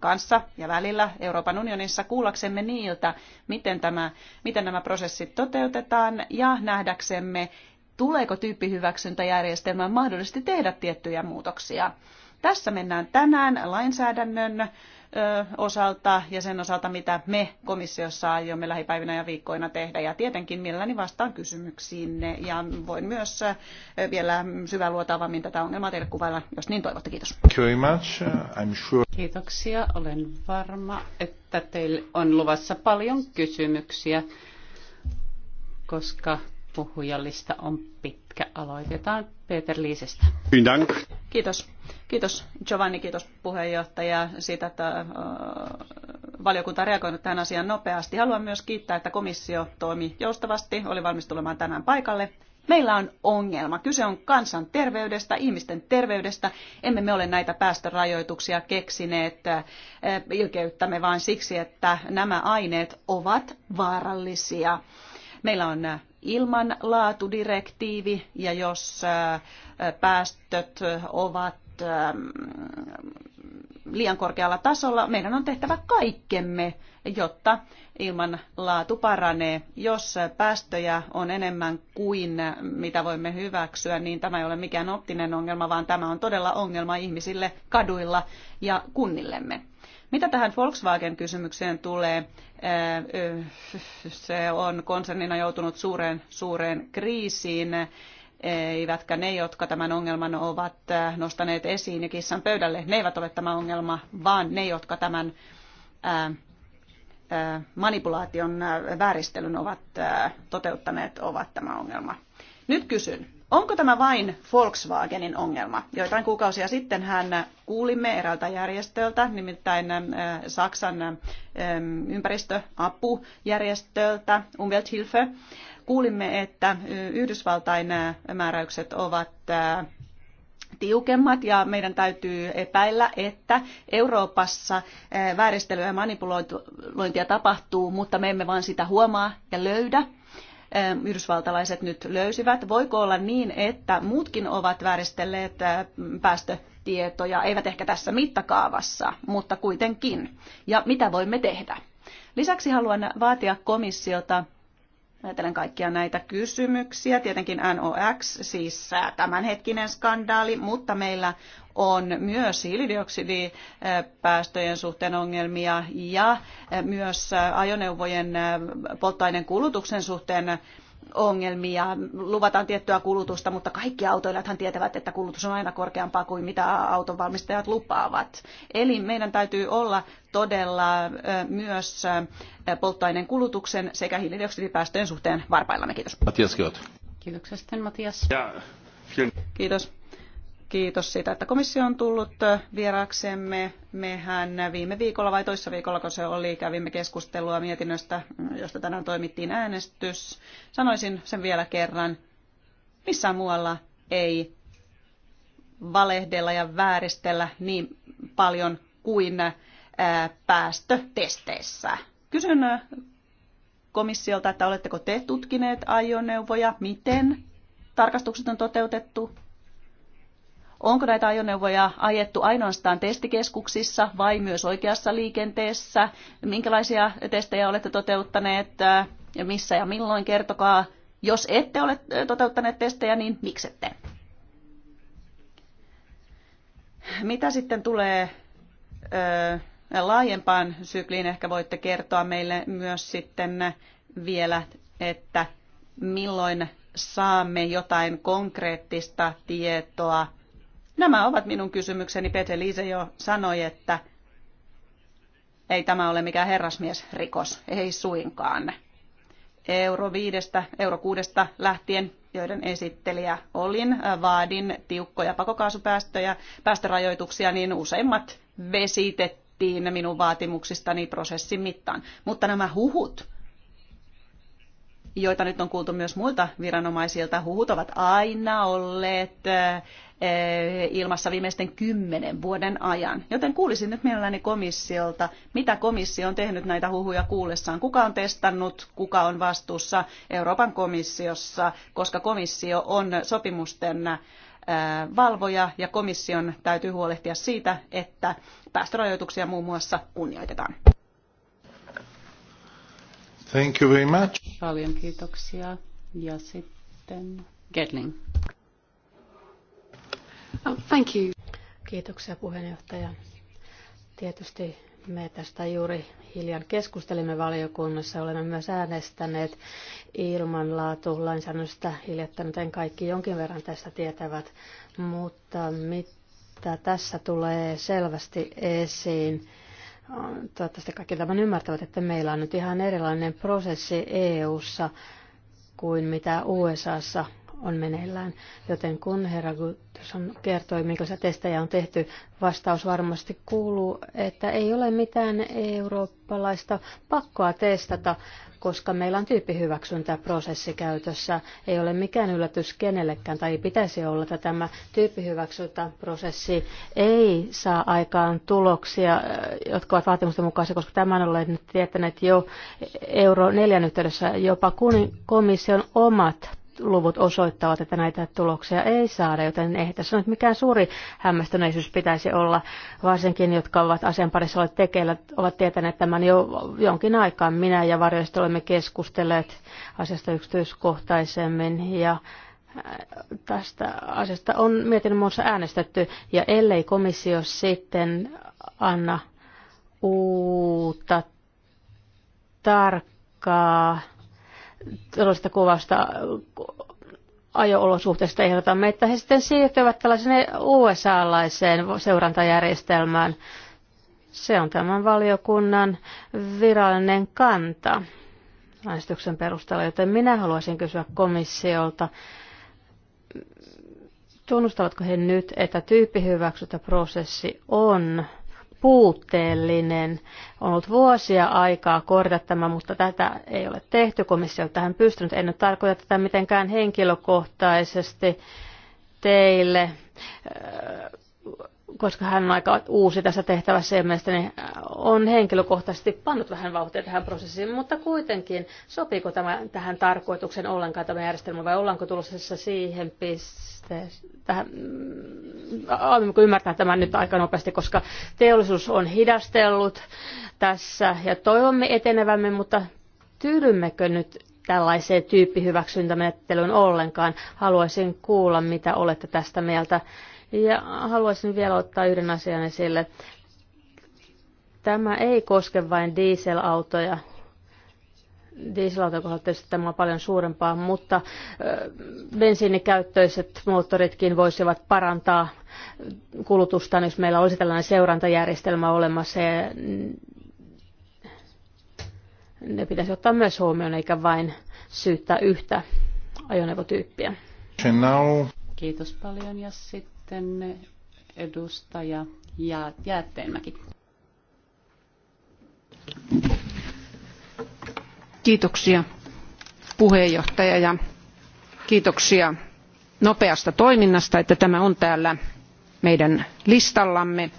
kanssa ja välillä Euroopan unionissa kuullaksemme niiltä, miten, tämä, miten nämä prosessit toteutetaan ja nähdäksemme, tuleeko tyyppihyväksyntäjärjestelmään mahdollisesti tehdä tiettyjä muutoksia. Tässä mennään tänään lainsäädännön osalta ja sen osalta, mitä me komissiossa aiomme lähipäivinä ja viikkoina tehdä. Ja tietenkin mielelläni vastaan kysymyksiinne ja voin myös vielä syväluotaavammin tätä ongelmaa teille kuvailla, jos niin toivotte. Kiitos. Uh, Kiitoksia. Olen varma, että teille on luvassa paljon kysymyksiä, koska puhujalista on pitkä. Aloitetaan Peter Liisestä. Kiitos. Kiitos Giovanni, kiitos puheenjohtaja siitä, että valiokunta on reagoinut tähän asiaan nopeasti. Haluan myös kiittää, että komissio toimi joustavasti, oli valmis tulemaan tänään paikalle. Meillä on ongelma. Kyse on kansan terveydestä, ihmisten terveydestä. Emme me ole näitä päästörajoituksia keksineet ilkeyttämme vain siksi, että nämä aineet ovat vaarallisia Meillä on äh, ilmanlaatudirektiivi ja jos äh, päästöt ovat ähm, liian korkealla tasolla, meidän on tehtävä kaikkemme, jotta ilmanlaatu paranee. Jos äh, päästöjä on enemmän kuin mitä voimme hyväksyä, niin tämä ei ole mikään optinen ongelma, vaan tämä on todella ongelma ihmisille kaduilla ja kunnillemme. Mitä tähän Volkswagen-kysymykseen tulee, äh, se on konsernina joutunut suureen, suureen kriisiin eivätkä ne, jotka tämän ongelman ovat äh, nostaneet esiin ja kissan pöydälle, ne eivät ole tämä ongelma, vaan ne, jotka tämän äh, manipulaation vääristelyn ovat toteuttaneet, ovat tämä ongelma. Nyt kysyn, Onko tämä vain Volkswagenin ongelma? Joitain kuukausia sitten hän kuulimme eräältä järjestöltä, nimittäin ähm, Saksan ähm, ympäristöapujärjestöltä Umwelthilfe. Kuulimme, että äh, Yhdysvaltain äh, määräykset ovat äh, tiukemmat ja meidän täytyy epäillä, että Euroopassa vääristelyä ja manipulointia tapahtuu, mutta me emme vain sitä huomaa ja löydä yhdysvaltalaiset nyt löysivät. Voiko olla niin, että muutkin ovat vääristelleet päästötietoja, eivät ehkä tässä mittakaavassa, mutta kuitenkin. Ja mitä voimme tehdä? Lisäksi haluan vaatia komissiota Ajattelen kaikkia näitä kysymyksiä. Tietenkin NOx, siis tämänhetkinen skandaali, mutta meillä on myös hiilidioksidipäästöjen suhteen ongelmia ja myös ajoneuvojen polttoaineen kulutuksen suhteen ongelmia, luvataan tiettyä kulutusta, mutta kaikki autoilijathan tietävät, että kulutus on aina korkeampaa kuin mitä autonvalmistajat lupaavat. Eli meidän täytyy olla todella myös polttoaineen kulutuksen sekä hiilidioksidipäästöjen suhteen varpaillamme. Kiitos. Matias Kiitoksia sitten, Matias. Ja. Kiitos kiitos siitä, että komissio on tullut vieraksemme. Mehän viime viikolla vai toissa viikolla, kun se oli, kävimme keskustelua mietinnöstä, mm, josta tänään toimittiin äänestys. Sanoisin sen vielä kerran. Missään muualla ei valehdella ja vääristellä niin paljon kuin päästötesteissä. Kysyn komissiolta, että oletteko te tutkineet ajoneuvoja, miten tarkastukset on toteutettu, Onko näitä ajoneuvoja ajettu ainoastaan testikeskuksissa vai myös oikeassa liikenteessä? Minkälaisia testejä olette toteuttaneet ja missä ja milloin? Kertokaa, jos ette ole toteuttaneet testejä, niin miksette? Mitä sitten tulee laajempaan sykliin, ehkä voitte kertoa meille myös sitten vielä, että milloin saamme jotain konkreettista tietoa Nämä ovat minun kysymykseni. Peter Liise jo sanoi, että ei tämä ole mikään herrasmiesrikos, ei suinkaan. Euro viidestä, euro kuudesta lähtien, joiden esittelijä olin, vaadin tiukkoja pakokaasupäästöjä, päästörajoituksia, niin useimmat vesitettiin minun vaatimuksistani prosessin mittaan. Mutta nämä huhut, joita nyt on kuultu myös muilta viranomaisilta, huhut ovat aina olleet Eh, ilmassa viimeisten kymmenen vuoden ajan. Joten kuulisin nyt mielelläni komissiolta, mitä komissio on tehnyt näitä huhuja kuullessaan, kuka on testannut, kuka on vastuussa Euroopan komissiossa, koska komissio on sopimusten eh, valvoja ja komission täytyy huolehtia siitä, että päästörajoituksia muun muassa kunnioitetaan. Thank you very much. Paljon kiitoksia. Ja sitten Gedling. Oh, thank you. Kiitoksia puheenjohtaja. Tietysti me tästä juuri hiljan keskustelimme valiokunnassa. Olemme myös äänestäneet ilmanlaatu lainsäädännöstä hiljattain, joten kaikki jonkin verran tästä tietävät. Mutta mitä tässä tulee selvästi esiin, toivottavasti kaikki tämän ymmärtävät, että meillä on nyt ihan erilainen prosessi EU-ssa kuin mitä USAssa on meneillään. Joten kun herra Gutterson kertoi, minkälaisia testejä on tehty, vastaus varmasti kuuluu, että ei ole mitään eurooppalaista pakkoa testata, koska meillä on tyyppihyväksyntäprosessi käytössä. Ei ole mikään yllätys kenellekään, tai ei pitäisi olla, että tämä tyyppihyväksyntäprosessi ei saa aikaan tuloksia, äh, jotka ovat vaatimusten mukaisia, koska tämän olen tietäneet jo euro neljän yhteydessä jopa komission omat luvut osoittavat, että näitä tuloksia ei saada, joten ei tässä nyt mikään suuri hämmästyneisyys pitäisi olla, varsinkin jotka ovat asian parissa olleet tekeillä, ovat tietäneet tämän jo jonkin aikaa. Minä ja varjoista olemme keskustelleet asiasta yksityiskohtaisemmin ja äh, tästä asiasta on mietinnön muassa äänestetty, ja ellei komissio sitten anna uutta tarkkaa tällaista kovasta ajo-olosuhteista ehdotamme, että he sitten siirtyvät tällaiseen USA-laiseen seurantajärjestelmään. Se on tämän valiokunnan virallinen kanta äänestyksen perusteella, joten minä haluaisin kysyä komissiolta, tunnustavatko he nyt, että tyyppihyväksyntäprosessi on puutteellinen. On ollut vuosia aikaa korjata tämä, mutta tätä ei ole tehty. Komissio on tähän pystynyt. En nyt tarkoita tätä mitenkään henkilökohtaisesti teille koska hän on aika uusi tässä tehtävässä ja mielestäni äh, on henkilökohtaisesti pannut vähän vauhtia tähän prosessiin, mutta kuitenkin sopiiko tämä tähän tarkoituksen ollenkaan tämä järjestelmä vai ollaanko tulossa siihen pisteeseen, tähän, mm, ymmärtää tämän nyt aika nopeasti, koska teollisuus on hidastellut tässä ja toivomme etenevämme, mutta tyydymmekö nyt tällaiseen tyyppihyväksyntämenettelyyn ollenkaan? Haluaisin kuulla, mitä olette tästä mieltä. Ja haluaisin vielä ottaa yhden asian esille. Tämä ei koske vain dieselautoja. Dieselauton kohdalla tietysti tämä on paljon suurempaa, mutta bensiinikäyttöiset moottoritkin voisivat parantaa kulutusta, jos meillä olisi tällainen seurantajärjestelmä olemassa ja ne pitäisi ottaa myös huomioon, eikä vain syyttää yhtä ajoneuvotyyppiä. Kiitos paljon ja sitten sitten edustaja ja Jäätteenmäki. Kiitoksia puheenjohtaja ja kiitoksia nopeasta toiminnasta, että tämä on täällä meidän listallamme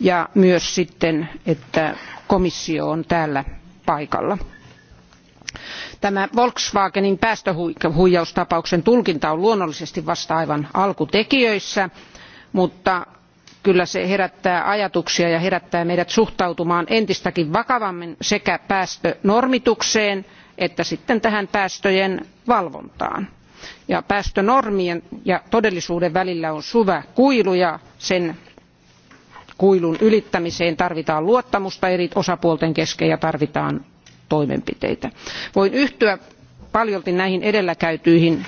ja myös sitten, että komissio on täällä paikalla tämä volkswagenin päästöhuijaustapauksen tulkinta on luonnollisesti vasta aivan alkutekijöissä mutta kyllä se herättää ajatuksia ja herättää meidät suhtautumaan entistäkin vakavammin sekä päästönormitukseen että sitten tähän päästöjen valvontaan. Ja päästönormien ja todellisuuden välillä on syvä kuilu ja sen kuilun ylittämiseen tarvitaan luottamusta eri osapuolten kesken ja tarvitaan toimenpiteitä. voin yhtyä paljolti näihin edellä käytyihin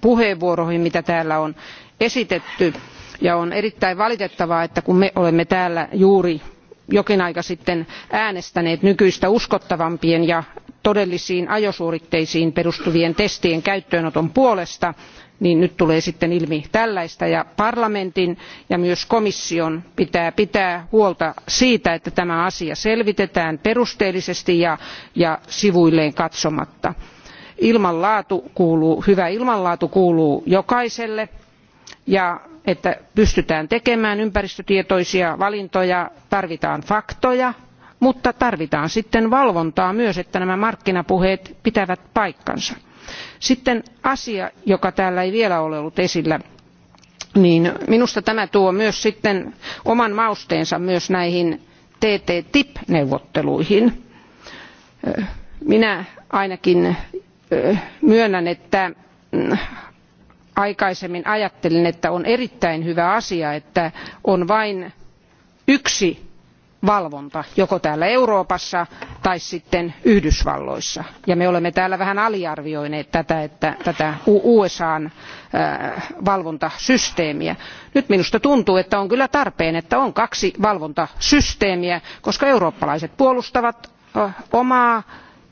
puheenvuoroihin joita täällä on esitetty ja on erittäin valitettavaa että kun me olemme täällä juuri jokin aika sitten äänestäneet nykyistä uskottavampien ja todellisiin ajosuoritteisiin perustuvien testien käyttöönoton puolesta niin nyt tulee sitten ilmi tällaista ja parlamentin ja myös komission pitää pitää huolta siitä että tämä asia selvitetään perusteellisesti ja, ja sivuilleen katsomatta. Ilmanlaatu kuuluu, hyvä ilmanlaatu kuuluu jokaiselle ja että pystytään tekemään ympäristötietoisia valintoja tarvitaan faktoja mutta tarvitaan sitten valvontaa myös että nämä markkinapuheet pitävät paikkansa sitten asia joka täällä ei vielä ole ollut esillä niin minusta tämä tuo myös sitten oman mausteensa myös näihin TTIP neuvotteluihin. Minä ainakin myönnän, että mm, aikaisemmin ajattelin, että on erittäin hyvä asia, että on vain yksi valvonta joko täällä Euroopassa tai sitten Yhdysvalloissa. Ja me olemme täällä vähän aliarvioineet tätä, että, tätä USAn äh, valvontasysteemiä. Nyt minusta tuntuu, että on kyllä tarpeen, että on kaksi valvontasysteemiä, koska eurooppalaiset puolustavat äh, omaa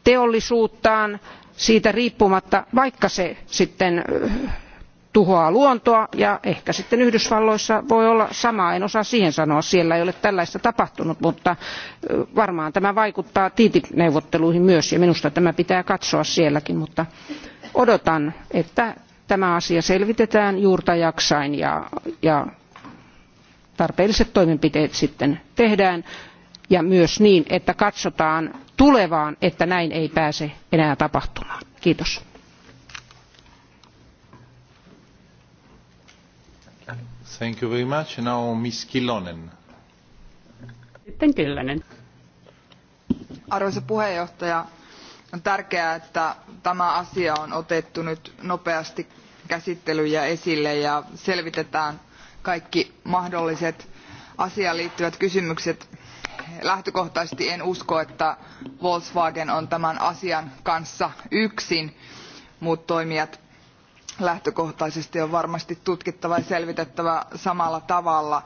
teollisuuttaan siitä riippumatta, vaikka se sitten äh, tuhoaa luontoa ja ehkä sitten yhdysvalloissa voi olla sama en osaa siihen sanoa siellä ei ole tällaista tapahtunut mutta varmaan tämä vaikuttaa ttip neuvotteluihin myös ja minusta tämä pitää katsoa sielläkin mutta odotan että tämä asia selvitetään juurta jaksain ja, ja tarpeelliset toimenpiteet sitten tehdään ja myös niin että katsotaan tulevaan että näin ei pääse enää tapahtumaan. kiitos. Thank you very much. Now Miss Kilonen. Arvoisa puheenjohtaja, on tärkeää, että tämä asia on otettu nyt nopeasti käsittelyyn ja esille ja selvitetään kaikki mahdolliset asiaan liittyvät kysymykset. Lähtökohtaisesti en usko, että Volkswagen on tämän asian kanssa yksin. Muut toimijat lähtökohtaisesti on varmasti tutkittava ja selvitettävä samalla tavalla.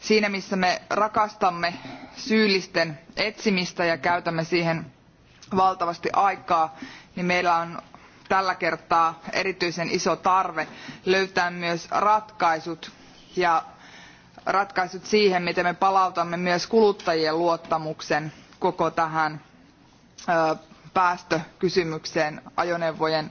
siinä missä me rakastamme syyllisten etsimistä ja käytämme siihen valtavasti aikaa niin meillä on tällä kertaa erityisen iso tarve löytää myös ratkaisut ja ratkaisut siihen miten me palautamme myös kuluttajien luottamuksen koko tähän päästökysymykseen ajoneuvojen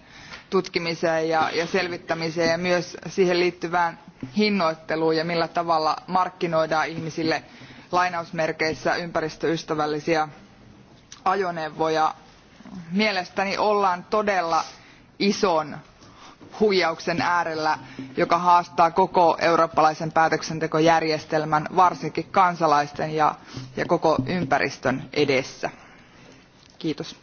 tutkimiseen ja, selvittämiseen ja myös siihen liittyvään hinnoitteluun ja millä tavalla markkinoidaan ihmisille lainausmerkeissä ympäristöystävällisiä ajoneuvoja. Mielestäni ollaan todella ison huijauksen äärellä, joka haastaa koko eurooppalaisen päätöksentekojärjestelmän, varsinkin kansalaisten ja, ja koko ympäristön edessä. Kiitos.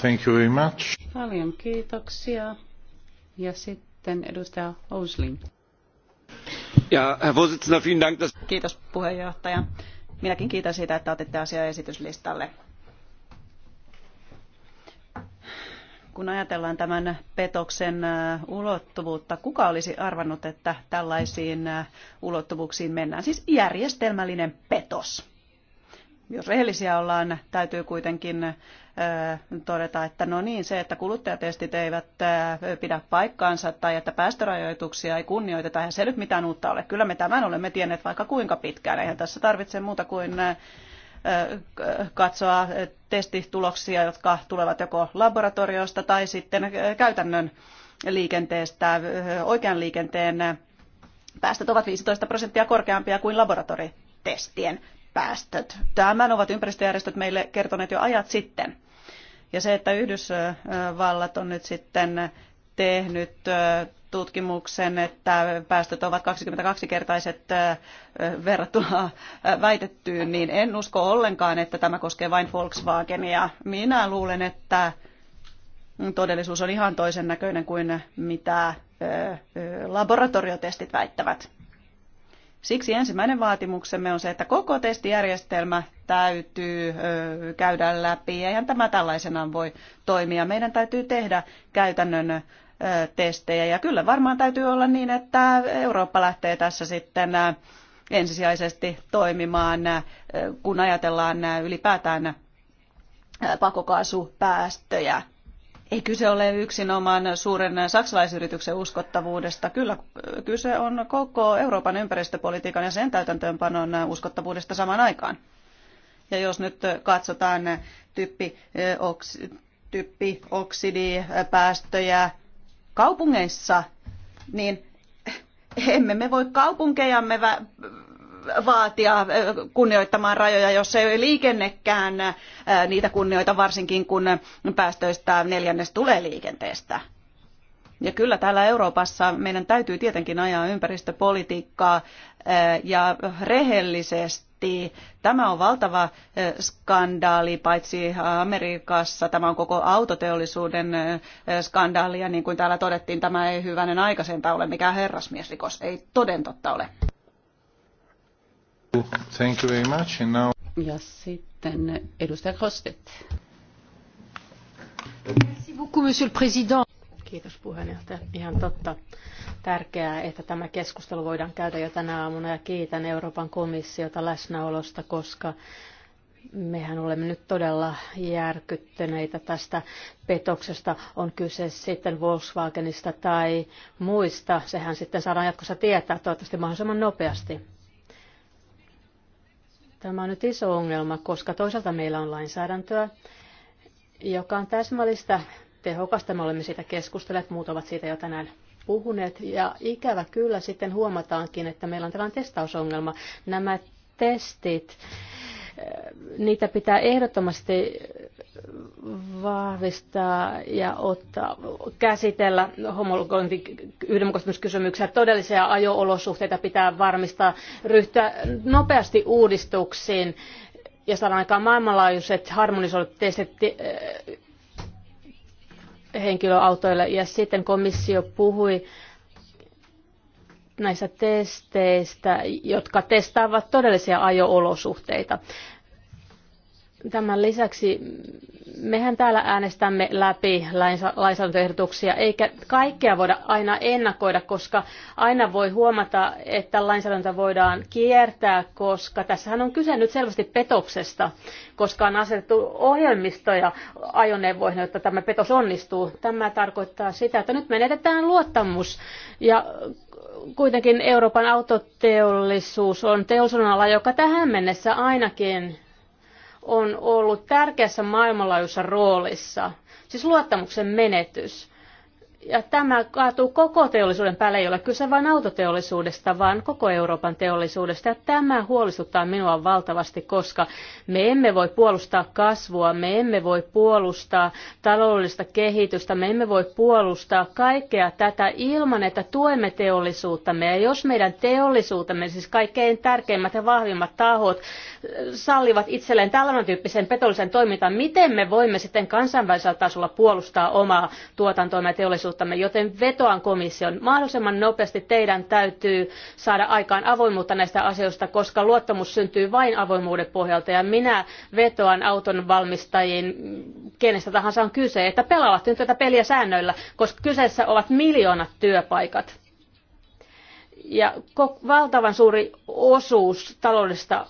Thank you very much. Paljon kiitoksia. Ja sitten edustaja Ousling. Ja, Herr Vorsitzender, vielen Dank. Dass... Kiitos puheenjohtaja. Minäkin kiitän siitä, että otitte asiaa esityslistalle. kun ajatellaan tämän petoksen äh, ulottuvuutta, kuka olisi arvannut, että tällaisiin äh, ulottuvuuksiin mennään? Siis järjestelmällinen petos jos rehellisiä ollaan, täytyy kuitenkin todeta, että no niin, se, että kuluttajatestit eivät pidä paikkaansa tai että päästörajoituksia ei kunnioiteta, eihän se nyt mitään uutta ole. Kyllä me tämän olemme tienneet vaikka kuinka pitkään. Eihän tässä tarvitse muuta kuin katsoa testituloksia, jotka tulevat joko laboratoriosta tai sitten käytännön liikenteestä. Oikean liikenteen päästöt ovat 15 prosenttia korkeampia kuin laboratoritestien päästöt. Tämän ovat ympäristöjärjestöt meille kertoneet jo ajat sitten. Ja se, että Yhdysvallat on nyt sitten tehnyt tutkimuksen, että päästöt ovat 22-kertaiset verrattuna väitettyyn, niin en usko ollenkaan, että tämä koskee vain Volkswagenia. Minä luulen, että todellisuus on ihan toisen näköinen kuin mitä laboratoriotestit väittävät. Siksi ensimmäinen vaatimuksemme on se, että koko testijärjestelmä täytyy käydä läpi. Eihän tämä tällaisenaan voi toimia. Meidän täytyy tehdä käytännön testejä. Ja kyllä varmaan täytyy olla niin, että Eurooppa lähtee tässä sitten ensisijaisesti toimimaan, kun ajatellaan ylipäätään pakokaasupäästöjä. Ei kyse ole yksinomaan suuren saksalaisyrityksen uskottavuudesta. Kyllä äh, kyse on koko Euroopan ympäristöpolitiikan ja sen täytäntöönpanon äh, uskottavuudesta samaan aikaan. Ja jos nyt äh, katsotaan typpi, oks, typpi oksidipäästöjä kaupungeissa, niin emme me voi kaupunkejamme vaatia äh, kunnioittamaan rajoja, jos ei liikennekään äh, niitä kunnioita, varsinkin kun päästöistä neljännes tulee liikenteestä. Ja kyllä täällä Euroopassa meidän täytyy tietenkin ajaa ympäristöpolitiikkaa äh, ja rehellisesti. Tämä on valtava skandaali, paitsi Amerikassa, tämä on koko autoteollisuuden skandaali, ja niin kuin täällä todettiin, tämä ei hyvänen aikaisempaa ole mikään herrasmiesrikos, ei toden totta ole. Thank you very much. And now... Ja sitten edustaja Kostet. Merci beaucoup, monsieur le président. Kiitos puheenjohtaja. Ihan totta. Tärkeää, että tämä keskustelu voidaan käydä jo tänä aamuna ja kiitän Euroopan komissiota läsnäolosta, koska mehän olemme nyt todella järkyttyneitä tästä petoksesta. On kyse sitten Volkswagenista tai muista. Sehän sitten saadaan jatkossa tietää toivottavasti mahdollisimman nopeasti Tämä on nyt iso ongelma, koska toisaalta meillä on lainsäädäntöä, joka on täsmällistä, tehokasta. Me olemme siitä keskustelleet, muut ovat siitä jo tänään puhuneet. Ja ikävä kyllä sitten huomataankin, että meillä on tällainen testausongelma. Nämä testit niitä pitää ehdottomasti vahvistaa ja ottaa, käsitellä homologointi yhdenmukaistamiskysymyksiä. Todellisia ajo-olosuhteita pitää varmistaa, ryhtyä nopeasti uudistuksiin ja saada aikaan maailmanlaajuiset harmonisoidut testit eh, henkilöautoille. Ja sitten komissio puhui näistä testeistä, jotka testaavat todellisia ajoolosuhteita. Tämän lisäksi mehän täällä äänestämme läpi lainsäädäntöehdotuksia, eikä kaikkea voida aina ennakoida, koska aina voi huomata, että lainsäädäntö voidaan kiertää, koska tässähän on kyse nyt selvästi petoksesta, koska on asetettu ohjelmistoja ajoneuvoihin, jotta tämä petos onnistuu. Tämä tarkoittaa sitä, että nyt menetetään luottamus ja kuitenkin Euroopan autoteollisuus on teollisuudenala, joka tähän mennessä ainakin on ollut tärkeässä maailmanlaajuisessa roolissa. Siis luottamuksen menetys ja tämä kaatuu koko teollisuuden päälle, ei ole kyse vain autoteollisuudesta, vaan koko Euroopan teollisuudesta. Ja tämä huolestuttaa minua valtavasti, koska me emme voi puolustaa kasvua, me emme voi puolustaa taloudellista kehitystä, me emme voi puolustaa kaikkea tätä ilman, että tuemme teollisuuttamme. Ja jos meidän teollisuutemme, siis kaikkein tärkeimmät ja vahvimmat tahot, sallivat itselleen tällainen tyyppisen petollisen toimintaan, miten me voimme sitten kansainvälisellä tasolla puolustaa omaa tuotantoamme ja teollisuutta? tulevaisuuttamme, joten vetoan komission. Mahdollisimman nopeasti teidän täytyy saada aikaan avoimuutta näistä asioista, koska luottamus syntyy vain avoimuuden pohjalta. Ja minä vetoan auton valmistajiin, kenestä tahansa on kyse, että pelaavat nyt tätä peliä säännöillä, koska kyseessä ovat miljoonat työpaikat ja valtavan suuri osuus taloudesta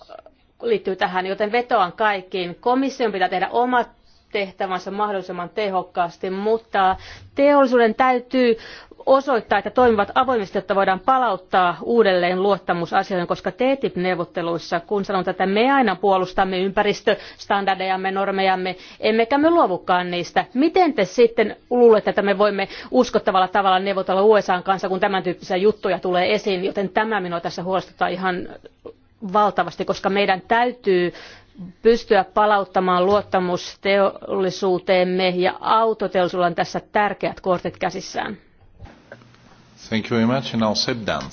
liittyy tähän, joten vetoan kaikkiin. Komission pitää tehdä omat tehtävänsä mahdollisimman tehokkaasti, mutta teollisuuden täytyy osoittaa, että toimivat avoimesti, jotta voidaan palauttaa uudelleen luottamus asioihin, koska TTIP-neuvotteluissa, kun sanon tätä, me aina puolustamme ympäristöstandardejamme, normejamme, emmekä me luovukaan niistä. Miten te sitten luulette, että me voimme uskottavalla tavalla neuvotella USA kanssa, kun tämän tyyppisiä juttuja tulee esiin, joten tämä minua tässä huolestuttaa ihan valtavasti, koska meidän täytyy pystyä palauttamaan luottamus teollisuuteemme ja autoteollisuudella on tässä tärkeät kortit käsissään. Thank you very much and I'll down.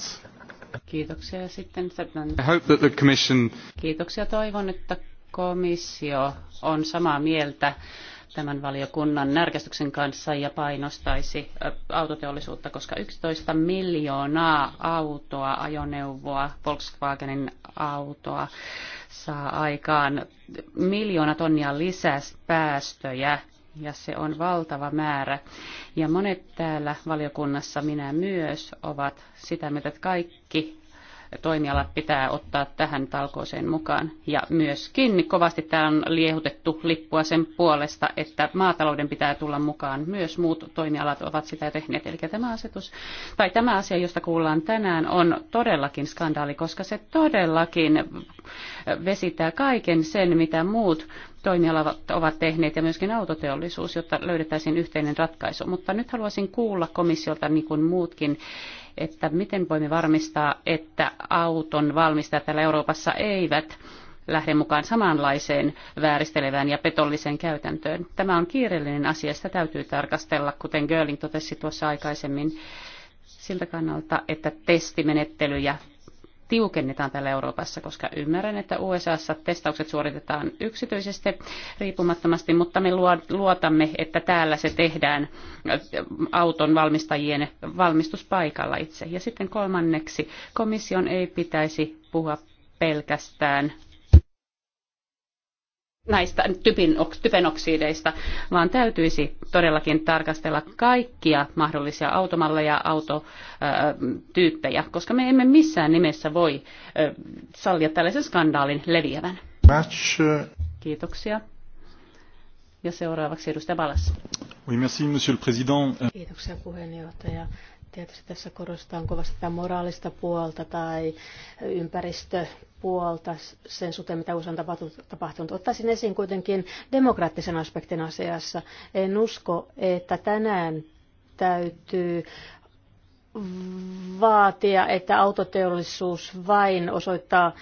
Kiitoksia sitten I hope that the commission... Kiitoksia toivon, että komissio on samaa mieltä tämän valiokunnan närkästyksen kanssa ja painostaisi autoteollisuutta, koska 11 miljoonaa autoa, ajoneuvoa, Volkswagenin autoa saa aikaan miljoona tonnia lisää päästöjä ja se on valtava määrä. Ja monet täällä valiokunnassa, minä myös, ovat sitä mieltä, että kaikki toimialat pitää ottaa tähän talkooseen mukaan. Ja myöskin kovasti täällä on liehutettu lippua sen puolesta, että maatalouden pitää tulla mukaan. Myös muut toimialat ovat sitä jo tehneet. Eli tämä asetus, tai tämä asia, josta kuullaan tänään, on todellakin skandaali, koska se todellakin vesittää kaiken sen, mitä muut toimialat ovat tehneet ja myöskin autoteollisuus, jotta löydettäisiin yhteinen ratkaisu. Mutta nyt haluaisin kuulla komissiolta, niin kuin muutkin, että miten voimme varmistaa, että auton valmistajat täällä Euroopassa eivät lähde mukaan samanlaiseen vääristelevään ja petolliseen käytäntöön. Tämä on kiireellinen asia, sitä täytyy tarkastella, kuten Görling totesi tuossa aikaisemmin, siltä kannalta, että testimenettelyjä tiukennetaan täällä Euroopassa, koska ymmärrän, että USAssa testaukset suoritetaan yksityisesti riippumattomasti, mutta me luotamme, että täällä se tehdään äh, auton valmistajien valmistuspaikalla itse. Ja sitten kolmanneksi, komission ei pitäisi puhua pelkästään näistä typenoksideista, vaan täytyisi todellakin tarkastella kaikkia mahdollisia automalleja, autotyyppejä, koska me emme missään nimessä voi sallia tällaisen skandaalin leviävän. Match. Kiitoksia. Ja seuraavaksi edustaja Balas. Oui, merci, monsieur le président. Kiitoksia puheenjohtaja. Tietysti tässä korostetaan kovasti tätä moraalista puolta tai ympäristö puolta sen suhteen, mitä USA on tapahtunut. Ottaisin esiin kuitenkin demokraattisen aspektin asiassa. En usko, että tänään täytyy vaatia, että autoteollisuus vain osoittaa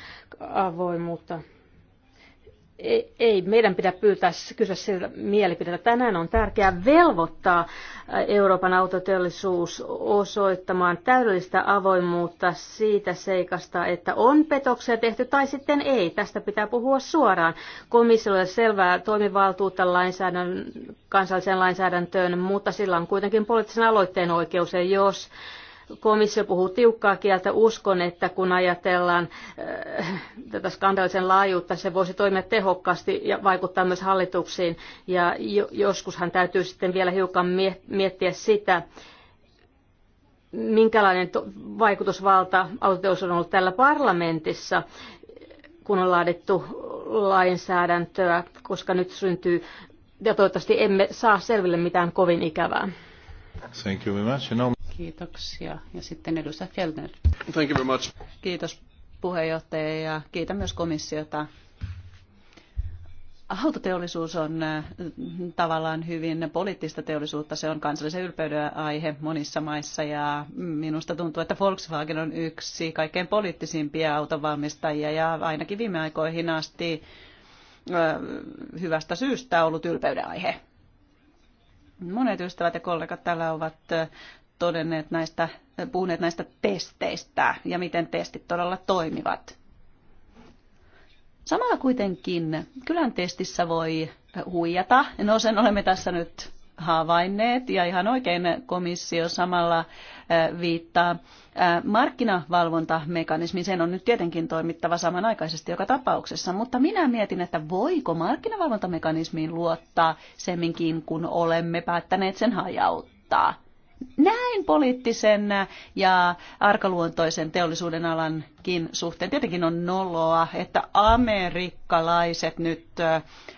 avoimuutta ei, meidän pidä pyytää kysyä sillä mielipidettä. Tänään on tärkeää velvoittaa äh, Euroopan autoteollisuus osoittamaan täydellistä avoimuutta siitä seikasta, että on petoksia tehty tai sitten ei. Tästä pitää puhua suoraan. Komissiolle selvää toimivaltuutta lainsäädännön, kansalliseen lainsäädäntöön, mutta sillä on kuitenkin poliittisen aloitteen oikeus. Ja jos Komissio puhuu tiukkaa kieltä. Uskon, että kun ajatellaan äh, tätä skandaalisen laajuutta, se voisi toimia tehokkaasti ja vaikuttaa myös hallituksiin. Ja joskushan täytyy sitten vielä hiukan miettiä sitä, minkälainen vaikutusvalta autoteus on ollut täällä parlamentissa kun on laadittu lainsäädäntöä, koska nyt syntyy, ja toivottavasti emme saa selville mitään kovin ikävää. Thank you very much. Kiitoksia. Ja sitten edustaja Fjellner. Thank you very much. Kiitos puheenjohtaja ja kiitän myös komissiota. Autoteollisuus on äh, tavallaan hyvin poliittista teollisuutta. Se on kansallisen ylpeyden aihe monissa maissa ja minusta tuntuu, että Volkswagen on yksi kaikkein poliittisimpia autonvalmistajia ja ainakin viime aikoihin asti äh, hyvästä syystä ollut ylpeyden aihe. Monet ystävät ja kollegat täällä ovat äh, todenneet näistä, puhuneet näistä testeistä ja miten testit todella toimivat. Samalla kuitenkin kylän testissä voi huijata. No sen olemme tässä nyt havainneet ja ihan oikein komissio samalla äh, viittaa äh, markkinavalvontamekanismi. Sen on nyt tietenkin toimittava samanaikaisesti joka tapauksessa, mutta minä mietin, että voiko markkinavalvontamekanismiin luottaa semminkin, kun olemme päättäneet sen hajauttaa näin poliittisen ja arkaluontoisen teollisuuden alankin suhteen. Tietenkin on noloa, että amerikkalaiset nyt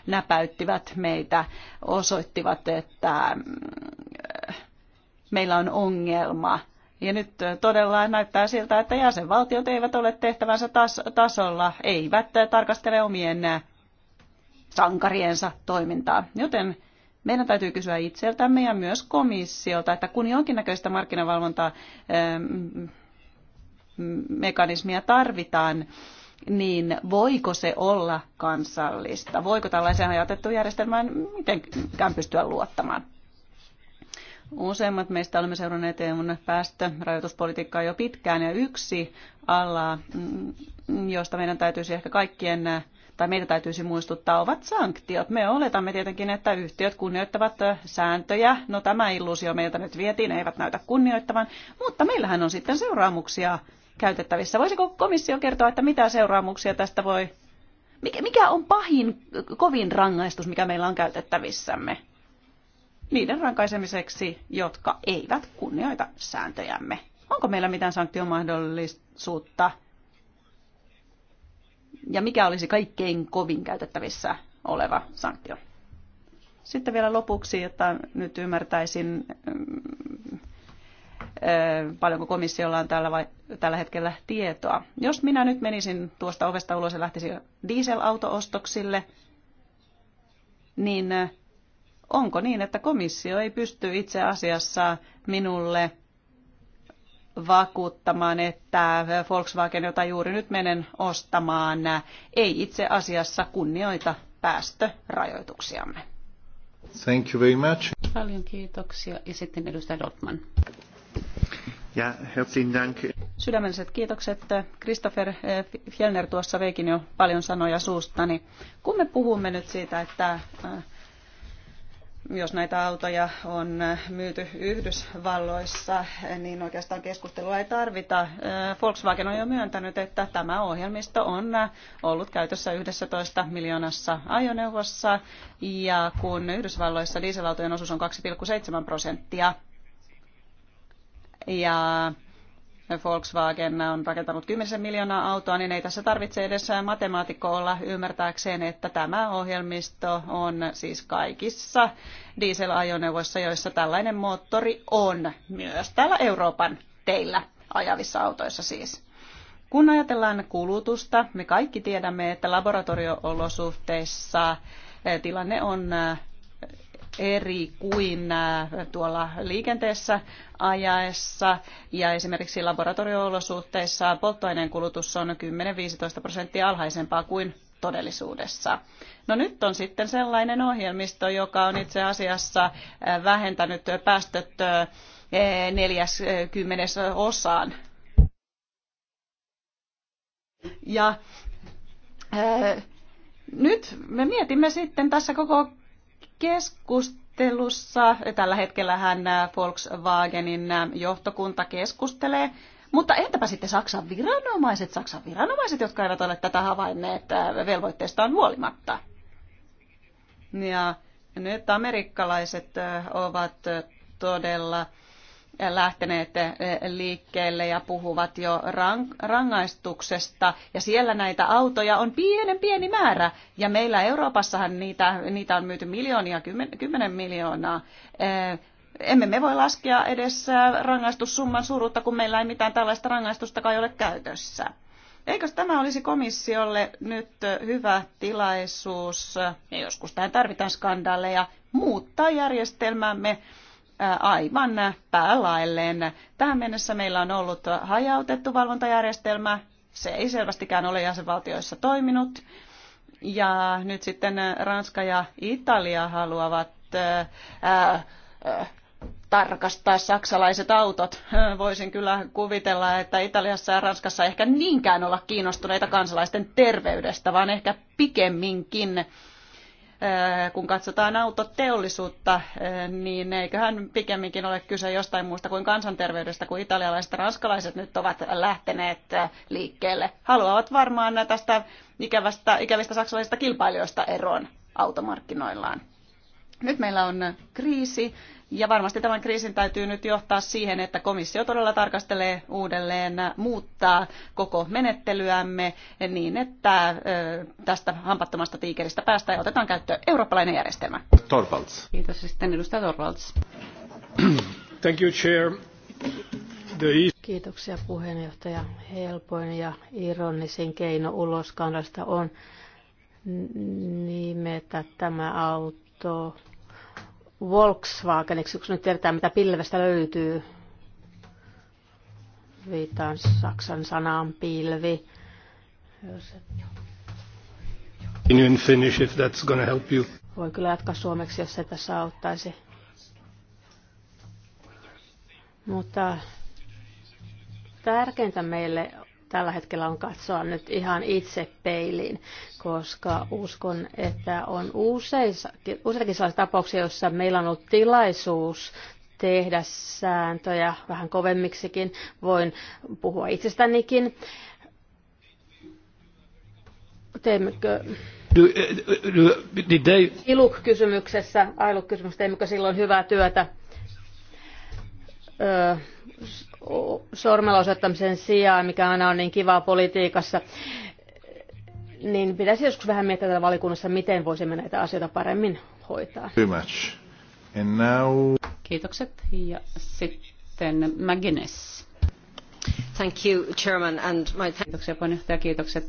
näpäyttivät meitä, osoittivat, että mm, meillä on ongelma. Ja nyt todella näyttää siltä, että jäsenvaltiot eivät ole tehtävänsä tas- tasolla, eivät tarkastele omien sankariensa toimintaa. Joten meidän täytyy kysyä itseltämme ja myös komissiolta, että kun jonkinnäköistä markkinavalvontaa ähm, mekanismia tarvitaan, niin voiko se olla kansallista? Voiko tällaiseen hajautettuun järjestelmään mitenkään pystyä luottamaan? Useimmat meistä olemme seuranneet EUn päästörajoituspolitiikkaa jo pitkään ja yksi ala, mm, josta meidän täytyisi ehkä kaikkien tai meitä täytyisi muistuttaa, ovat sanktiot. Me oletamme tietenkin, että yhtiöt kunnioittavat sääntöjä. No tämä illuusio meiltä nyt vietiin, eivät näytä kunnioittavan, mutta meillähän on sitten seuraamuksia käytettävissä. Voisiko komissio kertoa, että mitä seuraamuksia tästä voi... Mikä on pahin, kovin rangaistus, mikä meillä on käytettävissämme? Niiden rankaisemiseksi, jotka eivät kunnioita sääntöjämme. Onko meillä mitään sanktiomahdollisuutta? ja mikä olisi kaikkein kovin käytettävissä oleva sanktio. Sitten vielä lopuksi, että nyt ymmärtäisin, mm, paljonko komissiolla on tällä, vai, tällä hetkellä tietoa. Jos minä nyt menisin tuosta ovesta ulos ja lähtisin dieselautoostoksille, niin onko niin, että komissio ei pysty itse asiassa minulle vakuuttamaan, että Volkswagen, jota juuri nyt menen ostamaan, ei itse asiassa kunnioita päästörajoituksiamme. Thank you very much. Paljon kiitoksia. Ja sitten edustaja Dortman. Ja herzlichen Dank. Sydämelliset kiitokset. Christopher eh, Fjellner tuossa veikin jo paljon sanoja suustani. Kun me puhumme nyt siitä, että eh, jos näitä autoja on myyty Yhdysvalloissa, niin oikeastaan keskustelua ei tarvita. Volkswagen on jo myöntänyt, että tämä ohjelmisto on ollut käytössä 11 miljoonassa ajoneuvossa, ja kun Yhdysvalloissa dieselautojen osuus on 2,7 prosenttia, ja Volkswagen on rakentanut 10 miljoonaa autoa, niin ei tässä tarvitse edes matemaatikko olla ymmärtääkseen, että tämä ohjelmisto on siis kaikissa dieselajoneuvoissa, joissa tällainen moottori on myös täällä Euroopan teillä ajavissa autoissa siis. Kun ajatellaan kulutusta, me kaikki tiedämme, että laboratorioolosuhteissa eh, tilanne on eh, eri kuin äh, tuolla liikenteessä ajaessa ja esimerkiksi laboratorioolosuhteissa polttoaineen kulutus on 10-15 prosenttia alhaisempaa kuin todellisuudessa. No nyt on sitten sellainen ohjelmisto, joka on itse asiassa äh, vähentänyt päästöt 40 äh, osaan. Ja nyt me mietimme sitten tässä koko keskustelussa. Tällä hetkellä hän äh, Volkswagenin äh, johtokunta keskustelee. Mutta entäpä sitten Saksan viranomaiset, Saksan viranomaiset, jotka eivät ole tätä havainneet äh, velvoitteestaan huolimatta. Ja nyt amerikkalaiset ovat todella lähteneet liikkeelle ja puhuvat jo rangaistuksesta. Ja siellä näitä autoja on pienen pieni määrä. Ja meillä Euroopassahan niitä, niitä on myyty miljoonia, kymmenen miljoonaa. Eh, emme me voi laskea edes rangaistussumman suuruutta, kun meillä ei mitään tällaista kai ole käytössä. Eikö tämä olisi komissiolle nyt hyvä tilaisuus, ja joskus tähän tarvitaan skandaaleja, muuttaa järjestelmämme aivan päälailleen. Tähän mennessä meillä on ollut hajautettu valvontajärjestelmä. Se ei selvästikään ole jäsenvaltioissa toiminut. Ja nyt sitten Ranska ja Italia haluavat ää, ää, tarkastaa saksalaiset autot. Voisin kyllä kuvitella, että Italiassa ja Ranskassa ehkä niinkään olla kiinnostuneita kansalaisten terveydestä, vaan ehkä pikemminkin Äh, kun katsotaan autoteollisuutta, äh, niin eiköhän pikemminkin ole kyse jostain muusta kuin kansanterveydestä, kun italialaiset ja ranskalaiset nyt ovat lähteneet äh, liikkeelle. Haluavat varmaan tästä ikävästä, ikävistä saksalaisista kilpailijoista eroon automarkkinoillaan. Nyt meillä on kriisi ja varmasti tämän kriisin täytyy nyt johtaa siihen, että komissio todella tarkastelee uudelleen muuttaa koko menettelyämme niin, että tästä hampattomasta tiikeristä päästään ja otetaan käyttöön eurooppalainen järjestelmä. Torvalds. Kiitos. Sitten edustaja Torvalds. Thank you, Chair. The... E- Kiitoksia puheenjohtaja. Helpoin ja ironisin keino uloskannasta on nimetä tämä auto Volkswageniksi, kun nyt tiedetään, mitä pilvestä löytyy. Viitaan saksan sanaan pilvi. Can In Finnish, if that's gonna help you. Voi kyllä jatkaa suomeksi, jos se tässä auttaisi. Mutta tärkeintä meille tällä hetkellä on katsoa nyt ihan itse peiliin, koska uskon, että on useitakin sellaisia tapauksia, joissa meillä on ollut tilaisuus tehdä sääntöjä vähän kovemmiksikin. Voin puhua itsestänikin. Teemmekö eh, Iluk-kysymyksessä, Ailuk-kysymyksessä, teemmekö silloin hyvää työtä? Ö, sormelosoittamisen sijaan, mikä aina on niin kivaa politiikassa, niin pitäisi joskus vähän miettiä täällä valikunnassa, miten voisimme näitä asioita paremmin hoitaa. Too much. And now... Kiitokset. Ja sitten McGuinness. Thank you, Chairman, and my... Kiitoksia puheenjohtaja, kiitokset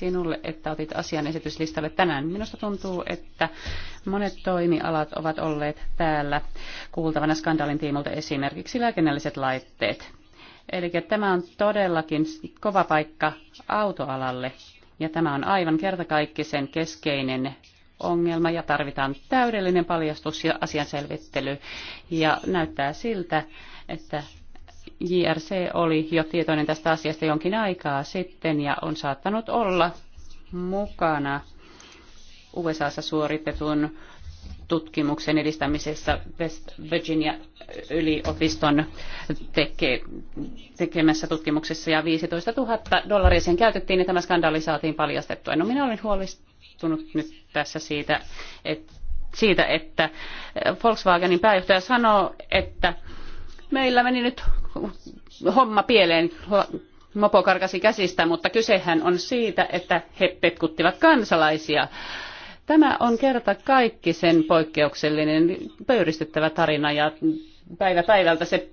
sinulle, että otit asian esityslistalle tänään. Minusta tuntuu, että monet toimialat ovat olleet täällä kuultavana skandaalin tiimolta esimerkiksi lääkennälliset laitteet. Eli tämä on todellakin kova paikka autoalalle ja tämä on aivan kertakaikkisen keskeinen ongelma ja tarvitaan täydellinen paljastus ja asian selvittely. Ja näyttää siltä, että JRC oli jo tietoinen tästä asiasta jonkin aikaa sitten ja on saattanut olla mukana USAssa suoritetun tutkimuksen edistämisessä West Virginia yliopiston teke, tekemässä tutkimuksessa ja 15 000 dollaria sen käytettiin ja niin tämä skandaali saatiin paljastettua. No minä olin huolestunut nyt tässä siitä, että siitä, että Volkswagenin pääjohtaja sanoo, että meillä meni nyt homma pieleen, mopo karkasi käsistä, mutta kysehän on siitä, että he petkuttivat kansalaisia. Tämä on kerta kaikki sen poikkeuksellinen pöyristyttävä tarina ja päivä päivältä se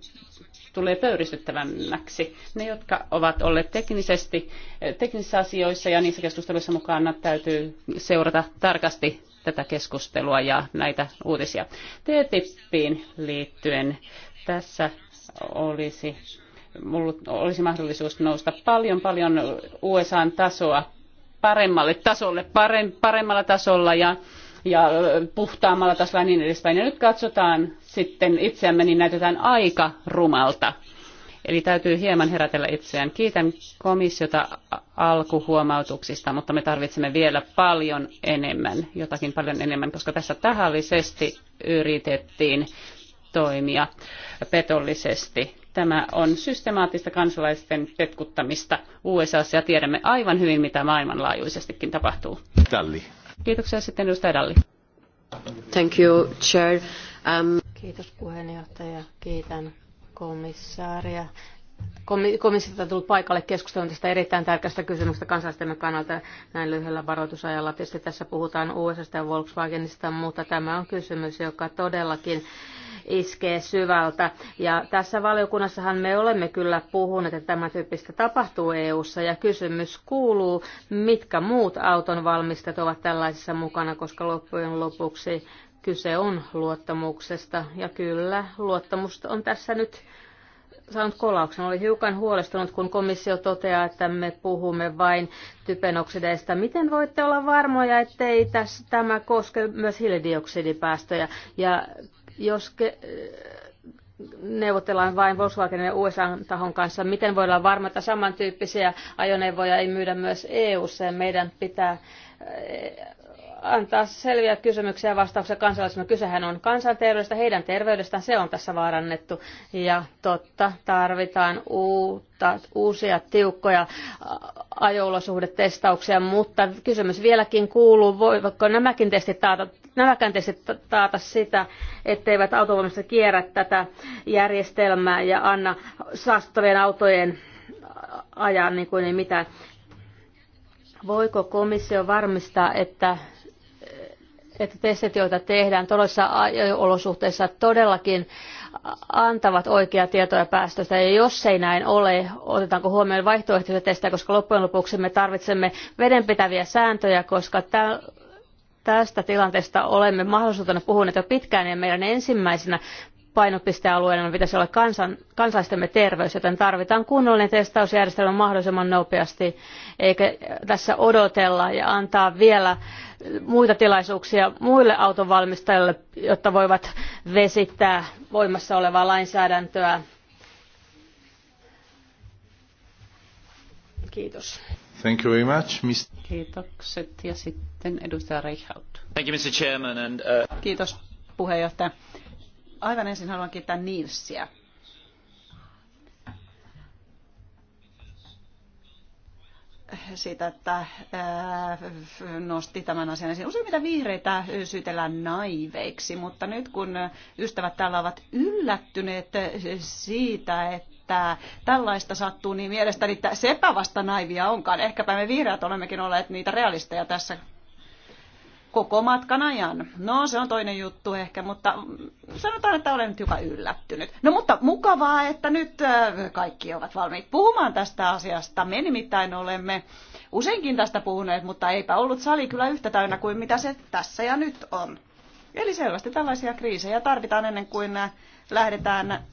tulee pöyristyttävämmäksi. Ne, jotka ovat olleet teknisesti, teknisissä asioissa ja niissä keskusteluissa mukana, täytyy seurata tarkasti tätä keskustelua ja näitä uutisia. TTIPiin liittyen tässä olisi, olisi mahdollisuus nousta paljon, paljon USAn tasoa paremmalle tasolle, paremmalla tasolla ja, ja puhtaammalla tasolla ja niin edespäin. Ja nyt katsotaan sitten itseämme, niin näytetään aika rumalta. Eli täytyy hieman herätellä itseään. Kiitän komissiota alkuhuomautuksista, mutta me tarvitsemme vielä paljon enemmän, jotakin paljon enemmän, koska tässä tahallisesti yritettiin toimia petollisesti. Tämä on systemaattista kansalaisten petkuttamista USAssa ja tiedämme aivan hyvin, mitä maailmanlaajuisestikin tapahtuu. Dalli. Kiitoksia sitten edustaja Dalli. Thank you, Chair. Um... Kiitos puheenjohtaja. Kiitän komissaaria komissiota tullut paikalle keskustelun tästä erittäin tärkeästä kysymyksestä kansalaistemme kannalta näin lyhyellä varoitusajalla. Tietysti tässä puhutaan USA ja Volkswagenista, mutta tämä on kysymys, joka todellakin iskee syvältä. Ja tässä valiokunnassahan me olemme kyllä puhuneet, että tämä tyyppistä tapahtuu EU-ssa ja kysymys kuuluu, mitkä muut auton valmistajat ovat tällaisissa mukana, koska loppujen lopuksi kyse on luottamuksesta. Ja kyllä, luottamus on tässä nyt saanut kolauksen. Oli hiukan huolestunut, kun komissio toteaa, että me puhumme vain typenoksideista. Miten voitte olla varmoja, ettei tässä, tämä koske myös hiilidioksidipäästöjä? Ja jos ke- neuvotellaan vain Volkswagenin ja USA-tahon kanssa, miten voi olla varma, että samantyyppisiä ajoneuvoja ei myydä myös EU-ssa ja meidän pitää eh, antaa selviä kysymyksiä ja vastauksia kansalaisille. No, kysehän on kansanterveydestä, heidän terveydestään, se on tässä vaarannettu. Ja totta, tarvitaan uutta, uusia tiukkoja ajolosuhdetestauksia, mutta kysymys vieläkin kuuluu, voivatko nämäkin testit taata nämäkään taata sitä, etteivät autovoimista kierrä tätä järjestelmää ja anna saastuttavien autojen ajaa niin kuin ei mitään. Voiko komissio varmistaa, että että testit, joita tehdään todellisissa olosuhteissa, todellakin antavat oikeaa tietoa päästöistä. Ja jos ei näin ole, otetaanko huomioon vaihtoehtoisia testejä, koska loppujen lopuksi me tarvitsemme vedenpitäviä sääntöjä, koska Tästä tilanteesta olemme mahdollisuutena puhuneet jo pitkään ja meidän ensimmäisenä painopistealueena pitäisi olla kansan, kansalaistemme terveys, joten tarvitaan kunnollinen testausjärjestelmä mahdollisimman nopeasti, eikä tässä odotella ja antaa vielä muita tilaisuuksia muille autonvalmistajille, jotta voivat vesittää voimassa olevaa lainsäädäntöä. Kiitos. Thank you very much, Mr. Kiitokset. Ja sitten edustaja Reichhaut. Thank you, Mr. Chairman. And, uh... Kiitos, puheenjohtaja. Aivan ensin haluan kiittää Nilsiä. siitä, että äh, nosti tämän asian esiin. Useimmiten vihreitä syytellään naiveiksi, mutta nyt kun ystävät täällä ovat yllättyneet siitä, että että tällaista sattuu, niin mielestäni että sepä vasta naivia onkaan. Ehkäpä me vihreät olemmekin olleet niitä realisteja tässä koko matkan ajan. No, se on toinen juttu ehkä, mutta sanotaan, että olen nyt joka yllättynyt. No, mutta mukavaa, että nyt äh, kaikki ovat valmiit puhumaan tästä asiasta. Me nimittäin olemme useinkin tästä puhuneet, mutta eipä ollut sali kyllä yhtä täynnä kuin mitä se tässä ja nyt on. Eli selvästi tällaisia kriisejä tarvitaan ennen kuin äh, lähdetään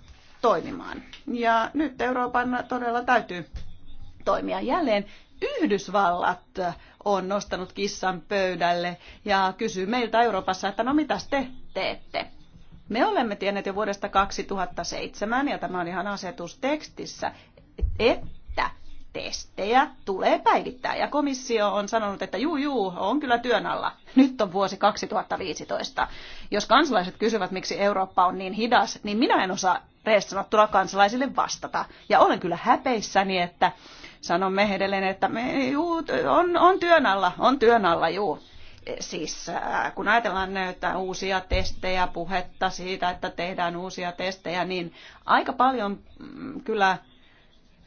toimimaan. Ja nyt Euroopan todella täytyy toimia jälleen. Yhdysvallat on nostanut kissan pöydälle ja kysyy meiltä Euroopassa, että no mitäs te teette? Me olemme tienneet jo vuodesta 2007, ja tämä on ihan asetustekstissä, että testejä tulee päivittää. Ja komissio on sanonut, että juu, juu, on kyllä työn alla. Nyt on vuosi 2015. Jos kansalaiset kysyvät, miksi Eurooppa on niin hidas, niin minä en osaa rees sanottuna kansalaisille vastata. Ja olen kyllä häpeissäni, että sanon edelleen, että me, juu, on, on työn alla, on työn alla, juu. Siis äh, kun ajatellaan näitä uusia testejä, puhetta siitä, että tehdään uusia testejä, niin aika paljon mm, kyllä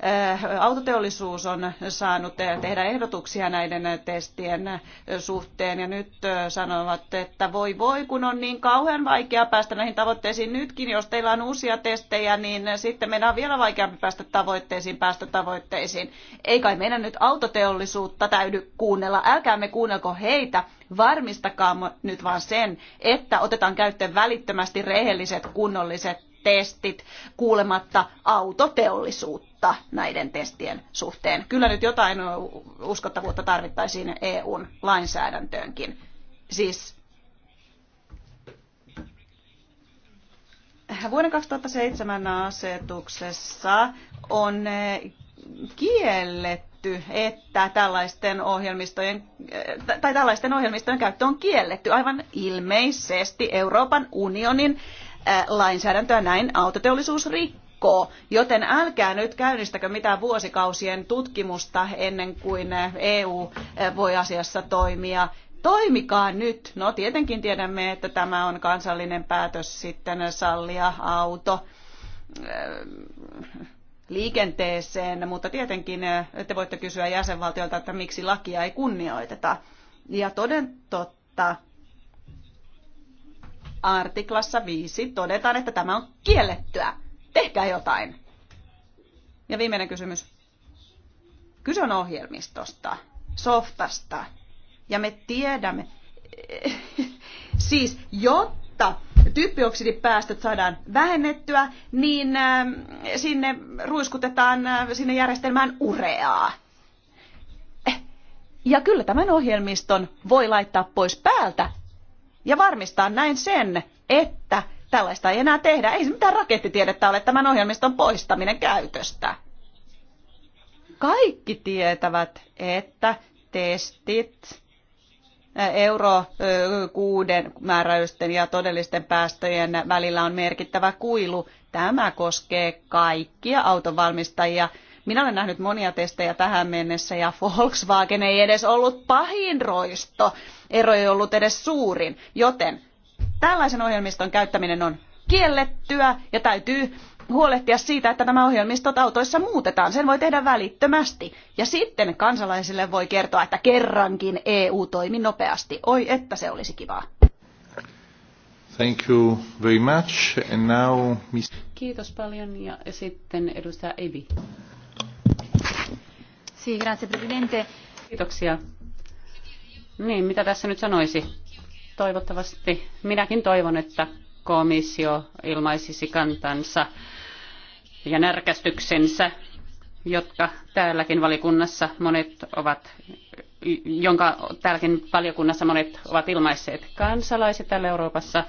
Eh, autoteollisuus on saanut eh, tehdä ehdotuksia näiden eh, testien suhteen ja nyt sanovat, että voi voi, kun on niin kauhean vaikea päästä näihin tavoitteisiin nytkin, jos teillä on uusia testejä, niin sitten meidän on vielä vaikeampi päästä tavoitteisiin, päästä tavoitteisiin. Ei kai meidän nyt autoteollisuutta täydy kuunnella, älkäämme kuunnelko heitä, varmistakaa nyt vaan sen, että otetaan käyttöön välittömästi rehelliset, kunnolliset testit kuulematta autoteollisuutta näiden testien suhteen. Kyllä nyt jotain uskottavuutta tarvittaisiin EUn lainsäädäntöönkin. Siis vuoden 2007 asetuksessa on eh, kielletty, että tällaisten ohjelmistojen, eh, tai tällaisten ohjelmistojen käyttö on kielletty aivan ilmeisesti Euroopan unionin Äh, lainsäädäntöä näin autoteollisuus rikkoo. Joten älkää nyt käynnistäkö mitään vuosikausien tutkimusta ennen kuin äh, EU äh, voi asiassa toimia toimikaa nyt. No tietenkin tiedämme, että tämä on kansallinen päätös sitten sallia auto liikenteeseen, mutta tietenkin te voitte kysyä jäsenvaltiolta, että miksi lakia ei kunnioiteta. Ja toden totta, artiklassa 5 todetaan, että tämä on kiellettyä. Tehkää jotain. Ja viimeinen kysymys. Kyse on ohjelmistosta, softasta. Ja me tiedämme, siis jotta typpioksidipäästöt saadaan vähennettyä, niin ähm, sinne ruiskutetaan äh, sinne järjestelmään ureaa. Eh, ja kyllä tämän ohjelmiston voi laittaa pois päältä, ja varmistaa näin sen, että tällaista ei enää tehdä. Ei se mitään rakettitiedettä ole tämän ohjelmiston poistaminen käytöstä. Kaikki tietävät, että testit, eh, euro eh, kuuden määräysten ja todellisten päästöjen välillä on merkittävä kuilu. Tämä koskee kaikkia autovalmistajia minä olen nähnyt monia testejä tähän mennessä ja Volkswagen ei edes ollut pahin roisto. Ero ei ollut edes suurin, joten tällaisen ohjelmiston käyttäminen on kiellettyä ja täytyy huolehtia siitä, että nämä ohjelmistot autoissa muutetaan. Sen voi tehdä välittömästi. Ja sitten kansalaisille voi kertoa, että kerrankin EU toimi nopeasti. Oi, että se olisi kivaa. Thank you very much. And now, Kiitos paljon ja sitten edustaja Evi. Kiitoksia. Niin, mitä tässä nyt sanoisi? Toivottavasti minäkin toivon, että komissio ilmaisisi kantansa ja närkästyksensä, jotka täälläkin valikunnassa monet ovat jonka täälläkin valiokunnassa monet ovat ilmaisseet. Kansalaiset täällä Euroopassa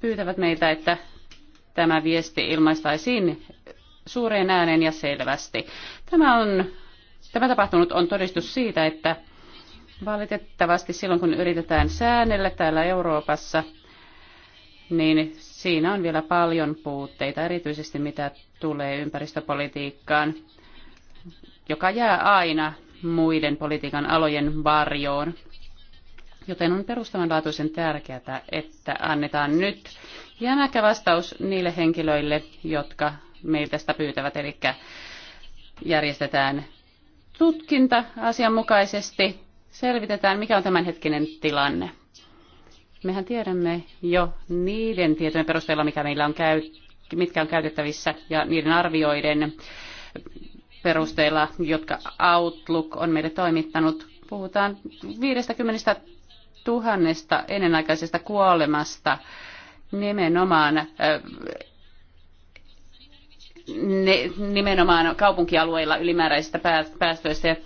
pyytävät meitä, että tämä viesti ilmaistaisiin suureen ääneen ja selvästi. Tämä on Tämä tapahtunut on todistus siitä, että valitettavasti silloin kun yritetään säännellä täällä Euroopassa, niin siinä on vielä paljon puutteita, erityisesti mitä tulee ympäristöpolitiikkaan, joka jää aina muiden politiikan alojen varjoon. Joten on perustavanlaatuisen tärkeää, että annetaan nyt jämäkä vastaus niille henkilöille, jotka meiltä sitä pyytävät, eli järjestetään tutkinta asianmukaisesti selvitetään, mikä on tämänhetkinen tilanne. Mehän tiedämme jo niiden tietojen perusteella, mikä meillä on käy, mitkä on käytettävissä ja niiden arvioiden perusteella, jotka Outlook on meille toimittanut. Puhutaan 50 tuhannesta ennenaikaisesta kuolemasta nimenomaan nimenomaan kaupunkialueilla ylimääräisistä päästöistä. Ja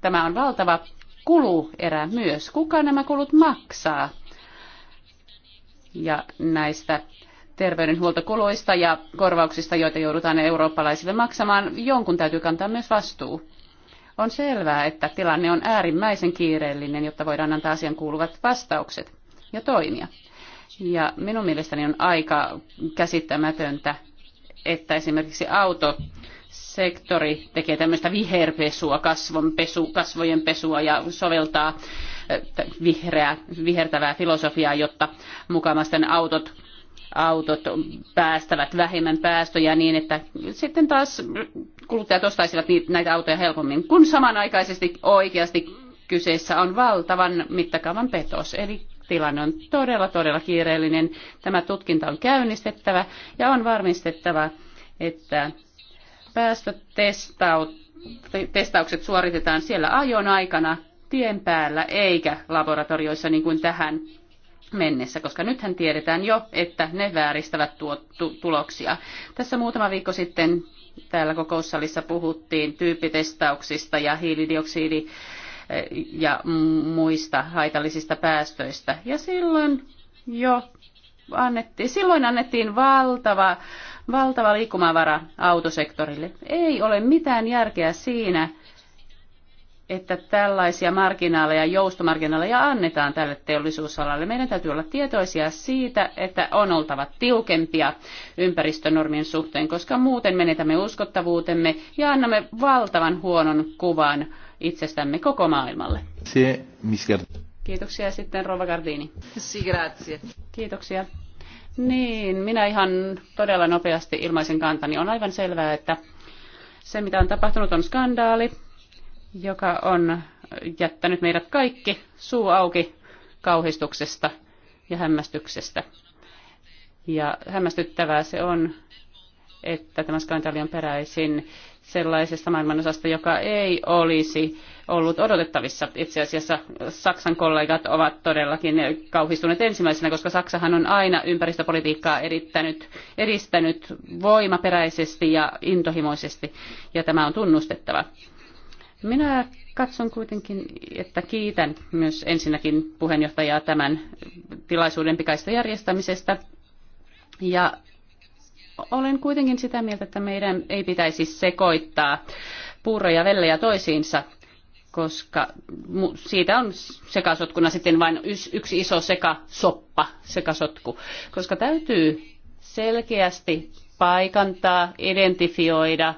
tämä on valtava kuluerä myös. Kuka nämä kulut maksaa? Ja näistä terveydenhuoltokuluista ja korvauksista, joita joudutaan eurooppalaisille maksamaan, jonkun täytyy kantaa myös vastuu. On selvää, että tilanne on äärimmäisen kiireellinen, jotta voidaan antaa asian kuuluvat vastaukset ja toimia. Ja minun mielestäni on aika käsittämätöntä, että esimerkiksi autosektori tekee tämmöistä viherpesua, kasvonpesu, kasvojen pesua ja soveltaa vihreää, vihertävää filosofiaa, jotta mukamasten autot autot päästävät vähemmän päästöjä niin, että sitten taas kuluttajat ostaisivat näitä autoja helpommin, kun samanaikaisesti oikeasti kyseessä on valtavan mittakaavan petos. Eli tilanne on todella, todella kiireellinen. Tämä tutkinta on käynnistettävä ja on varmistettava, että päästötestaukset suoritetaan siellä ajon aikana tien päällä eikä laboratorioissa niin kuin tähän mennessä, koska nythän tiedetään jo, että ne vääristävät tuo, tu, tuloksia. Tässä muutama viikko sitten täällä kokoussalissa puhuttiin tyyppitestauksista ja hiilidioksidi ja muista haitallisista päästöistä. Ja silloin jo annettiin, silloin annettiin valtava, valtava liikkumavara autosektorille. Ei ole mitään järkeä siinä, että tällaisia marginaaleja, joustomarginaaleja annetaan tälle teollisuusalalle. Meidän täytyy olla tietoisia siitä, että on oltava tiukempia ympäristönormien suhteen, koska muuten menetämme uskottavuutemme ja annamme valtavan huonon kuvan itsestämme koko maailmalle. Se, Kiitoksia sitten Rova Gardini. Si, grazie. Kiitoksia. Niin, minä ihan todella nopeasti ilmaisen kantani. On aivan selvää, että se mitä on tapahtunut on skandaali, joka on jättänyt meidät kaikki suu auki kauhistuksesta ja hämmästyksestä. Ja hämmästyttävää se on, että tämä skandaali on peräisin sellaisesta maailmanosasta, joka ei olisi ollut odotettavissa. Itse asiassa Saksan kollegat ovat todellakin kauhistuneet ensimmäisenä, koska Saksahan on aina ympäristöpolitiikkaa erittänyt, edistänyt voimaperäisesti ja intohimoisesti, ja tämä on tunnustettava. Minä katson kuitenkin, että kiitän myös ensinnäkin puheenjohtajaa tämän tilaisuuden pikaista järjestämisestä ja olen kuitenkin sitä mieltä, että meidän ei pitäisi sekoittaa puuroja ja vellejä toisiinsa, koska siitä on sekasotkuna sitten vain yksi iso sekasoppa, sekasotku, koska täytyy selkeästi paikantaa, identifioida,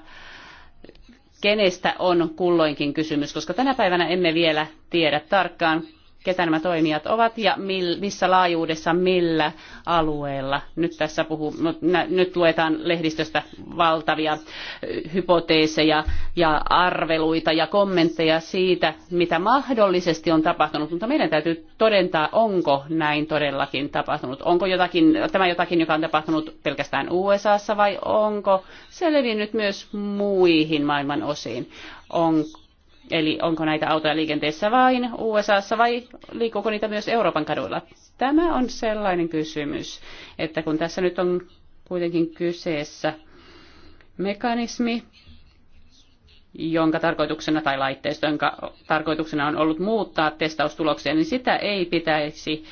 kenestä on kulloinkin kysymys, koska tänä päivänä emme vielä tiedä tarkkaan, ketä nämä toimijat ovat ja mil, missä laajuudessa, millä alueella. Nyt tässä puhu, nyt luetaan lehdistöstä valtavia hypoteeseja ja arveluita ja kommentteja siitä, mitä mahdollisesti on tapahtunut, mutta meidän täytyy todentaa, onko näin todellakin tapahtunut. Onko jotakin, tämä jotakin, joka on tapahtunut pelkästään USAssa vai onko se levinnyt myös muihin maailman osiin? Onko Eli onko näitä autoja liikenteessä vain USAssa vai liikkuuko niitä myös Euroopan kaduilla? Tämä on sellainen kysymys, että kun tässä nyt on kuitenkin kyseessä mekanismi, jonka tarkoituksena tai laitteisto, jonka tarkoituksena on ollut muuttaa testaustuloksia, niin sitä ei pitäisi,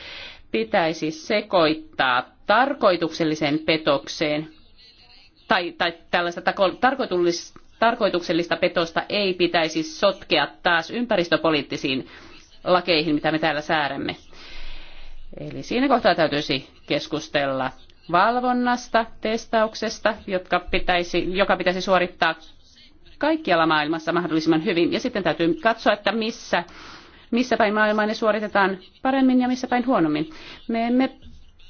pitäisi sekoittaa tarkoitukselliseen petokseen tai, tai tällaista tarkoituksellista petosta ei pitäisi sotkea taas ympäristöpoliittisiin lakeihin, mitä me täällä säädämme. Eli siinä kohtaa täytyisi keskustella valvonnasta, testauksesta, jotka pitäisi, joka pitäisi suorittaa kaikkialla maailmassa mahdollisimman hyvin. Ja sitten täytyy katsoa, että missä, missä päin maailmaa ne suoritetaan paremmin ja missä päin huonommin. Me emme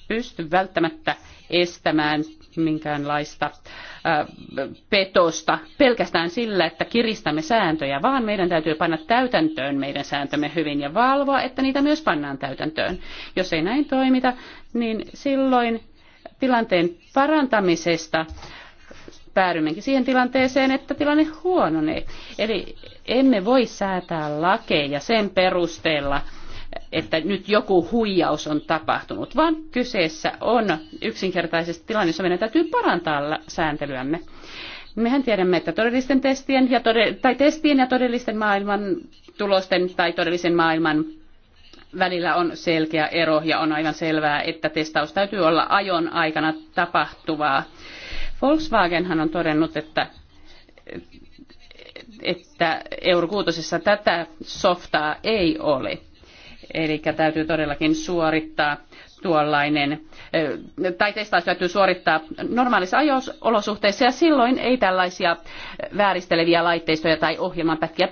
pysty välttämättä estämään minkäänlaista petosta pelkästään sillä, että kiristämme sääntöjä, vaan meidän täytyy panna täytäntöön meidän sääntömme hyvin ja valvoa, että niitä myös pannaan täytäntöön. Jos ei näin toimita, niin silloin tilanteen parantamisesta päädymmekin siihen tilanteeseen, että tilanne huononee. Eli emme voi säätää lakeja sen perusteella, että nyt joku huijaus on tapahtunut, vaan kyseessä on yksinkertaisesti tilanne, jossa meidän täytyy parantaa sääntelyämme. Mehän tiedämme, että todellisten testien ja, tode- tai testien ja todellisten maailman tulosten tai todellisen maailman välillä on selkeä ero ja on aivan selvää, että testaus täytyy olla ajon aikana tapahtuvaa. Volkswagenhan on todennut, että että Euro 6 tätä softaa ei ole. Eli täytyy todellakin suorittaa tuollainen, eh, tai testaus täytyy suorittaa normaalissa ajoolosuhteissa, ja silloin ei tällaisia vääristeleviä laitteistoja tai ohjelmanpätkiä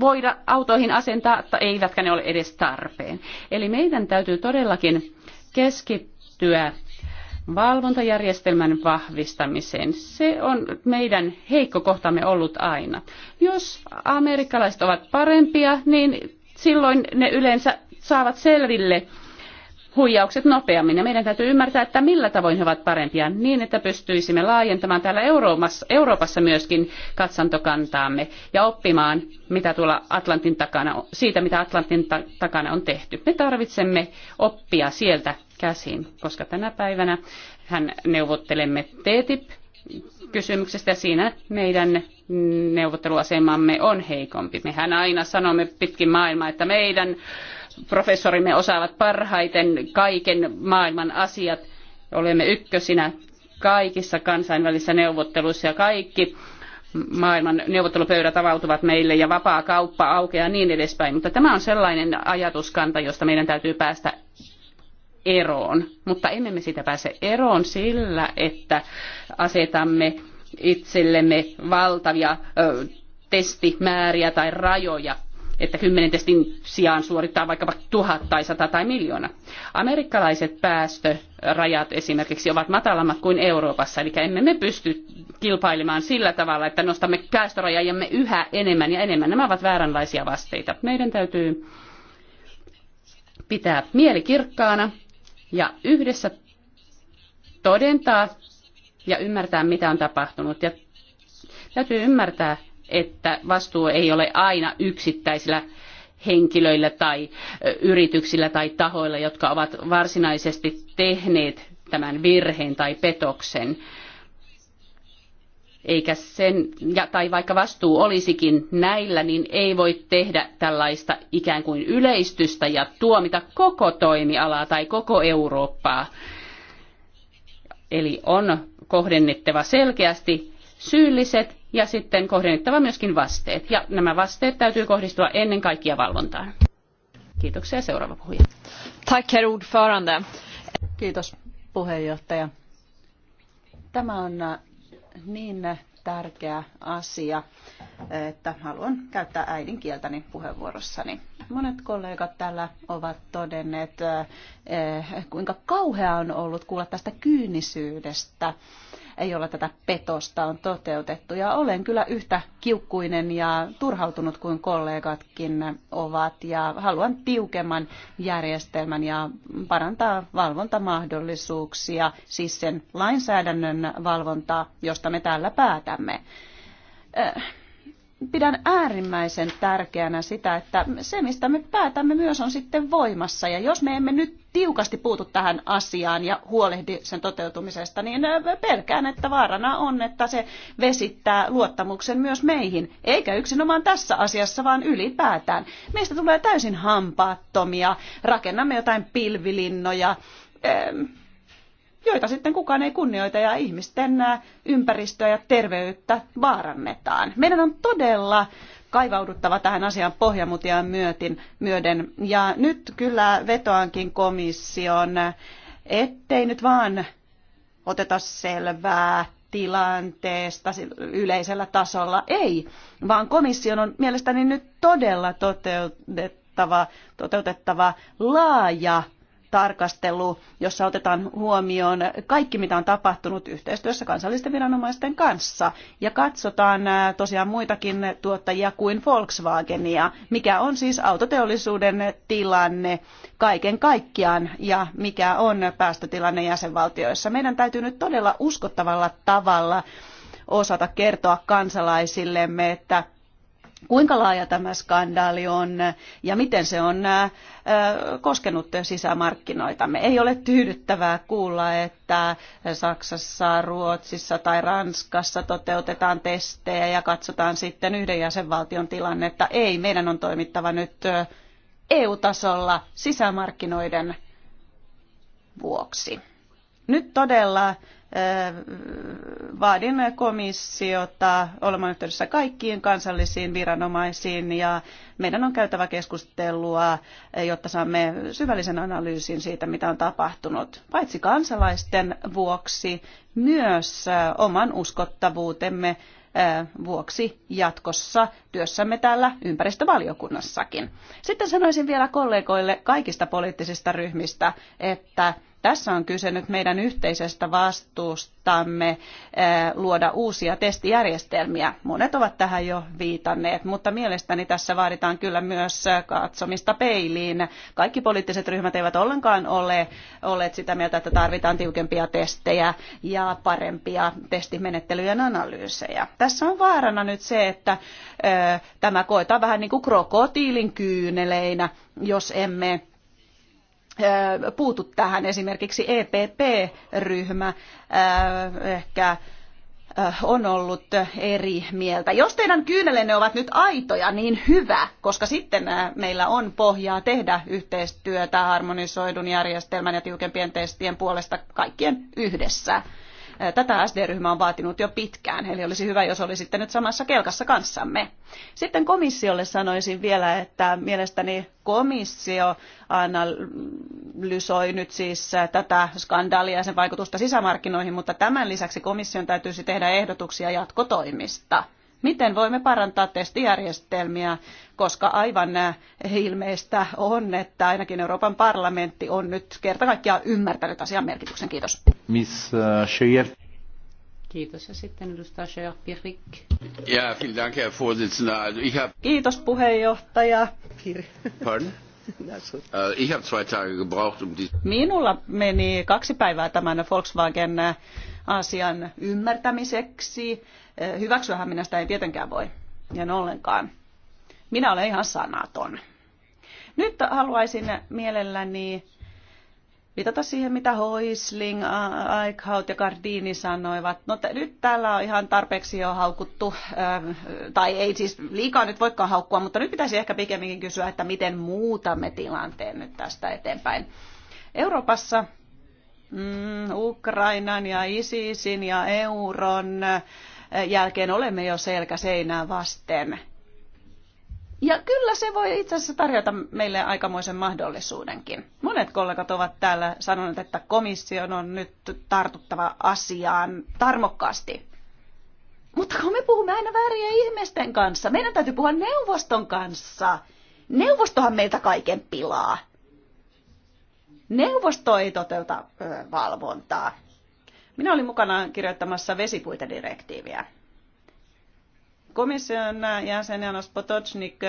voida autoihin asentaa, tai eivätkä ne ole edes tarpeen. Eli meidän täytyy todellakin keskittyä valvontajärjestelmän vahvistamiseen. Se on meidän heikko kohtamme ollut aina. Jos amerikkalaiset ovat parempia, niin silloin ne yleensä saavat selville huijaukset nopeammin. Ja meidän täytyy ymmärtää, että millä tavoin he ovat parempia, niin että pystyisimme laajentamaan täällä Euroopassa, Euroopassa myöskin katsantokantaamme ja oppimaan mitä tuolla Atlantin takana, siitä, mitä Atlantin ta- takana on tehty. Me tarvitsemme oppia sieltä käsin, koska tänä päivänä hän neuvottelemme TTIP-kysymyksestä ja siinä meidän neuvotteluasemamme on heikompi. Mehän aina sanomme pitkin maailmaa, että meidän professorimme osaavat parhaiten kaiken maailman asiat. Olemme ykkösinä kaikissa kansainvälisissä neuvotteluissa ja kaikki maailman neuvottelupöydät avautuvat meille ja vapaa kauppa aukeaa niin edespäin. Mutta tämä on sellainen ajatuskanta, josta meidän täytyy päästä eroon. Mutta emme me siitä pääse eroon sillä, että asetamme itsellemme valtavia testimääriä tai rajoja, että kymmenen testin sijaan suorittaa vaikkapa tuhat tai sata tai miljoona. Amerikkalaiset päästörajat esimerkiksi ovat matalammat kuin Euroopassa, eli emme me pysty kilpailemaan sillä tavalla, että nostamme päästörajajamme yhä enemmän ja enemmän. Nämä ovat vääränlaisia vasteita. Meidän täytyy pitää mieli kirkkaana ja yhdessä todentaa ja ymmärtää, mitä on tapahtunut. Ja täytyy ymmärtää, että vastuu ei ole aina yksittäisillä henkilöillä tai yrityksillä tai tahoilla, jotka ovat varsinaisesti tehneet tämän virheen tai petoksen. Eikä sen, ja, tai vaikka vastuu olisikin näillä, niin ei voi tehdä tällaista ikään kuin yleistystä ja tuomita koko toimialaa tai koko Eurooppaa. Eli on kohdennettava selkeästi syylliset ja sitten kohdennettava myöskin vasteet. Ja nämä vasteet täytyy kohdistua ennen kaikkea valvontaan. Kiitoksia. Seuraava puhuja. Tack, herr ordförande. Kiitos puheenjohtaja. Tämä on äh, niin tärkeä asia, että haluan käyttää äidinkieltäni puheenvuorossani. Monet kollegat täällä ovat todenneet, eh, kuinka kauhea on ollut kuulla tästä kyynisyydestä jolla tätä petosta on toteutettu. Ja olen kyllä yhtä kiukkuinen ja turhautunut kuin kollegatkin ovat ja haluan tiukemman järjestelmän ja parantaa valvontamahdollisuuksia, siis sen lainsäädännön valvontaa, josta me täällä päätämme äh, pidän äärimmäisen tärkeänä sitä, että se mistä me päätämme myös on sitten voimassa. Ja jos me emme nyt tiukasti puutu tähän asiaan ja huolehdi sen toteutumisesta, niin äh, pelkään, että vaarana on, että se vesittää luottamuksen myös meihin. Eikä yksinomaan tässä asiassa, vaan ylipäätään. Meistä tulee täysin hampaattomia, rakennamme jotain pilvilinnoja joita sitten kukaan ei kunnioita ja ihmisten ympäristöä ja terveyttä vaarannetaan. Meidän on todella kaivauduttava tähän asiaan pohjamutiaan myötin, myöden. Ja nyt kyllä vetoankin komission, ettei nyt vaan oteta selvää tilanteesta yleisellä tasolla. Ei, vaan komission on mielestäni nyt todella toteutettava, toteutettava laaja tarkastelu, jossa otetaan huomioon kaikki, mitä on tapahtunut yhteistyössä kansallisten viranomaisten kanssa. Ja katsotaan tosiaan muitakin tuottajia kuin Volkswagenia, mikä on siis autoteollisuuden tilanne kaiken kaikkiaan ja mikä on päästötilanne jäsenvaltioissa. Meidän täytyy nyt todella uskottavalla tavalla osata kertoa kansalaisillemme, että kuinka laaja tämä skandaali on ja miten se on äh, äh, koskenut sisämarkkinoitamme. Ei ole tyydyttävää kuulla, että Saksassa, Ruotsissa tai Ranskassa toteutetaan testejä ja katsotaan sitten yhden jäsenvaltion tilannetta. Ei, meidän on toimittava nyt äh, EU-tasolla sisämarkkinoiden vuoksi. Nyt todella vaadin komissiota olemaan yhteydessä kaikkiin kansallisiin viranomaisiin ja meidän on käytävä keskustelua, jotta saamme syvällisen analyysin siitä, mitä on tapahtunut, paitsi kansalaisten vuoksi, myös oman uskottavuutemme vuoksi jatkossa työssämme täällä ympäristövaliokunnassakin. Sitten sanoisin vielä kollegoille kaikista poliittisista ryhmistä, että tässä on kyse nyt meidän yhteisestä vastuustamme eh, luoda uusia testijärjestelmiä. Monet ovat tähän jo viitanneet, mutta mielestäni tässä vaaditaan kyllä myös eh, katsomista peiliin. Kaikki poliittiset ryhmät eivät ollenkaan ole olleet sitä mieltä, että tarvitaan tiukempia testejä ja parempia testimenettelyjen analyysejä. Tässä on vaarana nyt se, että eh, tämä koetaan vähän niin kuin krokotiilin kyyneleinä, jos emme puutu tähän. Esimerkiksi EPP-ryhmä ehkä on ollut eri mieltä. Jos teidän kyynelenne ovat nyt aitoja, niin hyvä, koska sitten meillä on pohjaa tehdä yhteistyötä harmonisoidun järjestelmän ja tiukempien testien puolesta kaikkien yhdessä. Tätä SD-ryhmä on vaatinut jo pitkään, eli olisi hyvä, jos olisitte nyt samassa kelkassa kanssamme. Sitten komissiolle sanoisin vielä, että mielestäni komissio analysoi nyt siis tätä skandaalia ja sen vaikutusta sisämarkkinoihin, mutta tämän lisäksi komission täytyisi tehdä ehdotuksia jatkotoimista miten voimme parantaa testijärjestelmiä, koska aivan eh, ilmeistä on, että ainakin Euroopan parlamentti on nyt kerta kaikkiaan ymmärtänyt asian merkityksen. Kiitos. Miss eh, Schreier. Kiitos. Ja sitten edustaja Schreier-Pirik. Ja, vielen Dank, Herr Vorsitzender. Also ich hab... Kiitos puheenjohtaja. Pardon? Äh, ich habe zwei Tage gebraucht, um die... Minulla meni kaksi päivää tämän Volkswagen eh, asian ymmärtämiseksi. Eh, hyväksyähän minä sitä ei tietenkään voi, ja ollenkaan. Minä olen ihan sanaton. Nyt haluaisin mielelläni viitata siihen, mitä Hoisling, Eichhout ja Gardini sanoivat. No nyt täällä on ihan tarpeeksi jo haukuttu, ähm, tai ei siis liikaa nyt voikaan haukkua, mutta nyt pitäisi ehkä pikemminkin kysyä, että miten muutamme tilanteen nyt tästä eteenpäin. Euroopassa mm, Ukrainan ja ISISin ja euron eh, jälkeen olemme jo selkä seinää vasten. Ja kyllä se voi itse asiassa tarjota meille aikamoisen mahdollisuudenkin. Monet kollegat ovat täällä sanoneet, että komission on nyt tartuttava asiaan tarmokkaasti. Mutta kun me puhumme aina väärien ihmisten kanssa, meidän täytyy puhua neuvoston kanssa. Neuvostohan meiltä kaiken pilaa. Neuvosto ei toteuta valvontaa. Minä olin mukana kirjoittamassa vesipuitedirektiiviä. Komission jäsen Janos Potocnik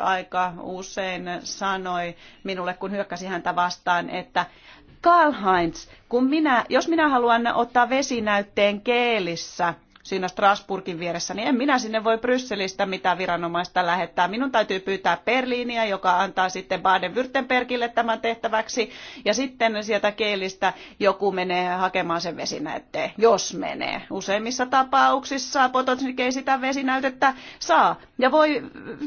aika usein sanoi minulle, kun hyökkäsi häntä vastaan, että Karl Heinz, kun minä, jos minä haluan ottaa vesinäytteen keelissä – siinä Strasburgin vieressä, niin en minä sinne voi Brysselistä mitään viranomaista lähettää. Minun täytyy pyytää Berliiniä, joka antaa sitten Baden-Württembergille tämän tehtäväksi, ja sitten sieltä keilistä joku menee hakemaan sen vesinäytteen, jos menee. Useimmissa tapauksissa Potocnik ei sitä vesinäytettä saa, ja voi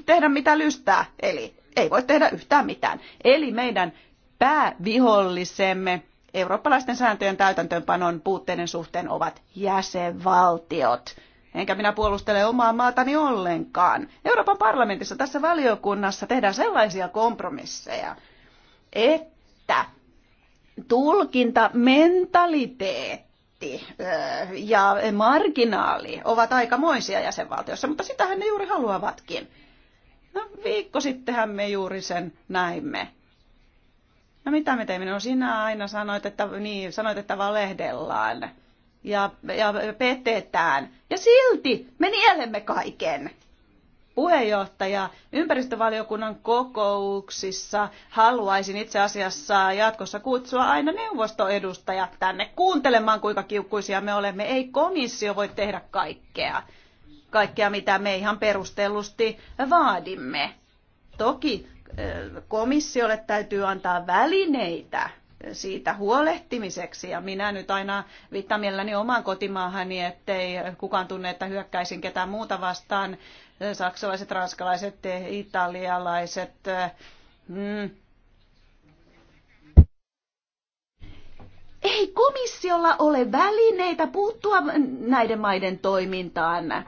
tehdä mitä lystää, eli ei voi tehdä yhtään mitään. Eli meidän päävihollisemme eurooppalaisten sääntöjen täytäntöönpanon puutteiden suhteen ovat jäsenvaltiot. Enkä minä puolustele omaa maatani ollenkaan. Euroopan parlamentissa tässä valiokunnassa tehdään sellaisia kompromisseja, että tulkinta, mentaliteetti ja marginaali ovat aikamoisia jäsenvaltiossa, mutta sitähän ne juuri haluavatkin. No, viikko sittenhän me juuri sen näimme. No mitä me teimme? No sinä aina sanoit, että, niin, sanoit, että valehdellaan ja, ja petetään. Ja silti me nielemme kaiken puheenjohtaja ympäristövaliokunnan kokouksissa haluaisin itse asiassa jatkossa kutsua aina neuvostoedustajat tänne kuuntelemaan, kuinka kiukkuisia me olemme. Ei komissio voi tehdä kaikkea, kaikkea mitä me ihan perustellusti vaadimme. Toki komissiolle täytyy antaa välineitä siitä huolehtimiseksi. Ja minä nyt aina viittaan mielelläni omaan kotimaahani, niin ettei kukaan tunne, että hyökkäisin ketään muuta vastaan. Saksalaiset, ranskalaiset, italialaiset. Mm. Ei komissiolla ole välineitä puuttua näiden maiden toimintaan.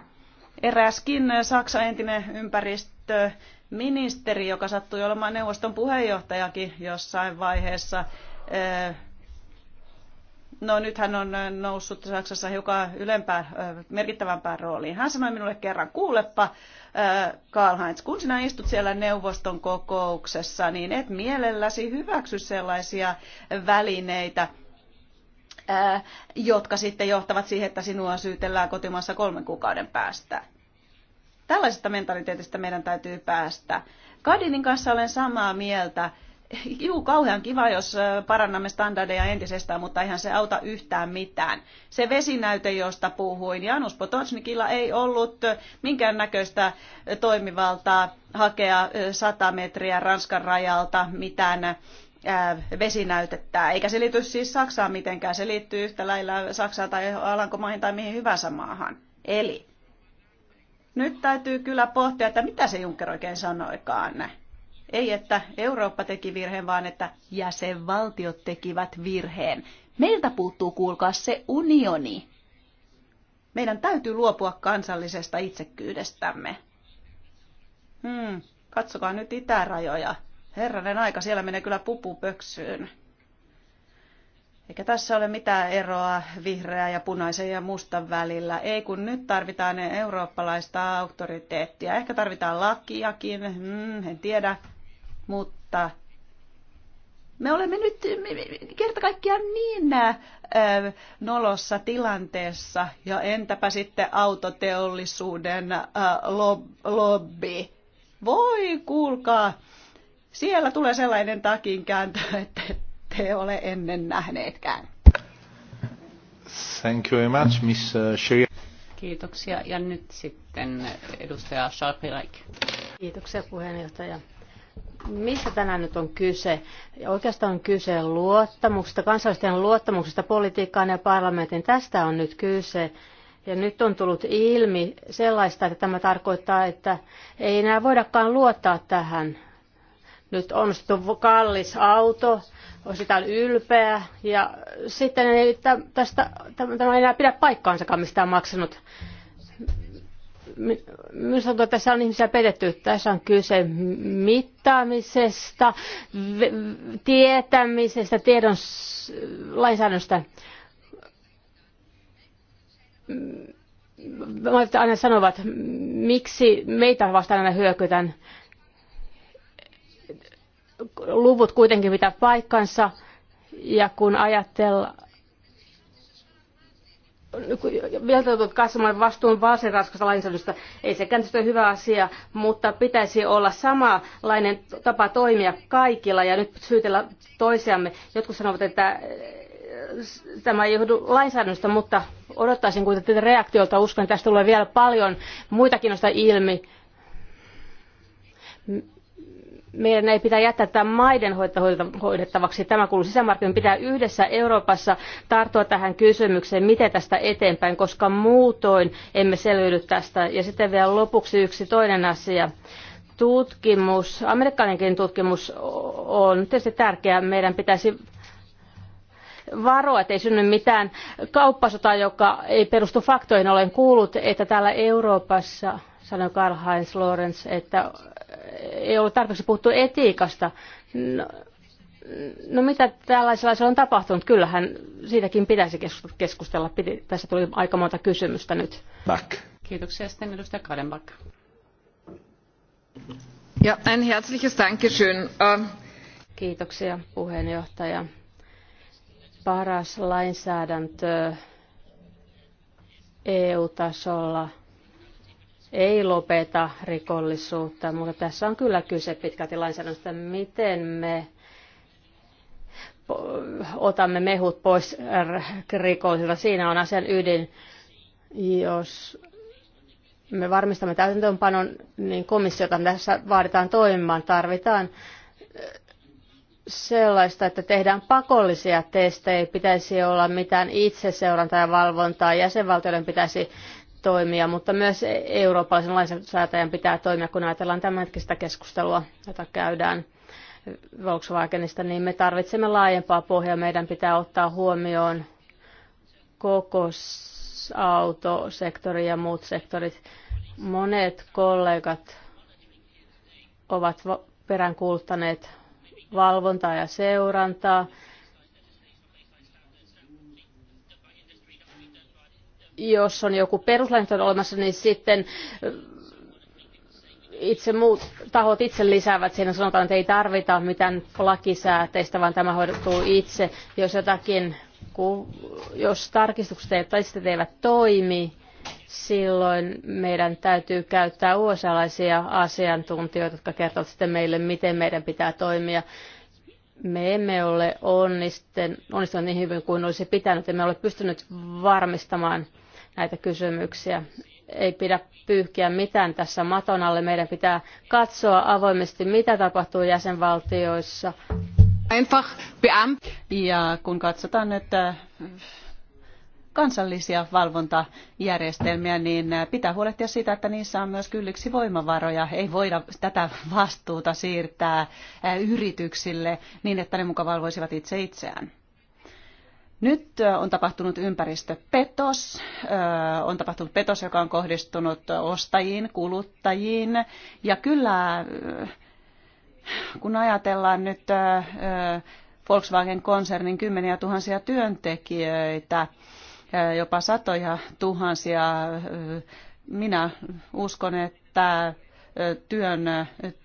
Eräskin Saksan entinen ympäristö ministeri, joka sattui olemaan neuvoston puheenjohtajakin jossain vaiheessa. Eh, no nyt hän on eh, noussut Saksassa hiukan ylempään, eh, merkittävämpään rooliin. Hän sanoi minulle kerran, kuulepa Karl Heinz, kun sinä istut siellä neuvoston kokouksessa, niin et mielelläsi hyväksy sellaisia välineitä, jotka sitten johtavat siihen, että sinua syytellään kotimaassa kolmen kuukauden päästä. Tällaisesta mentaliteetistä meidän täytyy päästä. Kadinin kanssa olen samaa mieltä. Juu, kauhean kiva, jos parannamme standardeja entisestään, mutta eihän se auta yhtään mitään. Se vesinäyte, josta puhuin, Janus Potosnikilla ei ollut minkäännäköistä toimivaltaa hakea 100 metriä Ranskan rajalta mitään vesinäytettä, eikä se liity siis Saksaan mitenkään, se liittyy yhtä lailla Saksaan tai Alankomaihin tai mihin hyvänsä maahan. Eli nyt täytyy kyllä pohtia, että mitä se Juncker oikein sanoikaan. Ei, että Eurooppa teki virheen, vaan että jäsenvaltiot tekivät virheen. Meiltä puuttuu, kuulkaa, se unioni. Meidän täytyy luopua kansallisesta itsekkyydestämme. Hmm, katsokaa nyt itärajoja. Herranen aika, siellä menee kyllä pupupöksyyn. pöksyyn. Eikä tässä ole mitään eroa vihreän ja punaisen ja mustan välillä. Ei kun nyt tarvitaan eurooppalaista auktoriteettia. Ehkä tarvitaan lakiakin, mm, en tiedä. Mutta me olemme nyt kerta kaikkiaan niin äh, nolossa tilanteessa. Ja entäpä sitten autoteollisuuden äh, lob, lobby. Voi kuulkaa, siellä tulee sellainen takinkääntö, että ette ole ennen nähneetkään. Thank you very much, Miss uh, Sharia. Kiitoksia. Ja nyt sitten edustaja Sharpilaik. Kiitoksia puheenjohtaja. Mistä tänään nyt on kyse? Oikeastaan on kyse luottamuksesta, kansallisten luottamuksesta politiikkaan ja parlamentin. Tästä on nyt kyse. Ja nyt on tullut ilmi sellaista, että tämä tarkoittaa, että ei enää voidakaan luottaa tähän nyt on kallis auto, sitä on ylpeä ja sitten ei tästä, tämä ei enää pidä paikkaansakaan, mistä on maksanut. Minusta tuntuu, että tässä on ihmisiä petetty. Tässä on kyse mittaamisesta, tietämisestä, tiedon lainsäädännöstä aina sanovat, miksi meitä vastaan aina hyökytään luvut kuitenkin pitää paikkansa ja kun ajatellaan, vielä joutunut kasvamaan vastuun varsin raskasta lainsäädännöstä. Ei sekään ole hyvä asia, mutta pitäisi olla samanlainen tapa toimia kaikilla ja nyt syytellä toisiamme. Jotkut sanovat, että äh, tämä ei johdu lainsäädännöstä, mutta odottaisin kuitenkin tätä reaktiolta. Uskon, että tästä tulee vielä paljon muitakin noista ilmi meidän ei pitää jättää tätä maiden hoidettavaksi. Tämä kuuluu sisämarkkinoiden. Pitää yhdessä Euroopassa tarttua tähän kysymykseen, miten tästä eteenpäin, koska muutoin emme selviydy tästä. Ja sitten vielä lopuksi yksi toinen asia. Tutkimus, amerikkalainenkin tutkimus on tietysti tärkeää. Meidän pitäisi varoa, ettei synny mitään kauppasotaa, joka ei perustu faktoihin. Olen kuullut, että täällä Euroopassa, sanoi Karl-Heinz Lorenz, että ei ole tarpeeksi puhuttu etiikasta. No, no mitä tällaisella on tapahtunut? Kyllähän siitäkin pitäisi keskustella. Piti, tässä tuli aika monta kysymystä nyt. Back. Kiitoksia sitten edustaja Kadenbach. Ja ein herzliches Dankeschön. Uh... Kiitoksia puheenjohtaja. Paras lainsäädäntö EU-tasolla – ei lopeta rikollisuutta, mutta tässä on kyllä kyse pitkälti lainsäädännöstä, miten me otamme mehut pois rikollisilta. Siinä on asian ydin. Jos me varmistamme täytäntöönpanon, niin komissiota tässä vaaditaan toimimaan. Tarvitaan eh, sellaista, että tehdään pakollisia testejä, ei pitäisi olla mitään itseseurantaa ja valvontaa. Jäsenvaltioiden pitäisi toimia, mutta myös eurooppalaisen lainsäätäjän pitää toimia, kun ajatellaan tämänhetkistä keskustelua, jota käydään Volkswagenista, niin me tarvitsemme laajempaa pohjaa. Meidän pitää ottaa huomioon koko autosektori ja muut sektorit. Monet kollegat ovat peräänkuuluttaneet valvontaa ja seurantaa. jos on joku peruslainsäädäntö olemassa, niin sitten äh, itse muut tahot itse lisäävät siinä sanotaan, että ei tarvita mitään lakisääteistä, vaan tämä hoituu itse. Jos jotakin, jos tarkistukset eivät, eivät toimi, silloin meidän täytyy käyttää usa asiantuntijoita, jotka kertovat sitten meille, miten meidän pitää toimia. Me emme ole onnisten, onnistuneet niin hyvin kuin olisi pitänyt, emme ole pystynyt varmistamaan näitä kysymyksiä. Ei pidä pyyhkiä mitään tässä maton alle. Meidän pitää katsoa avoimesti, mitä tapahtuu jäsenvaltioissa. Ja kun katsotaan nyt äh, kansallisia valvontajärjestelmiä, niin äh, pitää huolehtia siitä, että niissä on myös kylliksi voimavaroja. Ei voida tätä vastuuta siirtää äh, yrityksille niin, että ne muka valvoisivat itse itseään. Nyt on tapahtunut ympäristöpetos, on tapahtunut petos, joka on kohdistunut ostajiin, kuluttajiin. Ja kyllä, kun ajatellaan nyt Volkswagen-konsernin kymmeniä tuhansia työntekijöitä, jopa satoja tuhansia, minä uskon, että työn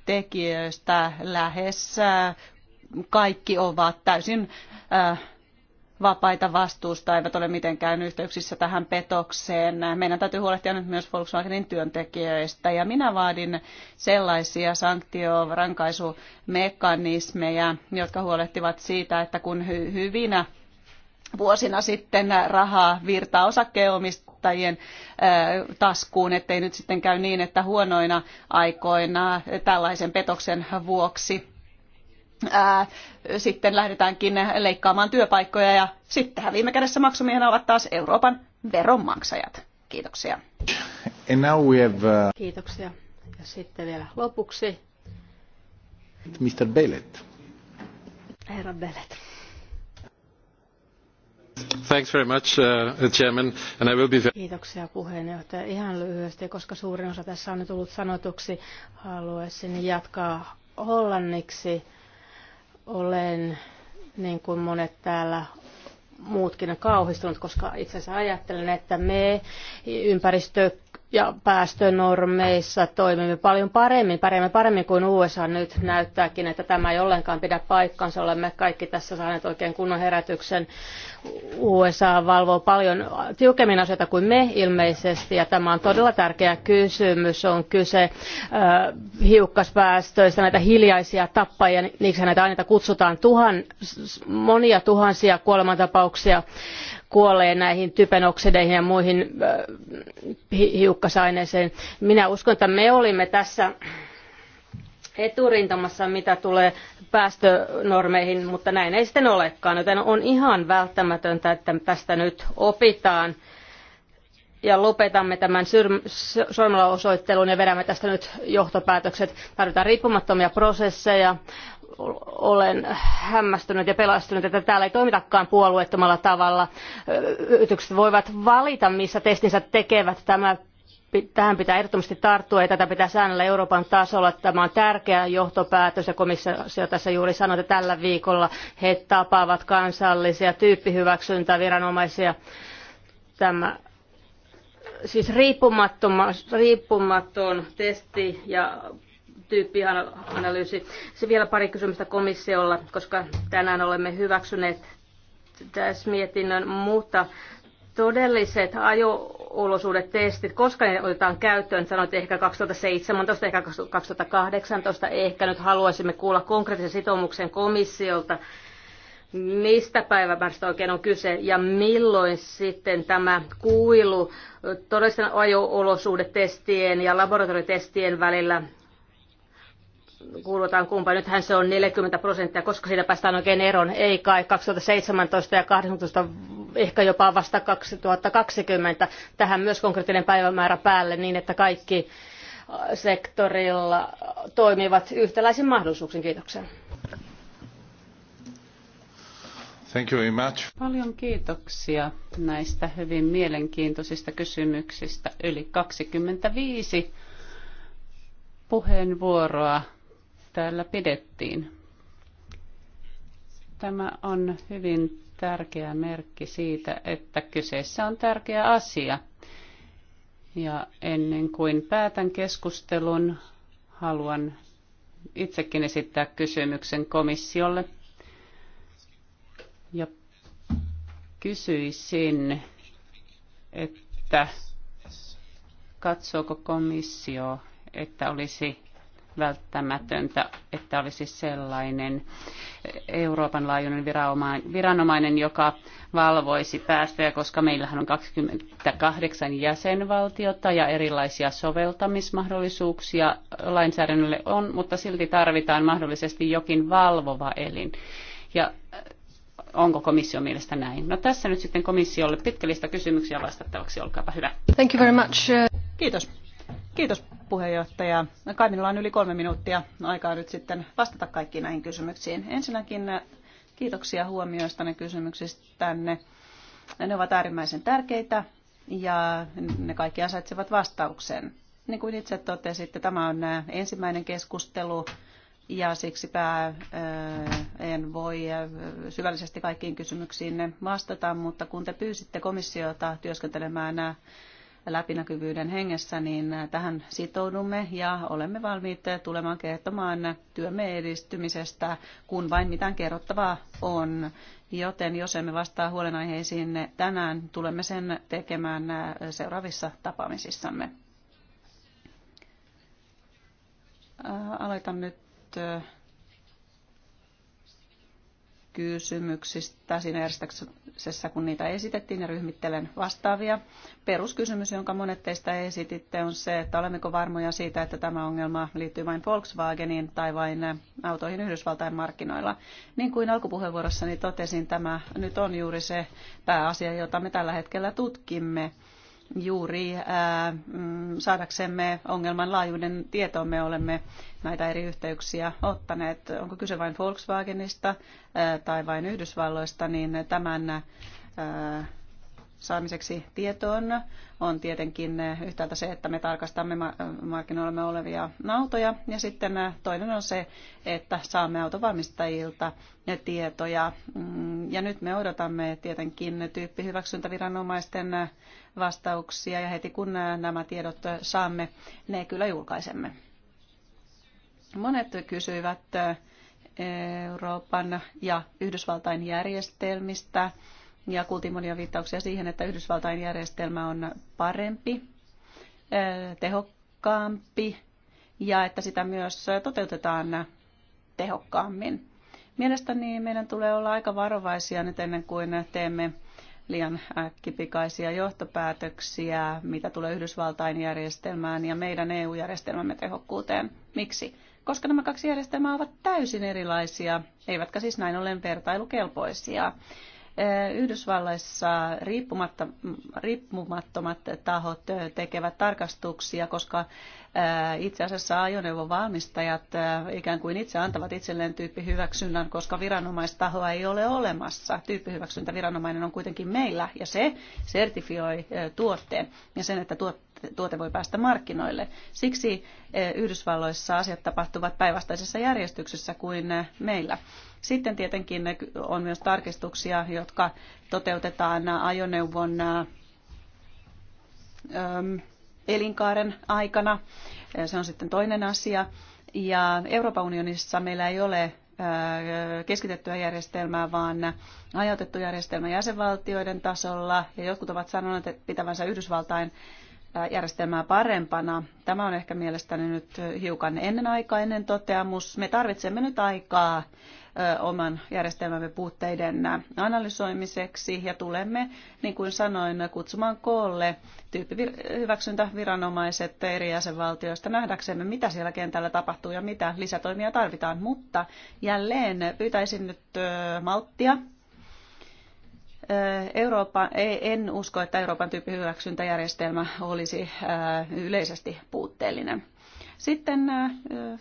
tekijöistä lähes kaikki ovat täysin vapaita vastuusta, eivät ole mitenkään yhteyksissä tähän petokseen. Meidän täytyy huolehtia nyt myös Volkswagenin työntekijöistä ja minä vaadin sellaisia sanktiorankaisumekanismeja, jotka huolehtivat siitä, että kun hy- hyvinä vuosina sitten rahaa virtaa osakkeenomistajien taskuun, ettei nyt sitten käy niin, että huonoina aikoina tällaisen petoksen vuoksi ää, sitten lähdetäänkin leikkaamaan työpaikkoja ja sittenhän viime kädessä maksumiehenä ovat taas Euroopan veronmaksajat. Kiitoksia. And now we have, uh... Kiitoksia. Ja sitten vielä lopuksi. Mr. Bellet. Herra Bellet. Thanks very much, uh, chairman, and I will be... Kiitoksia puheenjohtaja. Ihan lyhyesti, koska suurin osa tässä on nyt tullut sanotuksi, haluaisin jatkaa hollanniksi. Olen, niin kuin monet täällä muutkin on kauhistunut, koska itse asiassa ajattelen, että me ympäristö ja päästönormeissa toimimme paljon paremmin, paremmin, paremmin kuin USA nyt näyttääkin, että tämä ei ollenkaan pidä paikkaansa. Olemme kaikki tässä saaneet oikein kunnon herätyksen. USA valvoo paljon tiukemmin asioita kuin me ilmeisesti, ja tämä on todella tärkeä kysymys. On kyse äh, hiukkaspäästöistä, näitä hiljaisia tappajia, niiksi näitä aineita kutsutaan tuhan, monia tuhansia kuolemantapauksia kuolee näihin typenoksideihin ja muihin hiukkasaineisiin. Minä uskon, että me olimme tässä eturintamassa, mitä tulee päästönormeihin, mutta näin ei sitten olekaan, joten on ihan välttämätöntä, että tästä nyt opitaan ja lopetamme tämän sormella osoittelun ja vedämme tästä nyt johtopäätökset. Tarvitaan riippumattomia prosesseja, olen hämmästynyt ja pelästynyt että täällä ei toimitakaan puolueettomalla tavalla. yritykset voivat valita missä testinsä tekevät. Tämä, tähän pitää ehdottomasti tarttua ja tätä pitää säännellä euroopan tasolla. tämä on tärkeä johtopäätös ja komissio tässä juuri sanoi että tällä viikolla he tapaavat kansallisia tyyppihyväksyntäviranomaisia. tämä siis riippumaton testi ja tyyppi analyysi. Se vielä pari kysymystä komissiolla, koska tänään olemme hyväksyneet tässä mietinnön, mutta todelliset ajo-olosuudet, testit, koska ne otetaan käyttöön, sanoit ehkä 2017, ehkä 2018, ehkä nyt haluaisimme kuulla konkreettisen sitoumuksen komissiolta, mistä päivämäärästä oikein on kyse ja milloin sitten tämä kuilu todellisten ajo-olosuudetestien ja laboratoritestien välillä kuulutaan kumpa. Nythän se on 40 prosenttia, koska siitä päästään oikein eroon. Ei kai 2017 ja 2018, ehkä jopa vasta 2020. Tähän myös konkreettinen päivämäärä päälle niin, että kaikki äh, sektorilla toimivat yhtäläisin mahdollisuuksin. Kiitoksia. Thank you very much. Paljon kiitoksia näistä hyvin mielenkiintoisista kysymyksistä. Yli 25 puheenvuoroa täällä pidettiin. Tämä on hyvin tärkeä merkki siitä, että kyseessä on tärkeä asia. Ja ennen kuin päätän keskustelun, haluan itsekin esittää kysymyksen komissiolle. Ja kysyisin, että katsooko komissio, että olisi välttämätöntä, että olisi sellainen Euroopan laajuinen viranomainen, joka valvoisi päästöjä, koska meillähän on 28 jäsenvaltiota ja erilaisia soveltamismahdollisuuksia lainsäädännölle on, mutta silti tarvitaan mahdollisesti jokin valvova elin. Ja äh, onko komissio mielestä näin? No tässä nyt sitten komissiolle pitkälistä kysymyksiä vastattavaksi, olkaapa hyvä. Thank you very much. Kiitos. Kiitos puheenjohtaja. Kai minulla on yli kolme minuuttia aikaa nyt sitten vastata kaikkiin näihin kysymyksiin. Ensinnäkin eh, kiitoksia kysymyksistä tänne. Ne ovat äärimmäisen tärkeitä ja ne kaikki ansaitsevat vastauksen. Niin kuin itse totesitte, tämä on eh, ensimmäinen keskustelu ja siksipä eh, en voi syvällisesti kaikkiin kysymyksiin vastata, mutta kun te pyysitte komissiota työskentelemään läpinäkyvyyden hengessä, niin tähän sitoudumme ja olemme valmiit tulemaan kertomaan työmme edistymisestä, kun vain mitään kerrottavaa on. Joten jos emme vastaa huolenaiheisiin tänään, tulemme sen tekemään seuraavissa tapaamisissamme. Aloitan nyt kysymyksistä siinä järjestyksessä, kun niitä esitettiin ja ryhmittelen vastaavia. Peruskysymys, jonka monet teistä esititte, on se, että olemmeko varmoja siitä, että tämä ongelma liittyy vain Volkswageniin tai vain autoihin Yhdysvaltain markkinoilla. Niin kuin alkupuheenvuorossani totesin, tämä nyt on juuri se pääasia, jota me tällä hetkellä tutkimme juuri äh, mm, saadaksemme ongelman laajuuden tietoon me olemme näitä eri yhteyksiä ottaneet. Onko kyse vain Volkswagenista äh, tai vain Yhdysvalloista, niin tämän äh, saamiseksi tietoon on tietenkin yhtäältä se, että me tarkastamme markkinoillamme olevia autoja ja sitten toinen on se, että saamme autovalmistajilta tietoja. Mm, ja nyt me odotamme tietenkin tyyppihyväksyntäviranomaisten vastauksia ja heti kun nämä tiedot saamme, ne kyllä julkaisemme. Monet kysyivät eh, Euroopan ja Yhdysvaltain järjestelmistä ja kuultiin monia viittauksia siihen, että Yhdysvaltain järjestelmä on parempi, tehokkaampi ja että sitä myös toteutetaan tehokkaammin. Mielestäni meidän tulee olla aika varovaisia nyt ennen kuin teemme liian äkkipikaisia johtopäätöksiä, mitä tulee Yhdysvaltain järjestelmään ja meidän EU-järjestelmämme tehokkuuteen. Miksi? Koska nämä kaksi järjestelmää ovat täysin erilaisia, eivätkä siis näin ollen vertailukelpoisia. Eh, Yhdysvalloissa riippumatta, riippumattomat tahot eh, tekevät tarkastuksia, koska eh, itse asiassa ajoneuvovalmistajat ikään kuin itse antavat itselleen tyyppihyväksynnän, koska viranomaistahoa ei ole olemassa. Tyyppihyväksyntäviranomainen on kuitenkin meillä ja se sertifioi tuotteen ja sen, että tuot, tuote voi päästä markkinoille. Siksi eh, Yhdysvalloissa asiat tapahtuvat päinvastaisessa järjestyksessä kuin eh, meillä. Sitten tietenkin eh, on myös tarkistuksia, jotka toteutetaan ajoneuvon ehm, elinkaaren aikana. Se on sitten toinen asia. Ja Euroopan unionissa meillä ei ole keskitettyä järjestelmää, vaan hajautettu järjestelmä jäsenvaltioiden tasolla. Ja jotkut ovat sanoneet että pitävänsä Yhdysvaltain järjestelmää parempana. Tämä on ehkä mielestäni nyt hiukan ennenaikainen toteamus. Me tarvitsemme nyt aikaa oman järjestelmämme puutteiden analysoimiseksi ja tulemme, niin kuin sanoin, kutsumaan koolle tyyppihyväksyntäviranomaiset eri jäsenvaltioista nähdäksemme, mitä siellä kentällä tapahtuu ja mitä lisätoimia tarvitaan. Mutta jälleen pyytäisin nyt malttia Eurooppa, e, en usko, että Euroopan tyyppihyväksyntäjärjestelmä olisi yleisesti puutteellinen. Sitten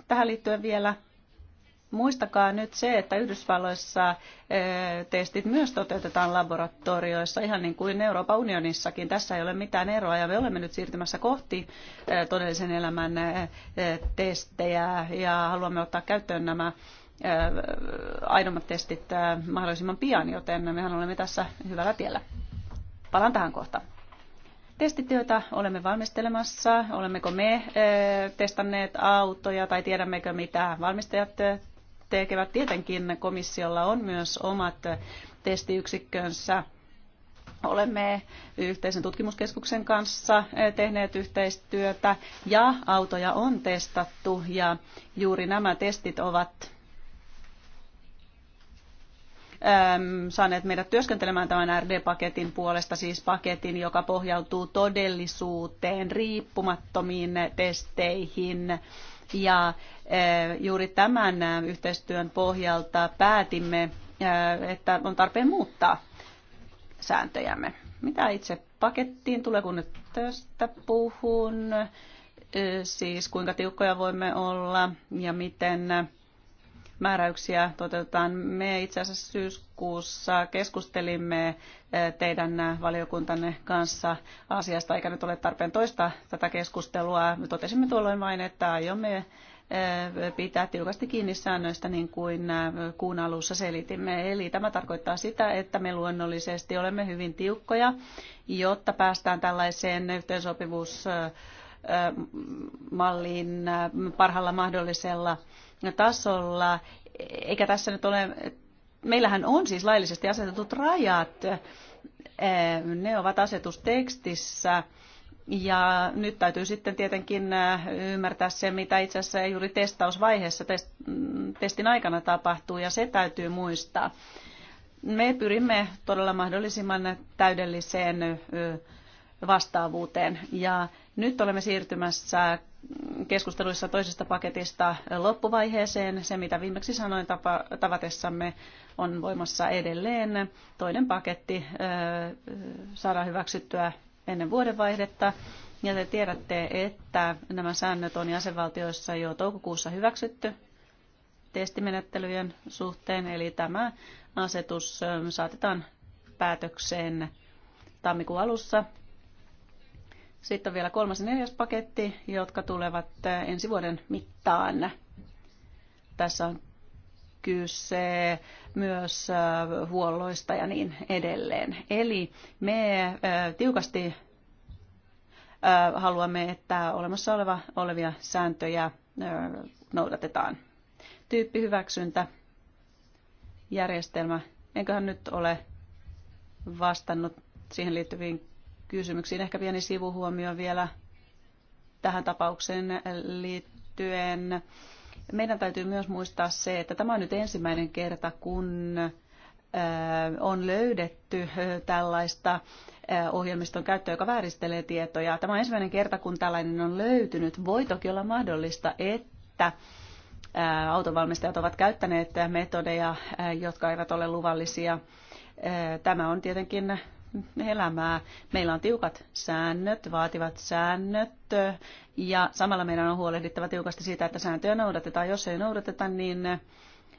tähän liittyen vielä Muistakaa nyt se, että Yhdysvalloissa testit myös toteutetaan laboratorioissa, ihan niin kuin Euroopan unionissakin. Tässä ei ole mitään eroa ja me olemme nyt siirtymässä kohti todellisen elämän testejä ja haluamme ottaa käyttöön nämä aidommat testit mahdollisimman pian, joten mehän olemme tässä hyvällä tiellä. Palaan tähän kohtaan testit, joita olemme valmistelemassa? Olemmeko me testanneet autoja tai tiedämmekö mitä valmistajat tekevät? Tietenkin komissiolla on myös omat testiyksikkönsä. Olemme yhteisen tutkimuskeskuksen kanssa tehneet yhteistyötä ja autoja on testattu ja juuri nämä testit ovat saaneet meidät työskentelemään tämän RD-paketin puolesta, siis paketin, joka pohjautuu todellisuuteen, riippumattomiin testeihin. Ja juuri tämän yhteistyön pohjalta päätimme, että on tarpeen muuttaa sääntöjämme. Mitä itse pakettiin tulee, kun nyt tästä puhun, siis kuinka tiukkoja voimme olla ja miten määräyksiä toteutetaan. Me itse asiassa syyskuussa keskustelimme eh, teidän valiokuntanne kanssa asiasta, eikä nyt ole tarpeen toista tätä keskustelua. Me totesimme tuolloin vain, että aiomme eh, pitää tiukasti kiinni säännöistä, niin kuin eh, kuun alussa selitimme. Eli tämä tarkoittaa sitä, että me luonnollisesti olemme hyvin tiukkoja, jotta päästään tällaiseen yhteensopivuusmalliin parhaalla mahdollisella tasolla, eikä tässä nyt ole, meillähän on siis laillisesti asetetut rajat, ne ovat asetustekstissä, ja nyt täytyy sitten tietenkin ymmärtää se, mitä itse asiassa juuri testausvaiheessa, test, testin aikana tapahtuu, ja se täytyy muistaa. Me pyrimme todella mahdollisimman täydelliseen vastaavuuteen, ja nyt olemme siirtymässä keskusteluissa toisesta paketista loppuvaiheeseen. Se, mitä viimeksi sanoin tapa, tavatessamme, on voimassa edelleen. Toinen paketti saadaan hyväksyttyä ennen vuodenvaihdetta. Ja te tiedätte, että nämä säännöt on jäsenvaltioissa jo toukokuussa hyväksytty testimenettelyjen suhteen, eli tämä asetus saatetaan päätökseen tammikuun alussa sitten on vielä kolmas ja neljäs paketti, jotka tulevat eh, ensi vuoden mittaan. Tässä on kyse myös eh, huolloista ja niin edelleen. Eli me eh, tiukasti haluamme, että olemassa oleva, olevia sääntöjä noudatetaan. Tyyppihyväksyntä, järjestelmä, enköhän nyt ole vastannut siihen liittyviin kysymyksiin. Ehkä pieni sivuhuomio vielä tähän tapaukseen liittyen. Meidän täytyy myös muistaa se, että tämä on nyt ensimmäinen kerta, kun äh, on löydetty äh, tällaista äh, ohjelmiston käyttöä, joka vääristelee tietoja. Tämä on ensimmäinen kerta, kun tällainen on löytynyt. Voi toki olla mahdollista, että autovalmistajat ovat käyttäneet metodeja, jotka eivät ole luvallisia. Tämä on tietenkin elämää. Meillä on tiukat säännöt, vaativat säännöt ja samalla meidän on huolehdittava tiukasti siitä, että sääntöjä noudatetaan. Jos ei noudateta, niin,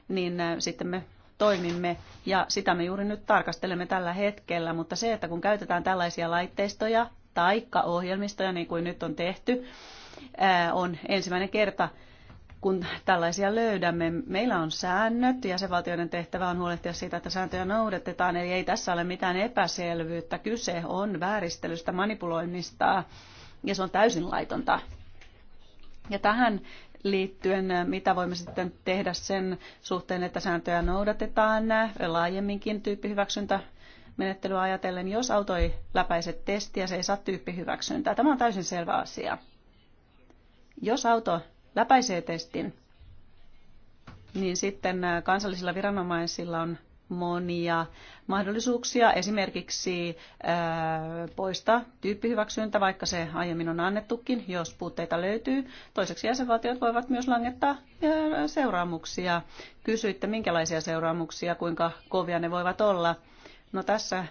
niin äh, sitten me toimimme ja sitä me juuri nyt tarkastelemme tällä hetkellä, mutta se, että kun käytetään tällaisia laitteistoja taikka ohjelmistoja niin kuin nyt on tehty, äh, on ensimmäinen kerta kun tällaisia löydämme. Meillä on säännöt ja se valtioiden tehtävä on huolehtia siitä, että sääntöjä noudatetaan. Eli ei tässä ole mitään epäselvyyttä. Kyse on vääristelystä, manipuloinnista ja se on täysin laitonta. Ja tähän liittyen, mitä voimme sitten tehdä sen suhteen, että sääntöjä noudatetaan laajemminkin tyyppihyväksyntä menettelyä ajatellen, jos auto ei läpäise testiä, se ei saa tyyppihyväksyntää. Tämä on täysin selvä asia. Jos auto läpäisee testin, niin sitten äh, kansallisilla viranomaisilla on monia mahdollisuuksia esimerkiksi äh, poistaa tyyppihyväksyntä, vaikka se aiemmin on annettukin, jos puutteita löytyy. Toiseksi jäsenvaltiot voivat myös langettaa äh, seuraamuksia. Kysyitte, minkälaisia seuraamuksia, kuinka kovia ne voivat olla. No tässä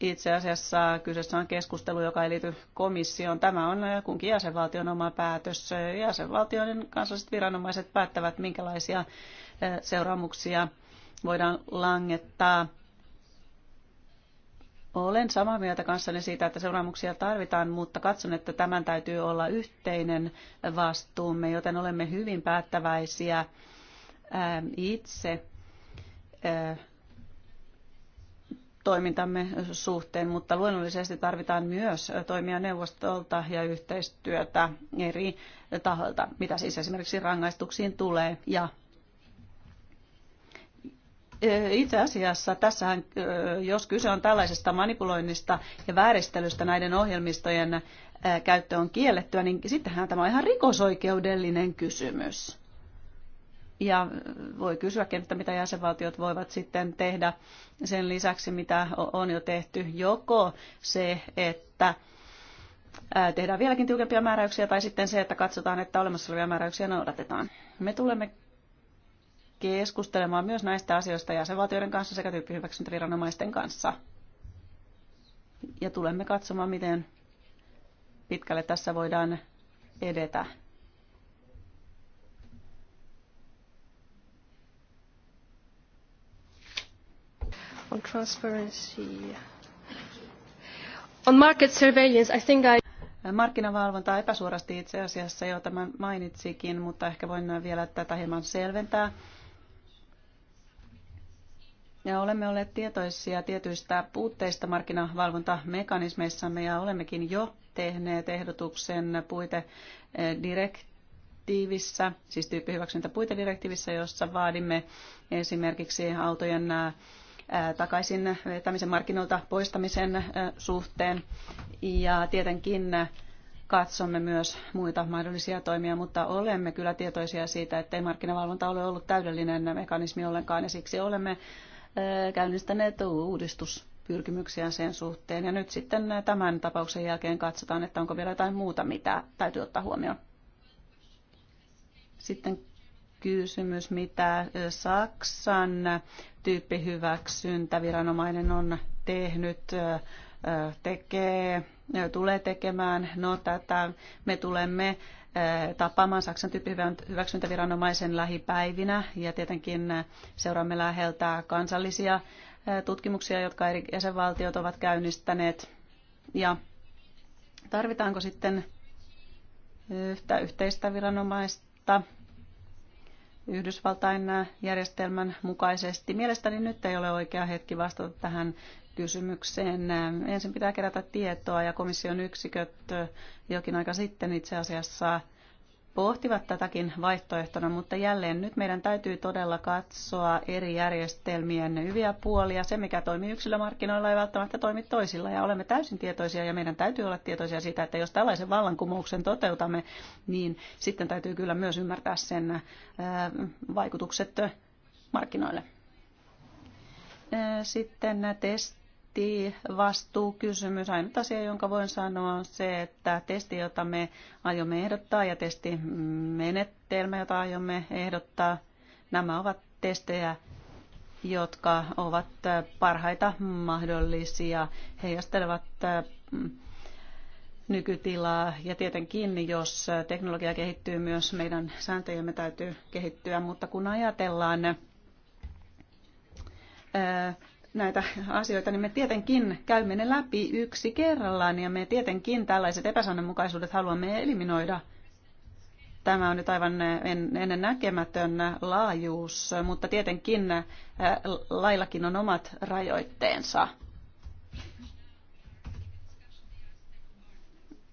itse asiassa kyseessä on keskustelu, joka ei liity komissioon. Tämä on äh, kunkin jäsenvaltion oma päätös. Jäsenvaltioiden kansalliset viranomaiset päättävät, minkälaisia äh, seuraamuksia voidaan langettaa. Olen samaa mieltä kanssani siitä, että seuraamuksia tarvitaan, mutta katson, että tämän täytyy olla yhteinen vastuumme, joten olemme hyvin päättäväisiä äh, itse toimintamme suhteen, mutta luonnollisesti tarvitaan myös toimia neuvostolta ja yhteistyötä eri tahoilta, mitä siis esimerkiksi rangaistuksiin tulee. Ja itse asiassa tässähän, jos kyse on tällaisesta manipuloinnista ja vääristelystä näiden ohjelmistojen käyttö on kiellettyä, niin sittenhän tämä on ihan rikosoikeudellinen kysymys. Ja voi kysyäkin, että mitä jäsenvaltiot voivat sitten tehdä sen lisäksi, mitä on jo tehty. Joko se, että tehdään vieläkin tiukempia määräyksiä, tai sitten se, että katsotaan, että olemassa olevia määräyksiä noudatetaan. Me tulemme keskustelemaan myös näistä asioista jäsenvaltioiden kanssa sekä tyyppihyväksyntäviranomaisten kanssa. Ja tulemme katsomaan, miten pitkälle tässä voidaan edetä. on transparency. On market surveillance, I think I... Markkinavalvonta epäsuorasti itse asiassa jo tämän mainitsikin, mutta ehkä voin vielä tätä hieman selventää. Ja olemme olleet tietoisia tietyistä puutteista markkinavalvontamekanismeissamme ja olemmekin jo tehneet ehdotuksen puitedirektiivissä, siis puitedirektiivissä, jossa vaadimme esimerkiksi autojen äh, takaisin vetämisen markkinoilta poistamisen suhteen. Ja tietenkin katsomme myös muita mahdollisia toimia, mutta olemme kyllä tietoisia siitä, ettei markkinavalvonta ole ollut täydellinen mekanismi ollenkaan ja siksi olemme käynnistäneet uudistuspyrkimyksiä sen suhteen. Ja nyt sitten tämän tapauksen jälkeen katsotaan, että onko vielä jotain muuta, mitä täytyy ottaa huomioon. Sitten kysymys, mitä Saksan viranomainen on tehnyt, tekee, tulee tekemään. No tätä me tulemme tapaamaan Saksan tyyppihyväksyntäviranomaisen lähipäivinä ja tietenkin seuraamme läheltä kansallisia tutkimuksia, jotka eri jäsenvaltiot ovat käynnistäneet. Ja tarvitaanko sitten yhtä yhteistä viranomaista? Yhdysvaltain äh, järjestelmän mukaisesti. Mielestäni nyt ei ole oikea hetki vastata tähän kysymykseen. Äh, ensin pitää kerätä tietoa ja komission yksiköt äh, jokin aika sitten itse asiassa pohtivat tätäkin vaihtoehtona, mutta jälleen nyt meidän täytyy todella katsoa eri järjestelmien hyviä puolia. Se, mikä toimii yksilömarkkinoilla, ei välttämättä toimi toisilla. Ja olemme täysin tietoisia ja meidän täytyy olla tietoisia siitä, että jos tällaisen vallankumouksen toteutamme, niin sitten täytyy kyllä myös ymmärtää sen äh, vaikutukset markkinoille. Äh, sitten test testi, kysymys Ainut asia, jonka voin sanoa, on se, että testi, jota me aiomme ehdottaa ja testimenetelmä, jota aiomme ehdottaa, nämä ovat testejä, jotka ovat parhaita mahdollisia, heijastelevat mm, nykytilaa. Ja tietenkin, jos teknologia kehittyy myös, meidän sääntöjämme täytyy kehittyä, mutta kun ajatellaan näitä asioita, niin me tietenkin käymme ne läpi yksi kerrallaan ja me tietenkin tällaiset epäsäännönmukaisuudet haluamme eliminoida. Tämä on nyt aivan ennen näkemätön laajuus, mutta tietenkin laillakin on omat rajoitteensa.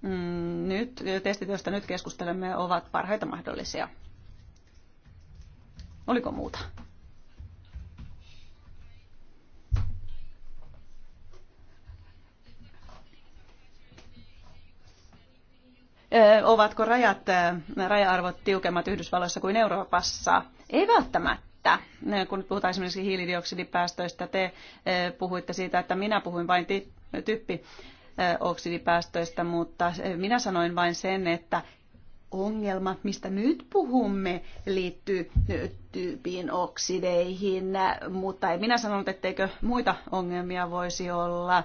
Mm, nyt testit, joista nyt keskustelemme, ovat parhaita mahdollisia. Oliko muuta? ovatko rajat, raja-arvot tiukemmat Yhdysvalloissa kuin Euroopassa? Ei välttämättä. Kun puhutaan esimerkiksi hiilidioksidipäästöistä, te puhuitte siitä, että minä puhuin vain typpioksidipäästöistä, mutta minä sanoin vain sen, että ongelma, mistä nyt puhumme, liittyy tyypin oksideihin, mutta en minä sanonut, etteikö muita ongelmia voisi olla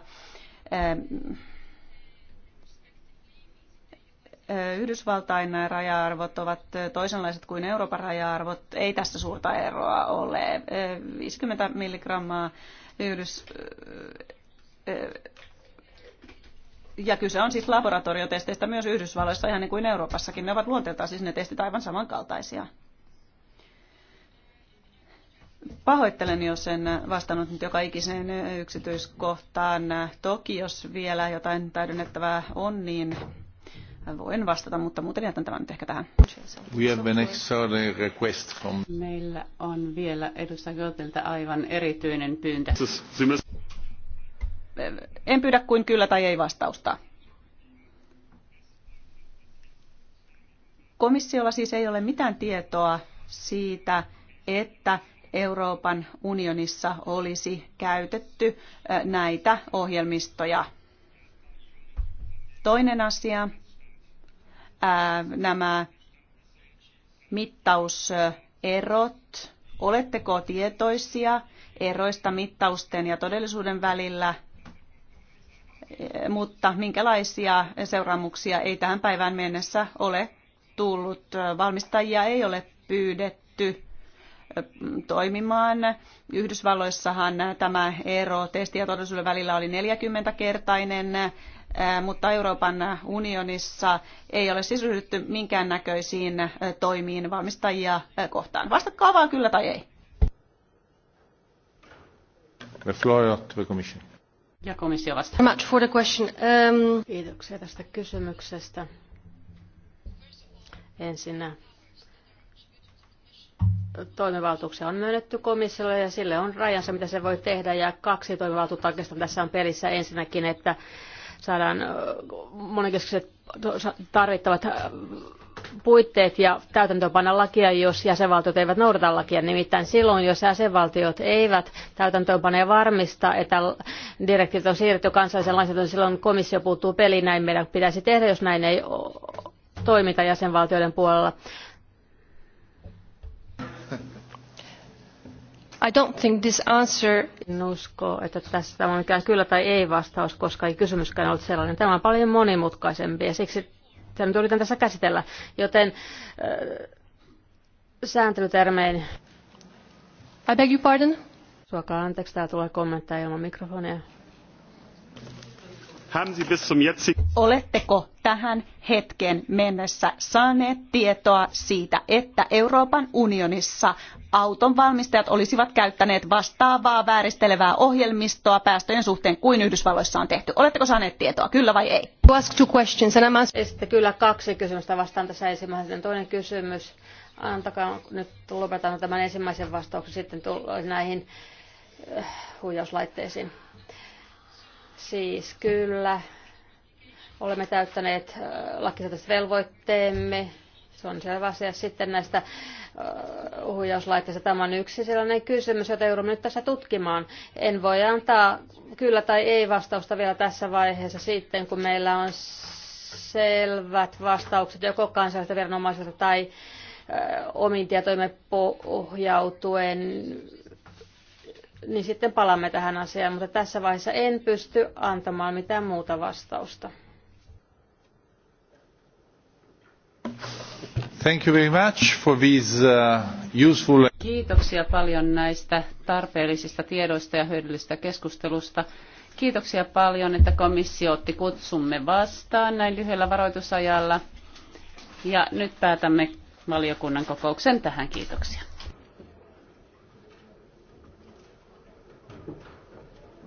Yhdysvaltain raja-arvot ovat toisenlaiset kuin Euroopan raja-arvot. Ei tässä suurta eroa ole. 50 milligrammaa Yhdys... Ja kyse on siis laboratoriotesteistä myös Yhdysvalloissa, ihan niin kuin Euroopassakin. Ne ovat luonteeltaan siis ne testit aivan samankaltaisia. Pahoittelen, jos en vastannut nyt joka ikiseen yksityiskohtaan. Toki, jos vielä jotain täydennettävää on, niin voin vastata, mutta muuten jätän tämän nyt ehkä tähän. Meillä on vielä edustaja Göteltä aivan erityinen pyyntö. En pyydä kuin kyllä tai ei vastausta. Komissiolla siis ei ole mitään tietoa siitä, että Euroopan unionissa olisi käytetty äh, näitä ohjelmistoja. Toinen asia, nämä mittauserot? Oletteko tietoisia eroista mittausten ja todellisuuden välillä? Mutta minkälaisia seuraamuksia ei tähän päivään mennessä ole tullut? Valmistajia ei ole pyydetty toimimaan. Yhdysvalloissahan tämä ero testi ja todellisuuden välillä oli 40-kertainen mutta Euroopan unionissa ei ole siis ryhdytty minkäännäköisiin toimiin valmistajia kohtaan. Vastatkaa vaan kyllä tai ei. The floor to the commission. Ja komissio vastaa. Much for the question. Um... Kiitoksia tästä kysymyksestä. Ensinnä toimivaltuuksia on myönnetty komissiolle ja sille on rajansa, mitä se voi tehdä. Ja kaksi toimivaltuutta oikeastaan tässä on pelissä. Ensinnäkin, että saadaan monenkeskiset tarvittavat puitteet ja täytäntöönpanna lakia, jos jäsenvaltiot eivät noudata lakia. Nimittäin silloin, jos jäsenvaltiot eivät täytäntöönpane ja varmista, että direktiivit on siirretty kansallisen lainsäädäntöön, silloin komissio puuttuu peliin. Näin meidän pitäisi tehdä, jos näin ei toimita jäsenvaltioiden puolella. I don't think this answer... En usko, että tässä on mikään kyllä tai ei vastaus, koska ei kysymyskään ollut sellainen. Tämä on paljon monimutkaisempi ja siksi tämä nyt yritän tässä käsitellä. Joten äh, sääntelytermein... I beg your pardon? Suokaa anteeksi, tämä tulee kommentteja ilman mikrofonia. Oletteko tähän hetken mennessä saaneet tietoa siitä, että Euroopan unionissa auton valmistajat olisivat käyttäneet vastaavaa vääristelevää ohjelmistoa päästöjen suhteen kuin Yhdysvalloissa on tehty? Oletteko saaneet tietoa, kyllä vai ei? ask two questions. Sitten kyllä kaksi kysymystä vastaan tässä ensimmäisen. Toinen kysymys, antakaa nyt lopetan tämän ensimmäisen vastauksen sitten näihin eh, huijauslaitteisiin. Siis kyllä, olemme täyttäneet lakisääteiset velvoitteemme. Se on selvä asia. Sitten näistä huijauslaitteista tämä on yksi sellainen kysymys, jota joudumme nyt tässä tutkimaan. En voi antaa kyllä tai ei vastausta vielä tässä vaiheessa sitten, kun meillä on selvät vastaukset joko kansallisilta viranomaisilta tai omiin tietoimme pohjautuen niin sitten palaamme tähän asiaan, mutta tässä vaiheessa en pysty antamaan mitään muuta vastausta. Thank you very much for these, uh, useful... Kiitoksia paljon näistä tarpeellisista tiedoista ja hyödyllistä keskustelusta. Kiitoksia paljon, että komissio otti kutsumme vastaan näin lyhyellä varoitusajalla. Ja nyt päätämme valiokunnan kokouksen tähän. Kiitoksia.